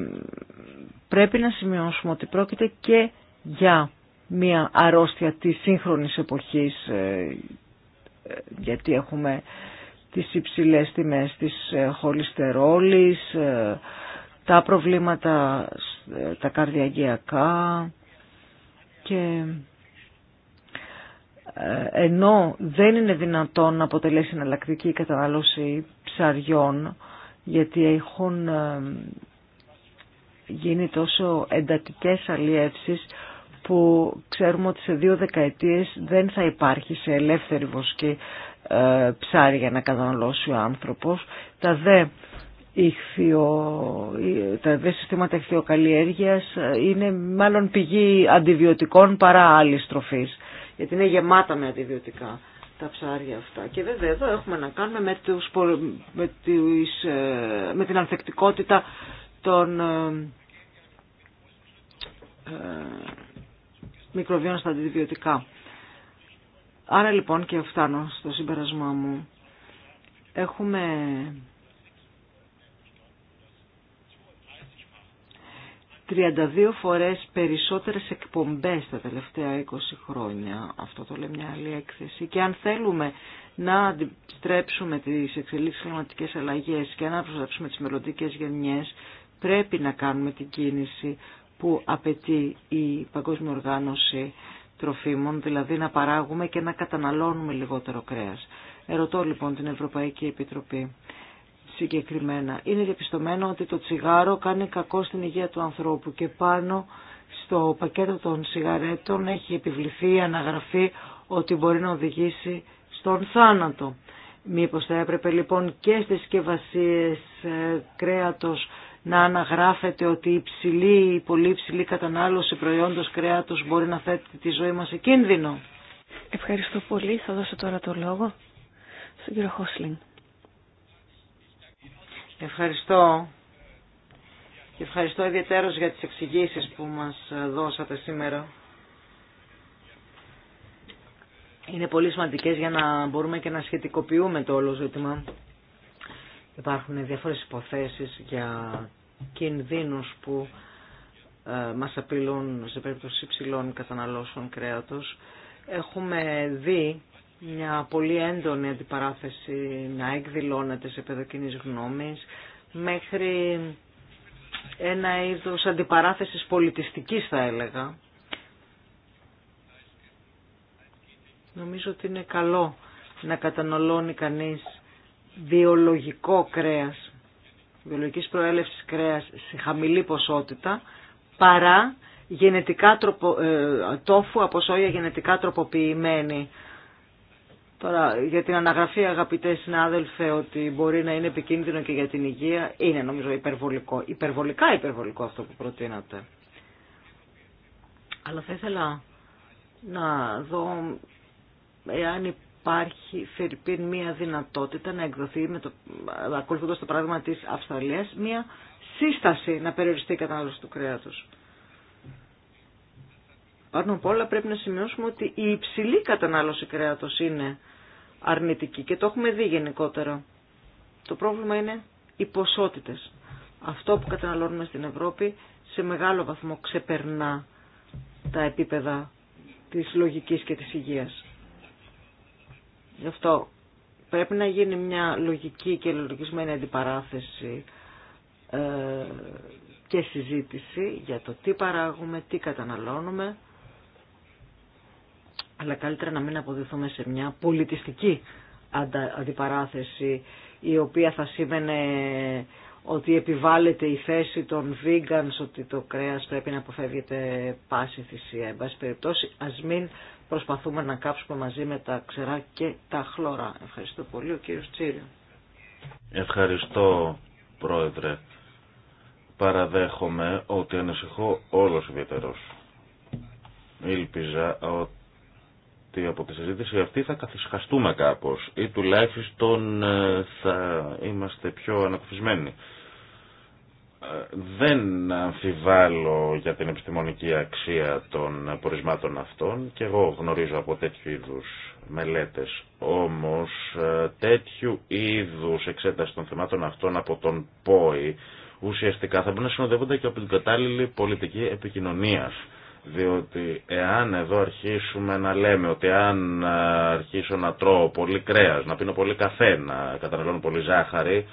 πρέπει να σημειώσουμε ότι πρόκειται και για μία αρρώστια της σύγχρονης εποχής ε, γιατί έχουμε τις υψηλές τιμές της ε, χολυστερόλης, ε, τα προβλήματα τα καρδιαγιακά και ενώ δεν είναι δυνατόν να αποτελέσει εναλλακτική η κατανάλωση ψαριών γιατί έχουν γίνει τόσο εντατικές αλλιεύσεις που ξέρουμε ότι σε δύο δεκαετίες δεν θα υπάρχει σε ελεύθερη βοσκή ε, ψάρια να καταναλώσει ο άνθρωπος. Τα δε, ηχθιο, ε, τα δε συστήματα ηχθειοκαλλιέργειας ε, είναι μάλλον πηγή αντιβιωτικών παρά άλλη τροφής, γιατί είναι γεμάτα με αντιβιωτικά τα ψάρια αυτά. Και βέβαια εδώ έχουμε να κάνουμε με, τους, με, την ανθεκτικότητα των μικροβιών στα αντιβιωτικά. Άρα λοιπόν και φτάνω στο συμπερασμά μου. Έχουμε ...32 φορές περισσότερες εκπομπές τα τελευταία 20 χρόνια. Αυτό το λέει μια άλλη έκθεση. Και αν θέλουμε να αντιστρέψουμε τις εξελίξεις κλιματικές αλλαγές... ...και να προστατεύσουμε τις μελλοντικέ γενιές... ...πρέπει να κάνουμε την κίνηση που απαιτεί η Παγκόσμια Οργάνωση Τροφίμων, δηλαδή να παράγουμε και να καταναλώνουμε λιγότερο κρέας. Ερωτώ λοιπόν την Ευρωπαϊκή Επιτροπή συγκεκριμένα. Είναι διαπιστωμένο ότι το τσιγάρο κάνει κακό στην υγεία του ανθρώπου και πάνω στο πακέτο των σιγαρέτων έχει επιβληθεί η αναγραφή ότι μπορεί να οδηγήσει στον θάνατο. Μήπως θα έπρεπε λοιπόν και στις συσκευασίε ε, κρέατος να αναγράφεται ότι η υψηλή ή πολύ υψηλή κατανάλωση προϊόντος κρέατος μπορεί να θέτει τη ζωή μας σε κίνδυνο. Ευχαριστώ πολύ. Θα δώσω τώρα το λόγο στον κύριο Χόσλιν. Ευχαριστώ. Και ευχαριστώ ιδιαίτερως για τις εξηγήσεις που μας δώσατε σήμερα. Είναι πολύ σημαντικές για να μπορούμε και να σχετικοποιούμε το όλο ζήτημα. Υπάρχουν διάφορες υποθέσεις για κινδύνους που ε, μας απειλούν σε περίπτωση υψηλών καταναλώσεων κρέατος. Έχουμε δει μια πολύ έντονη αντιπαράθεση να εκδηλώνεται σε παιδοκίνης γνώμης μέχρι ένα είδος αντιπαράθεσης πολιτιστικής θα έλεγα. Νομίζω ότι είναι καλό να καταναλώνει κανείς βιολογικό κρέας βιολογικής προέλευσης κρέας σε χαμηλή ποσότητα παρά γενετικά τροπο, ε, τόφου από σόγια γενετικά τροποποιημένη. Τώρα, για την αναγραφή, αγαπητέ συνάδελφε, ότι μπορεί να είναι επικίνδυνο και για την υγεία, είναι νομίζω υπερβολικό. Υπερβολικά υπερβολικό αυτό που προτείνατε. Αλλά θα ήθελα να δω εάν υπάρχει Φερρυπίν μια δυνατότητα να εκδοθεί, με το, ακολουθώντας το πράγμα της μια σύσταση να περιοριστεί η κατανάλωση του κρέατος. Πάνω απ' όλα πρέπει να σημειώσουμε ότι η υψηλή κατανάλωση κρέατος είναι αρνητική και το έχουμε δει γενικότερα. Το πρόβλημα είναι οι ποσότητες. Αυτό που καταναλώνουμε στην Ευρώπη σε μεγάλο βαθμό ξεπερνά τα επίπεδα της λογικής και της υγείας. Γι' αυτό πρέπει να γίνει μια λογική και λογισμένη αντιπαράθεση ε, και συζήτηση για το τι παράγουμε, τι καταναλώνουμε, αλλά καλύτερα να μην αποδεθούμε σε μια πολιτιστική αντιπαράθεση η οποία θα σήμαινε ότι επιβάλλεται η θέση των βίγκανς ότι το κρέας πρέπει να αποφεύγεται πάση θυσία. Εν πάση ας μην προσπαθούμε να κάψουμε μαζί με τα ξερά και τα χλώρα. Ευχαριστώ πολύ ο κύριος Τσίριο. Ευχαριστώ πρόεδρε. Παραδέχομαι ότι ανησυχώ όλος ιδιαίτερος. Ήλπιζα ότι ότι από τη συζήτηση αυτή θα καθισχαστούμε κάπως ή τουλάχιστον ε, θα είμαστε πιο ανακουφισμένοι. Ε, δεν αμφιβάλλω για την επιστημονική αξία των πορισμάτων αυτών και εγώ γνωρίζω από τέτοιου είδους μελέτες. Όμως ε, τέτοιου είδους εξέταση των θεμάτων αυτών από τον ΠΟΗ ουσιαστικά θα μπορούν να συνοδεύονται και από την κατάλληλη πολιτική επικοινωνίας. Διότι εάν εδώ αρχίσουμε να λέμε ότι αν ε, αρχίσω να τρώω πολύ κρέας, να πίνω πολύ καφέ, να καταναλώνω πολύ ζάχαρη,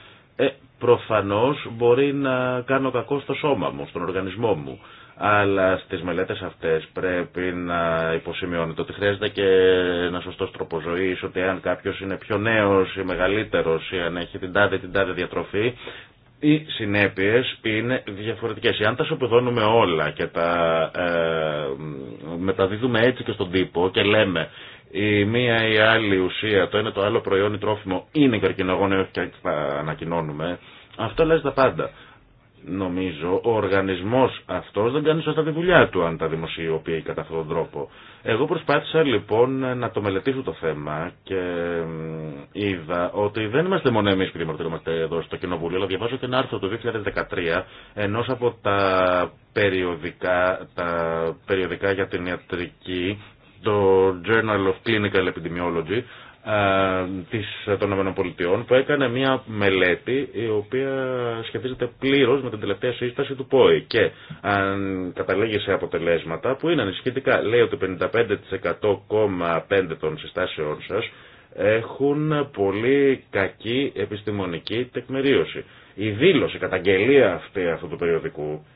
προφανώς μπορεί να κάνω κακό στο σώμα μου, στον οργανισμό μου. Αλλά στις μελέτες αυτές πρέπει να υποσημειώνεται ότι χρειάζεται και ένα σωστός τρόπο ζωής, ότι αν κάποιος είναι πιο νέος ή μεγαλύτερος ή αν έχει την τάδε την τάδε διατροφή, οι συνέπειες είναι διαφορετικές. Αν τα σοπεδώνουμε όλα και τα ε, μεταδίδουμε έτσι και στον τύπο και λέμε η μία ή η άλλη ουσία, το ένα το άλλο προϊόν ή τρόφιμο είναι καρκινογόνο όχι και θα ανακοινώνουμε, αυτό λες τα πάντα. Νομίζω ο οργανισμός αυτός δεν κάνει σωστά τη δουλειά του αν τα δημοσιοποιεί κατά αυτόν τον τρόπο. Εγώ προσπάθησα λοιπόν να το μελετήσω το θέμα και είδα ότι δεν είμαστε μόνο εμείς που δημορφωνόμαστε εδώ στο Κοινοβούλιο, αλλά διαβάζω ένα άρθρο του 2013 ενός από τα περιοδικά, τα περιοδικά για την ιατρική το Journal of Clinical Epidemiology ε, της, των ΗΠΑ που έκανε μια μελέτη η οποία σχετίζεται πλήρως με την τελευταία σύσταση του ΠΟΗ και ε, καταλήγει σε αποτελέσματα που είναι ανησυχητικά. Λέει ότι 55,5% των συστάσεών σας έχουν πολύ κακή επιστημονική τεκμηρίωση. Η δήλωση, η καταγγελία αυτή αυτού του περιοδικού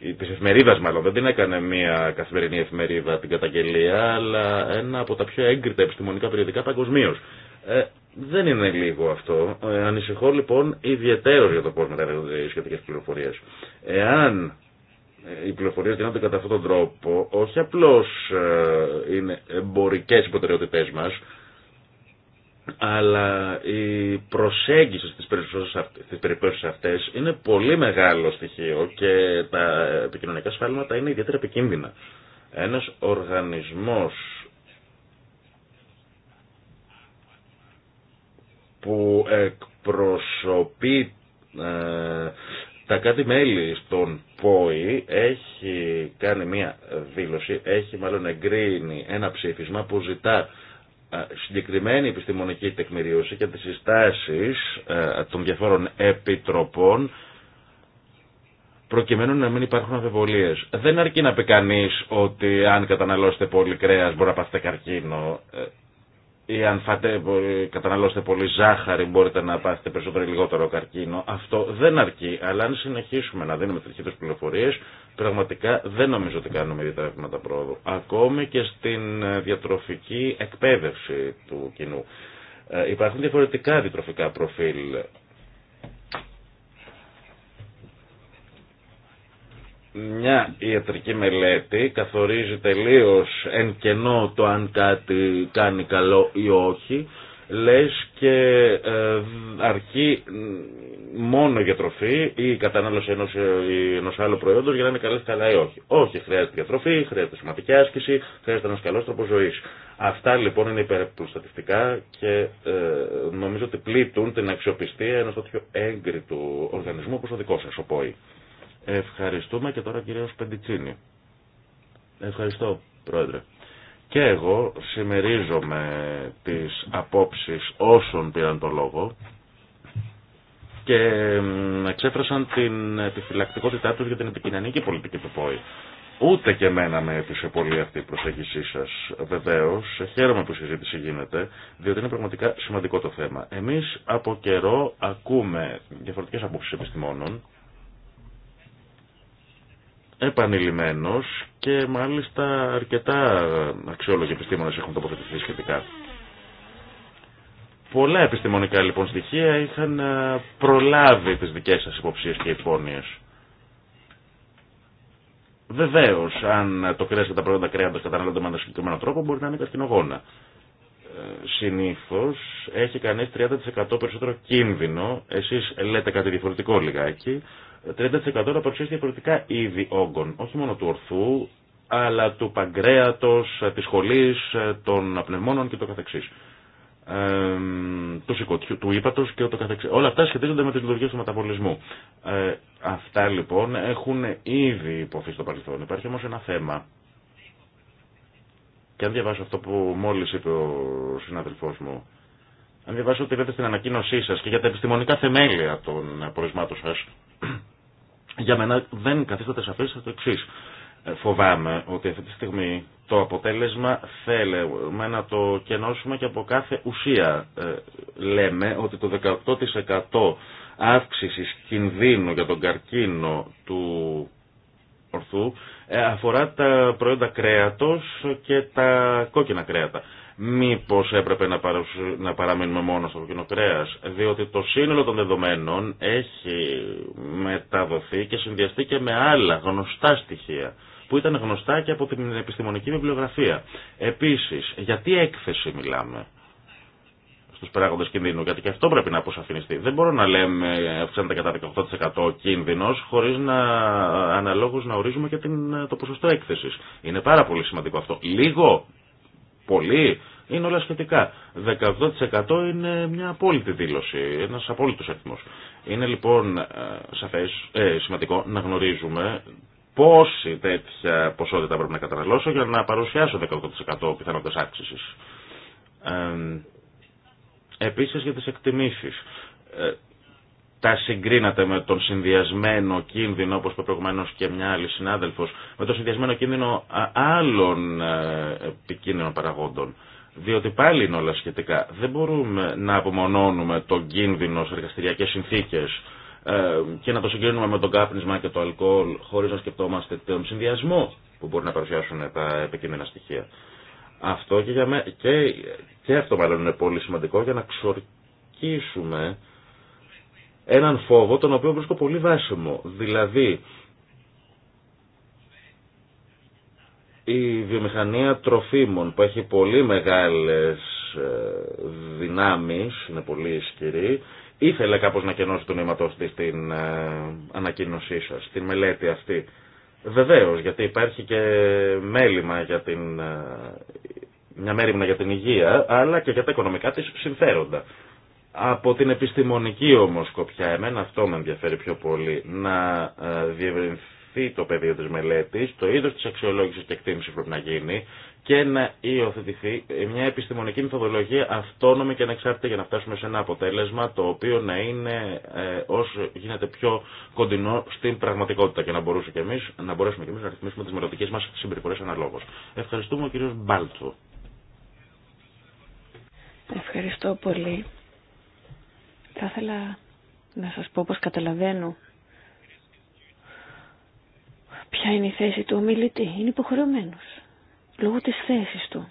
τη εφημερίδα μάλλον, δεν την έκανε μια καθημερινή εφημερίδα την καταγγελία, αλλά ένα από τα πιο έγκριτα επιστημονικά περιοδικά παγκοσμίω. Ε, δεν είναι λίγο αυτό. Ε, ανησυχώ λοιπόν ιδιαίτερω για το πώ μεταδίδονται οι σχετικέ πληροφορίε. Εάν ε, οι πληροφορίε γίνονται κατά αυτόν τον τρόπο, όχι απλώ ε, είναι εμπορικέ οι προτεραιότητέ μα, αλλά η προσέγγιση στις περιπτώσεις αυτές είναι πολύ μεγάλο στοιχείο και τα επικοινωνικά σφάλματα είναι ιδιαίτερα επικίνδυνα. Ένας οργανισμός που εκπροσωπεί ε, τα κάτι μέλη στον ΠΟΗ έχει κάνει μία δήλωση, έχει μάλλον εγκρίνει ένα ψήφισμα που ζητά ε, συγκεκριμένη επιστημονική τεκμηρίωση και τις συστάσεις ε, των διαφόρων επιτροπών προκειμένου να μην υπάρχουν αμφιβολίες. Δεν αρκεί να πει κανεί ότι αν καταναλώσετε πολύ κρέας μπορεί να πάθετε καρκίνο ε, ή αν φάτε, καταναλώσετε πολύ ζάχαρη μπορείτε να πάθετε περισσότερο ή λιγότερο καρκίνο. Αυτό δεν αρκεί, αλλά αν συνεχίσουμε να δίνουμε τέτοιες πληροφορίες Πραγματικά δεν νομίζω ότι κάνουμε ιδιαίτερα πρόοδου. Ακόμη και στην ε, διατροφική εκπαίδευση του κοινού. Ε, υπάρχουν διαφορετικά διατροφικά προφίλ. Μια ιατρική μελέτη καθορίζει τελείως εν κενό το αν κάτι κάνει καλό ή όχι λες και ε, αρκεί μόνο για τροφή ή η κατανάλωση ε, ενός, άλλου προϊόντος για να είναι καλές καλά ή όχι. Όχι, χρειάζεται διατροφή, χρειάζεται σωματική άσκηση, χρειάζεται ένας καλός τρόπος ζωής. Αυτά λοιπόν είναι υπερπροστατευτικά και ε, νομίζω ότι πλήττουν την αξιοπιστία ενός τέτοιου έγκριτου οργανισμού όπως ο δικός σας, ο ΠΟΗ. Ευχαριστούμε και τώρα κυρίως Πεντιτσίνη. Ευχαριστώ, Πρόεδρε. Και εγώ συμμερίζομαι τις απόψεις όσων πήραν το λόγο και εξέφρασαν την επιφυλακτικότητά τους για την επικοινωνική πολιτική του ΠΟΗ. Ούτε και εμένα με έπεισε πολύ αυτή η προσέγγιση σα, βεβαίω. Χαίρομαι που η συζήτηση γίνεται, διότι είναι πραγματικά σημαντικό το θέμα. Εμεί από καιρό ακούμε διαφορετικέ απόψει επιστημόνων επανειλημμένος και μάλιστα αρκετά αξιόλογοι επιστήμονες έχουν τοποθετηθεί σχετικά. Πολλά επιστημονικά λοιπόν στοιχεία είχαν ε, προλάβει τις δικές σας υποψίες και υπόνοιες. Βεβαίω, αν το κρέα και τα προϊόντα κρέατος καταναλώνται με ένα συγκεκριμένο τρόπο, μπορεί να είναι καρκινογόνα. Ε, Συνήθω έχει κανεί 30% περισσότερο κίνδυνο. Εσεί λέτε κάτι διαφορετικό λιγάκι. 30% να παρουσιάσει διαφορετικά είδη όγκων, όχι μόνο του ορθού, αλλά του παγκρέατος, της σχολή, των πνευμόνων και το καθεξής. του σηκωτιού, του ύπατος και το καθεξής. Όλα αυτά σχετίζονται με τις λειτουργίες του μεταβολισμού. Ε, αυτά λοιπόν έχουν ήδη υποθεί στο παρελθόν. Υπάρχει όμως ένα θέμα. Και αν διαβάσω αυτό που μόλις είπε ο συνάδελφός μου, αν διαβάσω ότι λέτε στην ανακοίνωσή σα και για τα επιστημονικά θεμέλια των πορισμάτων σα, για μένα δεν καθίσταται σαφέ το εξή. Ε, φοβάμαι ότι αυτή τη στιγμή το αποτέλεσμα θέλουμε να το κενώσουμε και από κάθε ουσία. Ε, λέμε ότι το 18% αύξηση κινδύνου για τον καρκίνο του ορθού ε, αφορά τα προϊόντα κρέατος και τα κόκκινα κρέατα μήπως έπρεπε να, να παραμείνουμε μόνο στο κρέας διότι το σύνολο των δεδομένων έχει μεταδοθεί και συνδυαστεί και με άλλα γνωστά στοιχεία που ήταν γνωστά και από την επιστημονική βιβλιογραφία. Επίσης, γιατί τι έκθεση μιλάμε στους παράγοντε κινδύνου, γιατί και αυτό πρέπει να αποσαφινιστεί. Δεν μπορώ να λέμε αυξάνεται κατά 18% κίνδυνος χωρίς να αναλόγως να ορίζουμε και την, το ποσοστό έκθεσης. Είναι πάρα πολύ σημαντικό αυτό. Λίγο πολύ, είναι όλα σχετικά. 18% είναι μια απόλυτη δήλωση, ένας απόλυτος αριθμό. Είναι λοιπόν ε, σαφές, ε, σημαντικό να γνωρίζουμε πόση τέτοια ποσότητα πρέπει να καταναλώσω για να παρουσιάσω 18% πιθανότητας άξισης. Ε, επίσης για τις εκτιμήσεις. Ε, τα συγκρίνατε με τον συνδυασμένο κίνδυνο, όπως είπε προηγουμένω και μια άλλη συνάδελφος, με τον συνδυασμένο κίνδυνο άλλων ε, επικίνδυνων παραγόντων. Διότι πάλι είναι όλα σχετικά. Δεν μπορούμε να απομονώνουμε τον κίνδυνο σε εργαστηριακές συνθήκες ε, και να το συγκρίνουμε με τον κάπνισμα και το αλκοόλ χωρίς να σκεφτόμαστε τον συνδυασμό που μπορεί να παρουσιάσουν τα επικίνδυνα στοιχεία. Αυτό και, και... και αυτό μάλλον είναι πολύ σημαντικό για να ξορκίσουμε έναν φόβο τον οποίο βρίσκω πολύ βάσιμο. Δηλαδή, η βιομηχανία τροφίμων που έχει πολύ μεγάλες ε, δυνάμεις, είναι πολύ ισχυρή, ήθελε κάπως να κενώσει το νήματό τη στην ε, ανακοίνωσή σας, στην μελέτη αυτή. Βεβαίως, γιατί υπάρχει και μέλημα για την, ε, μια μέρημνα για την υγεία, αλλά και για τα οικονομικά της συμφέροντα. Από την επιστημονική όμως σκοπιά, εμένα αυτό με ενδιαφέρει πιο πολύ, να ε, διευρυνθεί το πεδίο της μελέτης, το είδος της αξιολόγησης και εκτίμησης πρέπει να γίνει και να υιοθετηθεί μια επιστημονική μεθοδολογία αυτόνομη και ανεξάρτητη για να φτάσουμε σε ένα αποτέλεσμα το οποίο να είναι όσο ε, γίνεται πιο κοντινό στην πραγματικότητα και να, και εμείς, να μπορέσουμε και εμείς να ρυθμίσουμε τις μελλοντικές μας συμπεριφορές αναλόγως. Ευχαριστούμε ο κύριος Μπάλτσο. Ευχαριστώ πολύ. Θα ήθελα να σας πω πως καταλαβαίνω ποια είναι η θέση του ομιλητή. Είναι υποχρεωμένος λόγω της θέσης του.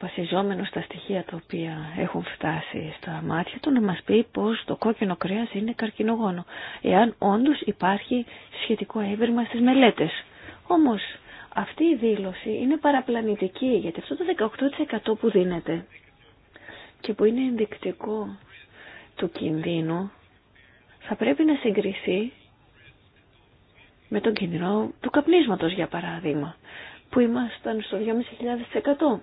Βασιζόμενος στα στοιχεία τα οποία έχουν φτάσει στα μάτια του να μας πει πως το κόκκινο κρέας είναι καρκινογόνο. Εάν όντως υπάρχει σχετικό έβριμα στις μελέτες. Όμως αυτή η δήλωση είναι παραπλανητική γιατί αυτό το 18% που δίνεται και που είναι ενδεικτικό του κινδύνου θα πρέπει να συγκριθεί με τον κίνδυνο του καπνίσματος για παράδειγμα που ήμασταν στο 2.500%.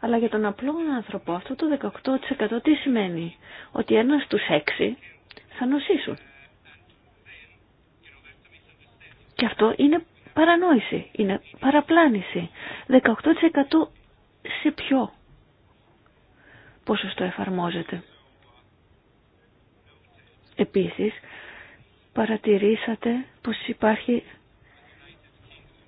Αλλά για τον απλό άνθρωπο αυτό το 18% τι σημαίνει ότι ένας στους 6 θα νοσήσουν. Και αυτό είναι παρανόηση, είναι παραπλάνηση. 18% σε ποιο στο εφαρμόζεται. Επίσης, παρατηρήσατε πως υπάρχει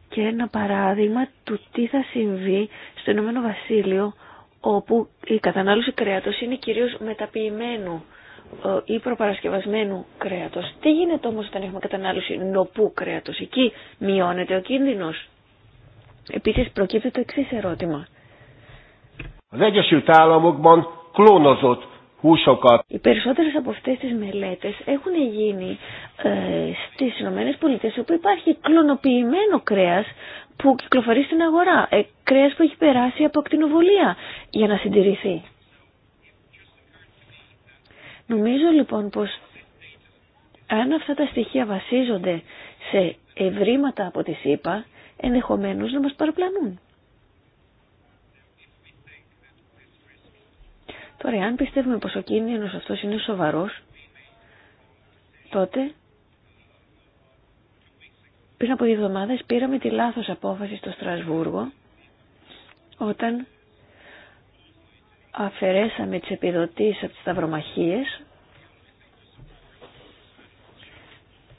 και ένα παράδειγμα του τι θα συμβεί στο Ηνωμένο Βασίλειο όπου η κατανάλωση κρέατος είναι κυρίως μεταποιημένου ε, ή προπαρασκευασμένου κρέατος. Τι γίνεται όμως όταν έχουμε κατανάλωση νοπού κρέατος. Εκεί μειώνεται ο κίνδυνος. Επίσης προκύπτει το εξή ερώτημα. Οι περισσότερε από αυτέ τι μελέτες έχουν γίνει ε, στις Ηνωμένες Πολιτείες όπου υπάρχει κλωνοποιημένο κρέας που κυκλοφορεί στην αγορά. Ε, κρέας που έχει περάσει από ακτινοβολία για να συντηρηθεί. Νομίζω λοιπόν πως αν αυτά τα στοιχεία βασίζονται σε ευρήματα από τη ΣΥΠΑ, ενδεχομένως να μας παραπλανούν. Τώρα, αν πιστεύουμε πως ο κίνδυνος αυτός είναι σοβαρός, τότε πριν από δύο εβδομάδες πήραμε τη λάθος απόφαση στο Στρασβούργο όταν αφαιρέσαμε τις επιδοτήσεις από τις σταυρομαχίες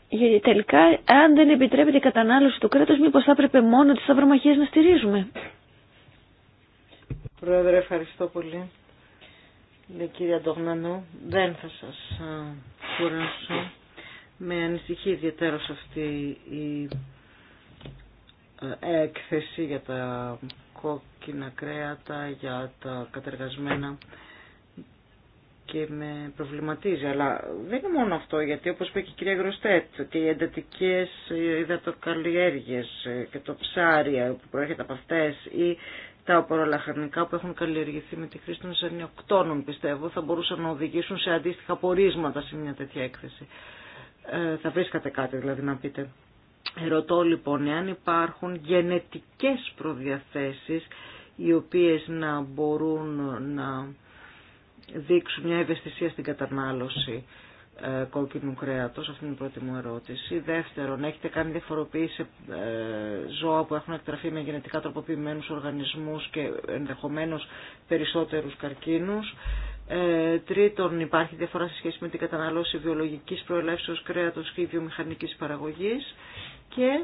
γιατί τελικά αν δεν επιτρέπεται η κατανάλωση του κράτους μήπως θα έπρεπε μόνο τις σταυρομαχίες να στηρίζουμε. Πρόεδρε ευχαριστώ πολύ λέει κυρία Ντογνανού, δεν θα σας κουράσω. Με ανησυχεί ιδιαίτερα σε αυτή η ε, έκθεση για τα κόκκινα κρέατα, για τα κατεργασμένα και με προβληματίζει. Αλλά δεν είναι μόνο αυτό, γιατί όπως είπε η κυρία Γροστέτ, και οι εντατικές υδατοκαλλιέργειες ε, και το ψάρια που προέρχεται από αυτές ή τα απορρολαχανικά που έχουν καλλιεργηθεί με τη χρήση των σανιοκτώνων, πιστεύω, θα μπορούσαν να οδηγήσουν σε αντίστοιχα πορίσματα σε μια τέτοια έκθεση. Ε, θα βρίσκατε κάτι δηλαδή να πείτε. Ρωτώ λοιπόν εάν υπάρχουν γενετικές προδιαθέσεις οι οποίες να μπορούν να δείξουν μια ευαισθησία στην κατανάλωση ε, κόκκινου κρέατος, αυτή είναι η πρώτη μου ερώτηση. Δεύτερον, έχετε κάνει διαφοροποίηση ε, ζώα που έχουν εκτραφεί με γενετικά τροποποιημένους οργανισμούς και ενδεχομένως περισσότερους καρκίνους. Ε, τρίτον, υπάρχει διαφορά σε σχέση με την κατανάλωση βιολογικής προελεύσεως κρέατος και βιομηχανικής παραγωγής. Και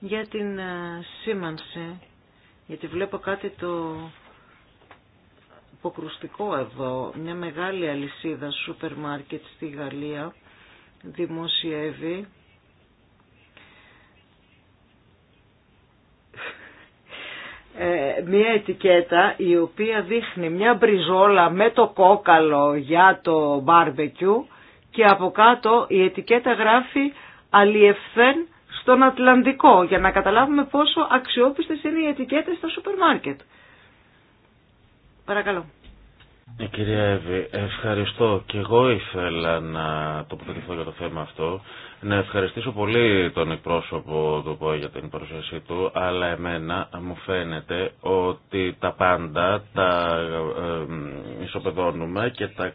για την σήμανση, γιατί βλέπω κάτι το υποκρουστικό εδώ. Μια μεγάλη αλυσίδα σούπερ μάρκετ στη Γαλλία δημοσιεύει ε, μια ετικέτα η οποία δείχνει μια μπριζόλα με το κόκαλο για το μπάρμπεκιου και από κάτω η ετικέτα γράφει «Αλιευθέν στον Ατλαντικό» για να καταλάβουμε πόσο αξιόπιστες είναι οι ετικέτες στα σούπερ μάρκετ. Ε, κυρία Εύη, ευχαριστώ. Και εγώ ήθελα να τοποθετηθώ για το θέμα αυτό. Να ευχαριστήσω πολύ τον εκπρόσωπο του ΠΟΕ για την παρουσίασή του, αλλά εμένα μου φαίνεται ότι τα πάντα τα ε, ισοπεδώνουμε και τα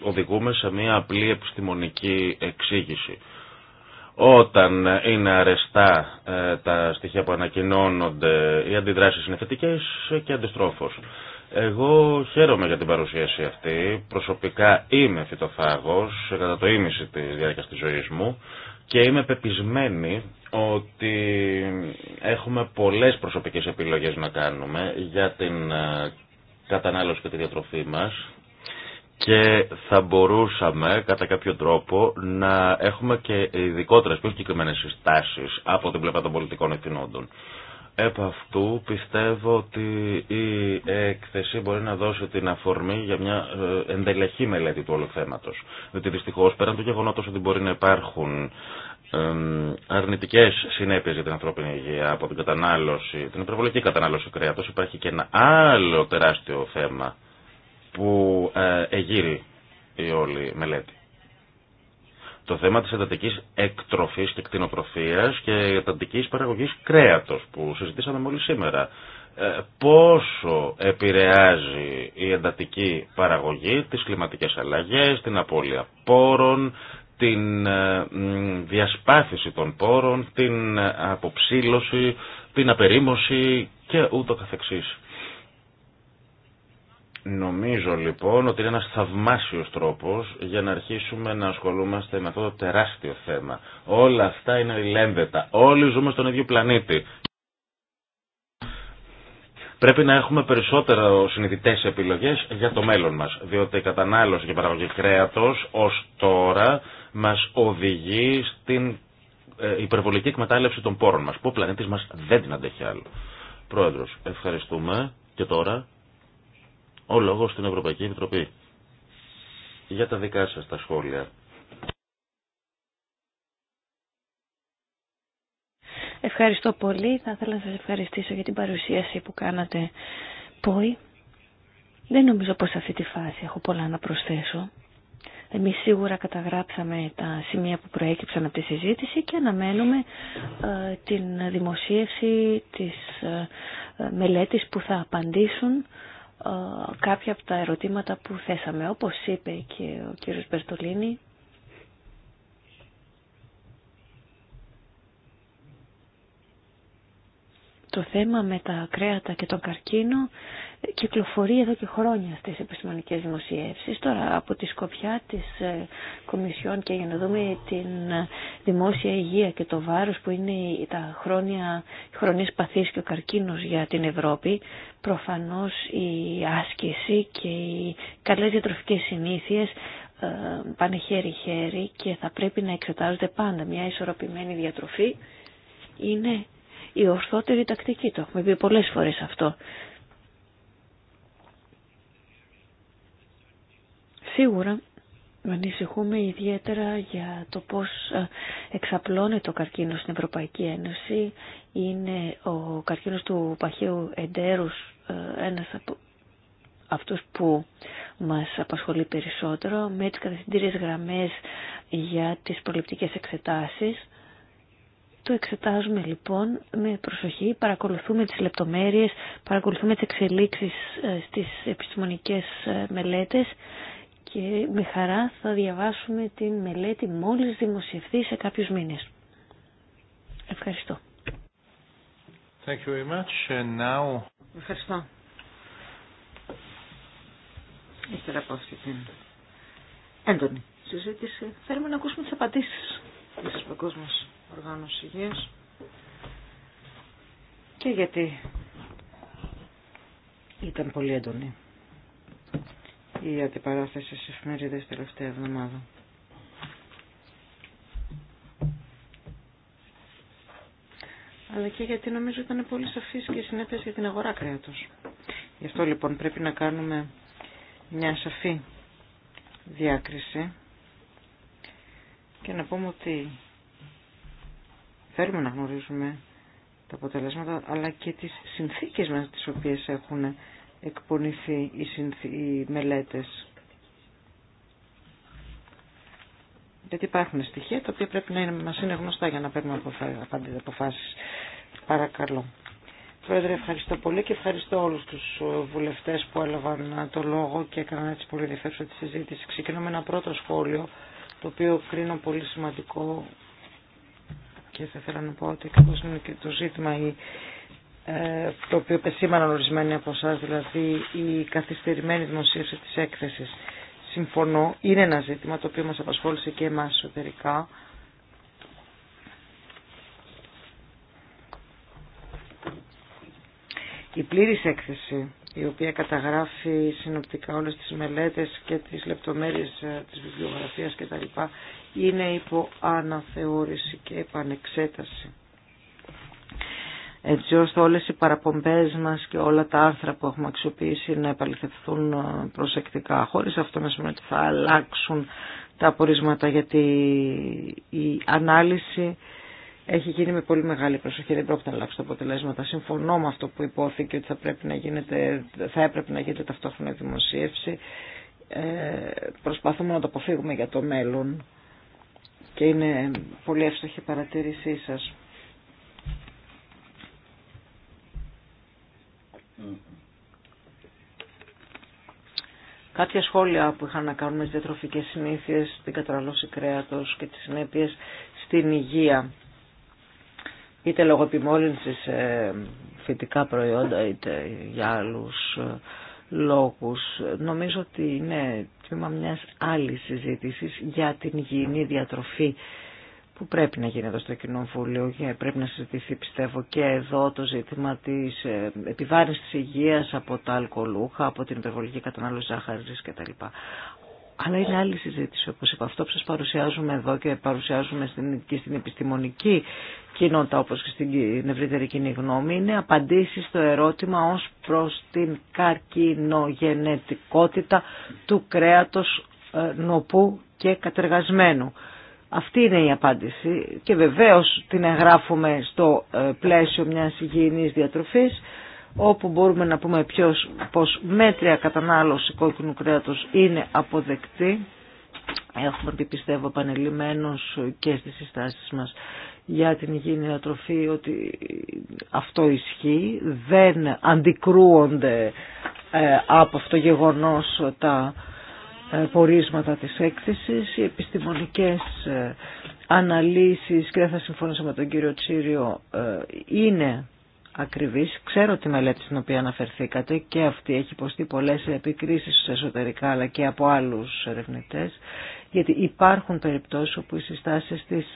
οδηγούμε σε μια απλή επιστημονική εξήγηση. Όταν είναι αρεστά ε, τα στοιχεία που ανακοινώνονται, οι αντιδράσεις είναι θετικές και αντιστρόφως. Εγώ χαίρομαι για την παρουσίαση αυτή. Προσωπικά είμαι φυτοφάγος κατά το ίμιση της διάρκειας της ζωής μου και είμαι πεπισμένη ότι έχουμε πολλές προσωπικές επιλογές να κάνουμε για την ε, κατανάλωση και τη διατροφή μας και θα μπορούσαμε κατά κάποιο τρόπο να έχουμε και ειδικότερες πιο συγκεκριμένε συστάσεις από την πλευρά των πολιτικών ευθυνόντων. Επ' αυτού πιστεύω ότι η έκθεση μπορεί να δώσει την αφορμή για μια ε, εντελεχή μελέτη του όλου θέματος. Διότι δυστυχώς πέραν του γεγονότος ότι μπορεί να υπάρχουν αρνητικέ συνέπειε για την ανθρώπινη υγεία από την κατανάλωση, την υπερβολική κατανάλωση κρέατο, υπάρχει και ένα άλλο τεράστιο θέμα που ε, εγείρει η όλη μελέτη. Το θέμα της εντατικής εκτροφής και κτηνοτροφίας και εντατικής παραγωγής κρέατος που συζητήσαμε μόλις σήμερα. Ε, πόσο επηρεάζει η εντατική παραγωγή τις κλιματικές αλλαγές, την απώλεια πόρων, την ε, διασπάθηση των πόρων, την αποψήλωση, την απερίμωση και ούτω καθεξής. Νομίζω λοιπόν ότι είναι ένας θαυμάσιος τρόπος για να αρχίσουμε να ασχολούμαστε με αυτό το τεράστιο θέμα. Όλα αυτά είναι λέμβετα. Όλοι ζούμε στον ίδιο πλανήτη. Πρέπει να έχουμε περισσότερο συνειδητέ επιλογές για το μέλλον μας, διότι η κατανάλωση και η παραγωγή κρέατος ως τώρα μας οδηγεί στην ε, υπερβολική εκμετάλλευση των πόρων μας, που ο πλανήτης μας δεν την αντέχει άλλο. Πρόεδρος, ευχαριστούμε και τώρα ο λόγος στην Ευρωπαϊκή Επιτροπή. Για τα δικά σας τα σχόλια. Ευχαριστώ πολύ. Θα ήθελα να σας ευχαριστήσω για την παρουσίαση που κάνατε πόη. Δεν νομίζω πως σε αυτή τη φάση έχω πολλά να προσθέσω. Εμείς σίγουρα καταγράψαμε τα σημεία που προέκυψαν από τη συζήτηση και αναμένουμε ε, την δημοσίευση της ε, μελέτης που θα απαντήσουν ε, κάποια από τα ερωτήματα που θέσαμε. Όπως είπε και ο κύριος Μπερτολίνη, το θέμα με τα κρέατα και τον καρκίνο κυκλοφορεί εδώ και χρόνια στις επιστημονικές δημοσιεύσεις. Τώρα από τη σκοπιά της ε, Κομισιόν και για να δούμε την ε, δημόσια υγεία και το βάρος που είναι τα χρόνια, οι χρονίες παθής και ο καρκίνος για την Ευρώπη, προφανώς η άσκηση και οι καλές διατροφικές συνήθειες ε, πάνε χέρι-χέρι και θα πρέπει να εξετάζονται πάντα. Μια ισορροπημένη διατροφή είναι η ορθότερη τακτική. Το έχουμε πει πολλές φορές αυτό. Σίγουρα ανησυχούμε ιδιαίτερα για το πώς ε, εξαπλώνεται ο καρκίνο στην Ευρωπαϊκή Ένωση. Είναι ο καρκίνος του παχαίου εντέρους ε, ένας από αυτούς που μας απασχολεί περισσότερο με τις κατευθυντήριες γραμμές για τις προληπτικές εξετάσεις. Το εξετάζουμε λοιπόν με προσοχή, παρακολουθούμε τις λεπτομέρειες, παρακολουθούμε τις εξελίξεις ε, στις επιστημονικές μελέτες και με χαρά θα διαβάσουμε τη μελέτη μόλις δημοσιευθεί σε κάποιους μήνες. Ευχαριστώ. Thank you very much. now... Ευχαριστώ. Ύστερα από αυτή την έντονη συζήτηση θέλουμε να ακούσουμε τις απαντήσεις της Παγκόσμιας Οργάνωσης Υγείας και γιατί ήταν πολύ έντονη η αντιπαράθεση στις εφημερίδες τελευταία εβδομάδα. αλλά και γιατί νομίζω ήταν πολύ σαφής και συνέπειες για την αγορά κρέατος. Γι' αυτό λοιπόν πρέπει να κάνουμε μια σαφή διάκριση και να πούμε ότι θέλουμε να γνωρίζουμε τα αποτελέσματα αλλά και τις συνθήκες μας τις οποίες έχουν εκπονηθεί οι, συνθ... οι μελέτες. Γιατί υπάρχουν στοιχεία τα οποία πρέπει να είναι, μας είναι γνωστά για να παίρνουμε αποφάσεις. Παρακαλώ. Πρόεδρε, ευχαριστώ πολύ και ευχαριστώ όλους τους ε, βουλευτές που έλαβαν ε, το λόγο και έκαναν έτσι πολύ ενδιαφέρουσα τη συζήτηση. Ξεκινώ με ένα πρώτο σχόλιο, το οποίο κρίνω πολύ σημαντικό και θα ήθελα να πω ότι είναι και το ζήτημα η ε, το οποίο πεσήμαναν ορισμένοι από εσά, δηλαδή η καθυστερημένη δημοσίευση της έκθεσης. Συμφωνώ, είναι ένα ζήτημα το οποίο μας απασχόλησε και εμάς εσωτερικά. Η πλήρης έκθεση, η οποία καταγράφει συνοπτικά όλες τις μελέτες και τις λεπτομέρειες ε, της βιβλιογραφίας κτλ, είναι υπό αναθεώρηση και επανεξέταση έτσι ώστε όλες οι παραπομπές μας και όλα τα άρθρα που έχουμε αξιοποιήσει να επαληθευθούν ε, προσεκτικά. Χωρίς αυτό να σημαίνει ότι θα αλλάξουν τα απορίσματα γιατί η ανάλυση έχει γίνει με πολύ μεγάλη προσοχή, δεν πρόκειται να αλλάξει τα αποτελέσματα. Συμφωνώ με αυτό που υπόθηκε ότι θα, πρέπει να γίνεται, θα έπρεπε να γίνεται ταυτόχρονα δημοσίευση. Ε, προσπαθούμε να το αποφύγουμε για το μέλλον και είναι πολύ εύστοχη η παρατήρησή σας. Κάποια σχόλια που είχαν να κάνουν με τις διατροφικές συνήθειες, την καταναλώση κρέατος και τις συνέπειες στην υγεία. Είτε λόγω επιμόλυνσης σε φυτικά προϊόντα, είτε για άλλους ε, λόγους. Νομίζω ότι είναι τμήμα μιας άλλης συζήτησης για την υγιεινή διατροφή που πρέπει να γίνει εδώ στο Κοινοβούλιο και πρέπει να συζητηθεί πιστεύω και εδώ το ζήτημα της ε, επιβάρυνσης της υγείας από τα αλκοολούχα, από την υπερβολική κατανάλωση ζάχαρης κτλ. Αλλά είναι άλλη συζήτηση, όπως είπα, αυτό που σας παρουσιάζουμε εδώ και παρουσιάζουμε στην, και στην επιστημονική κοινότητα, όπως και στην ευρύτερη κοινή γνώμη, είναι απαντήσει στο ερώτημα ως προς την καρκινογενετικότητα του κρέατος ε, νοπού και κατεργασμένου. Αυτή είναι η απάντηση και βεβαίως την εγγράφουμε στο ε, πλαίσιο μιας υγιεινής διατροφής όπου μπορούμε να πούμε ποιος, πως μέτρια κατανάλωση κόκκινου κρέατος είναι αποδεκτή. Έχουμε πει πιστεύω επανελειμμένως και στις συστάσεις μας για την υγιεινή διατροφή ότι αυτό ισχύει. Δεν αντικρούονται ε, από αυτό γεγονός τα ε, πορίσματα της έκθεσης, οι επιστημονικές ε, αναλύσεις, και θα συμφωνήσω με τον κύριο Τσίριο, ε, είναι ακριβής. Ξέρω τη μελέτη στην οποία αναφερθήκατε και αυτή έχει υποστεί πολλές επικρίσεις εσωτερικά αλλά και από άλλους ερευνητέ, γιατί υπάρχουν περιπτώσεις όπου οι συστάσεις της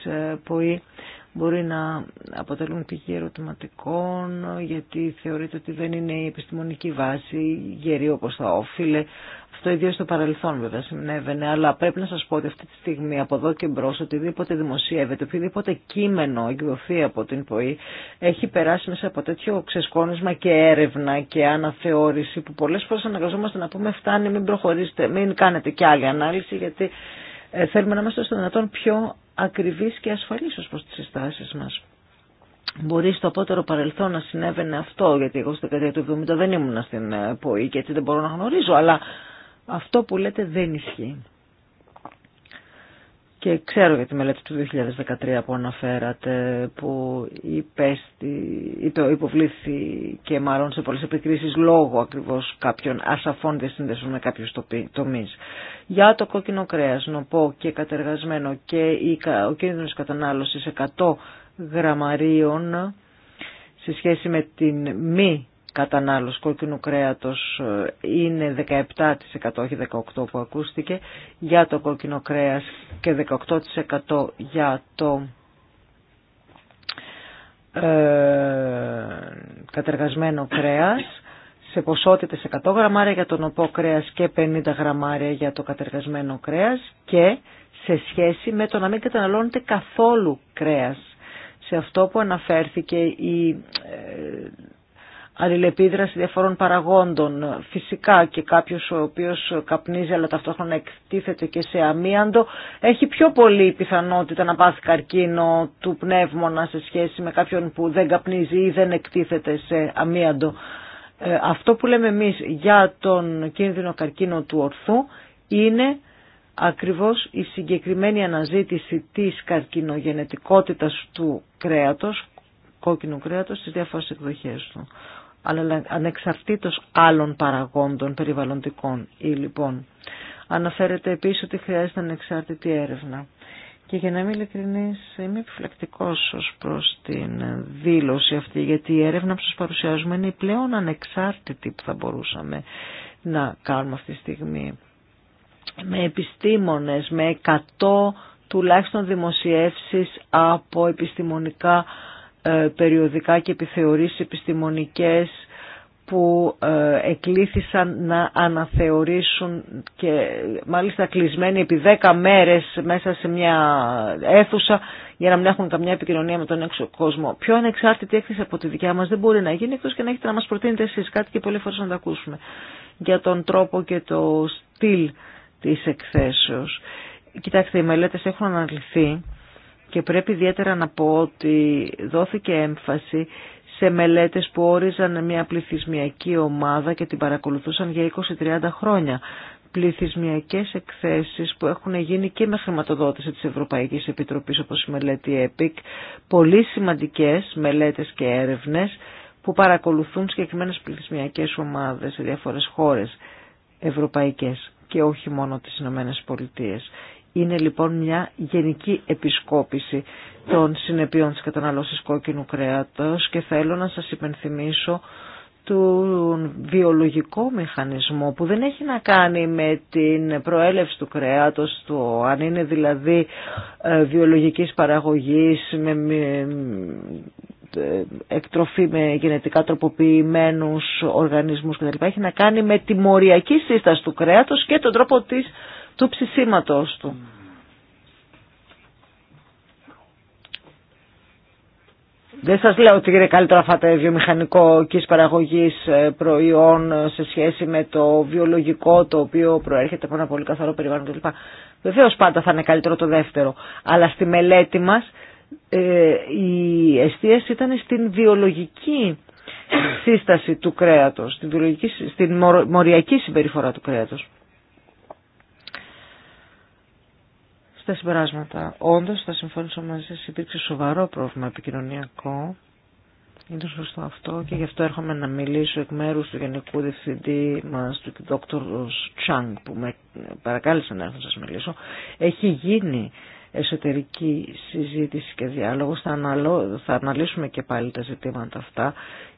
ΠΟΗ μπορεί να αποτελούν πηγή ερωτηματικών γιατί θεωρείται ότι δεν είναι η επιστημονική βάση γερή όπως θα όφιλε αυτό ιδίω στο παρελθόν βέβαια συνέβαινε, αλλά πρέπει να σα πω ότι αυτή τη στιγμή από εδώ και μπρο, οτιδήποτε δημοσιεύεται, οτιδήποτε κείμενο εκδοθεί από την ΠΟΗ έχει περάσει μέσα από τέτοιο ξεσκόνισμα και έρευνα και αναθεώρηση που πολλέ φορέ αναγκαζόμαστε να πούμε φτάνει, μην προχωρήσετε, μην κάνετε κι άλλη ανάλυση γιατί ε, θέλουμε να είμαστε στο δυνατόν πιο ακριβείς και ασφαλείς ω προ τι συστάσει μα. Μπορεί στο απότερο παρελθόν να συνέβαινε αυτό, γιατί εγώ στο δεκαετία του 70 δεν ήμουν στην ε, ΠΟΗ δεν μπορώ να γνωρίζω, αλλά αυτό που λέτε δεν ισχύει. Και ξέρω για τη μελέτη του 2013 που αναφέρατε, που υπέστη, ή το υποβλήθη και μάλλον σε πολλές επικρίσεις λόγω ακριβώς κάποιων ασαφών διασύνδεσεων με κάποιους τομείς. Για το κόκκινο κρέας, πω και κατεργασμένο και ο κίνδυνος κατανάλωσης 100 γραμμαρίων σε σχέση με την μη κατανάλωση κόκκινου κρέατος ε, είναι 17% όχι 18% που ακούστηκε για το κόκκινο κρέας και 18% για το ε, κατεργασμένο κρέας σε ποσότητες 100 γραμμάρια για τον οπό κρέας και 50 γραμμάρια για το κατεργασμένο κρέας και σε σχέση με το να μην καταναλώνεται καθόλου κρέας. Σε αυτό που αναφέρθηκε η ε, αλληλεπίδραση διαφορών παραγόντων. Φυσικά και κάποιος ο οποίος καπνίζει αλλά ταυτόχρονα εκτίθεται και σε αμίαντο έχει πιο πολύ πιθανότητα να πάθει καρκίνο του πνεύμονα σε σχέση με κάποιον που δεν καπνίζει ή δεν εκτίθεται σε αμίαντο. Ε, αυτό που λέμε εμείς για τον κίνδυνο καρκίνο του ορθού είναι ακριβώς η συγκεκριμένη αναζήτηση της καρκινογενετικότητας του κρέατος κόκκινου κρέατος στις διάφορες εκδοχές του. Αλλά ανεξαρτήτως άλλων παραγόντων περιβαλλοντικών ή λοιπόν. Αναφέρεται επίσης ότι χρειάζεται ανεξάρτητη έρευνα. Και για να είμαι ειλικρινής, είμαι επιφυλακτικός ως προς την δήλωση αυτή, γιατί η έρευνα που σας παρουσιάζουμε είναι η πλέον ανεξάρτητη που θα μπορούσαμε να κάνουμε αυτή τη στιγμή. Με επιστήμονες, με 100 τουλάχιστον δημοσιεύσεις από επιστημονικά ε, περιοδικά και επιθεωρήσεις επιστημονικές που ε, εκλήθησαν να αναθεωρήσουν και μάλιστα κλεισμένοι επί δέκα μέρες μέσα σε μια αίθουσα για να μην έχουν καμιά επικοινωνία με τον έξω κόσμο. Πιο ανεξάρτητη έκθεση από τη δικιά μας δεν μπορεί να γίνει εκτός και να έχετε να μας προτείνετε εσείς κάτι και πολλές φορές να τα ακούσουμε για τον τρόπο και το στυλ της εκθέσεως. Κοιτάξτε, οι μελέτες έχουν αναλυθεί και πρέπει ιδιαίτερα να πω ότι δόθηκε έμφαση σε μελέτες που όριζαν μια πληθυσμιακή ομάδα και την παρακολουθούσαν για 20-30 χρόνια. Πληθυσμιακές εκθέσεις που έχουν γίνει και με χρηματοδότηση της Ευρωπαϊκής Επιτροπής όπως η μελέτη EPIC, πολύ σημαντικές μελέτες και έρευνες που παρακολουθούν συγκεκριμένες πληθυσμιακές ομάδες σε διάφορες χώρες ευρωπαϊκές και όχι μόνο τις Ηνωμένε Πολιτείες. Είναι λοιπόν μια γενική επισκόπηση των συνεπειών της κατανάλωσης κόκκινου κρέατος και θέλω να σας υπενθυμίσω τον βιολογικό μηχανισμό που δεν έχει να κάνει με την προέλευση του κρέατος του, αν είναι δηλαδή ε, βιολογικής παραγωγής με, ε, εκτροφή με γενετικά τροποποιημένους οργανισμούς κλπ. Έχει να κάνει με τη μοριακή σύσταση του κρέατος και τον τρόπο της του ψησίματος του. Δεν σας λέω ότι είναι καλύτερα φάτε βιομηχανικό και παραγωγής ε, προϊόν ε, σε σχέση με το βιολογικό το οποίο προέρχεται από ένα πολύ καθαρό περιβάλλον κλπ. Βεβαίως πάντα θα είναι καλύτερο το δεύτερο. Αλλά στη μελέτη μας ε, η εστίαση ήταν στην βιολογική σύσταση του κρέατος, στην, βιολογική, στην μοριακή συμπεριφορά του κρέατος. τα συμπεράσματα. Όντως, θα συμφωνήσω μαζί σας, υπήρξε σοβαρό πρόβλημα επικοινωνιακό. Είναι το σωστό αυτό και γι' αυτό έρχομαι να μιλήσω εκ μέρου του Γενικού Διευθυντή μα του Δόκτωρ Τσάνγκ, που με παρακάλεσε να έρθω να σας μιλήσω. Έχει γίνει εσωτερική συζήτηση και διάλογο. Θα, αναλύσουμε και πάλι τα ζητήματα αυτά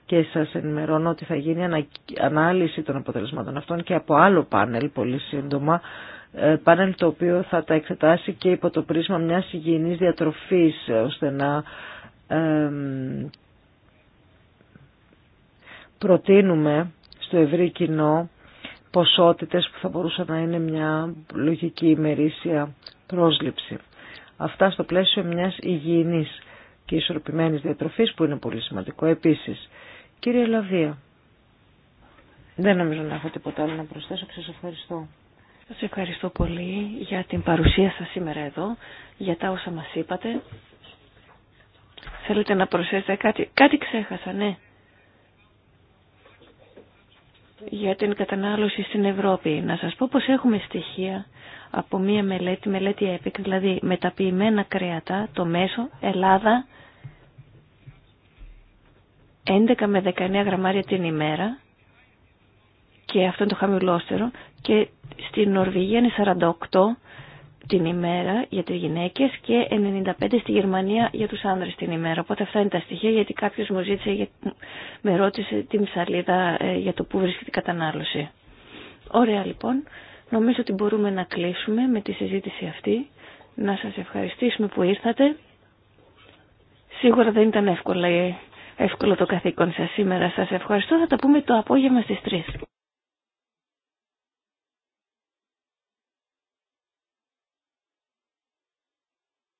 και σα ενημερώνω ότι θα γίνει ανα, ανάλυση των αποτελεσμάτων αυτών και από άλλο πάνελ πολύ σύντομα ε, πάνελ το οποίο θα τα εξετάσει και υπό το πρίσμα μιας υγιεινής διατροφής ώστε να προτείνουμε στο ευρύ κοινό ποσότητες που θα μπορούσαν να είναι μια λογική ημερήσια πρόσληψη. Αυτά στο πλαίσιο μιας υγιεινής και ισορροπημένης διατροφής που είναι πολύ σημαντικό επίσης. Κύριε Λαβία, δεν νομίζω να έχω τίποτα άλλο να προσθέσω και σας ευχαριστώ. Σας ευχαριστώ πολύ για την παρουσία σας σήμερα εδώ, για τα όσα μας είπατε. Θέλετε να προσθέσετε κάτι. Κάτι ξέχασα, ναι. Για την κατανάλωση στην Ευρώπη. Να σας πω πως έχουμε στοιχεία από μία μελέτη, μελέτη EPIC, δηλαδή μεταποιημένα κρέατα, το μέσο, Ελλάδα, 11 με 19 γραμμάρια την ημέρα, και αυτό είναι το χαμηλότερο, και στην Νορβηγία είναι 48 την ημέρα για τις γυναίκες και 95 στη Γερμανία για τους άνδρες την ημέρα. Οπότε αυτά είναι τα στοιχεία γιατί κάποιος μου ζήτησε, με ρώτησε την ψαλίδα ε, για το που βρίσκεται η κατανάλωση. Ωραία λοιπόν, νομίζω ότι μπορούμε να κλείσουμε με τη συζήτηση αυτή. Να σας ευχαριστήσουμε που ήρθατε. Σίγουρα δεν ήταν εύκολο, ε, εύκολο το καθήκον σας σήμερα. Σας ευχαριστώ. Θα τα πούμε το απόγευμα στις 3.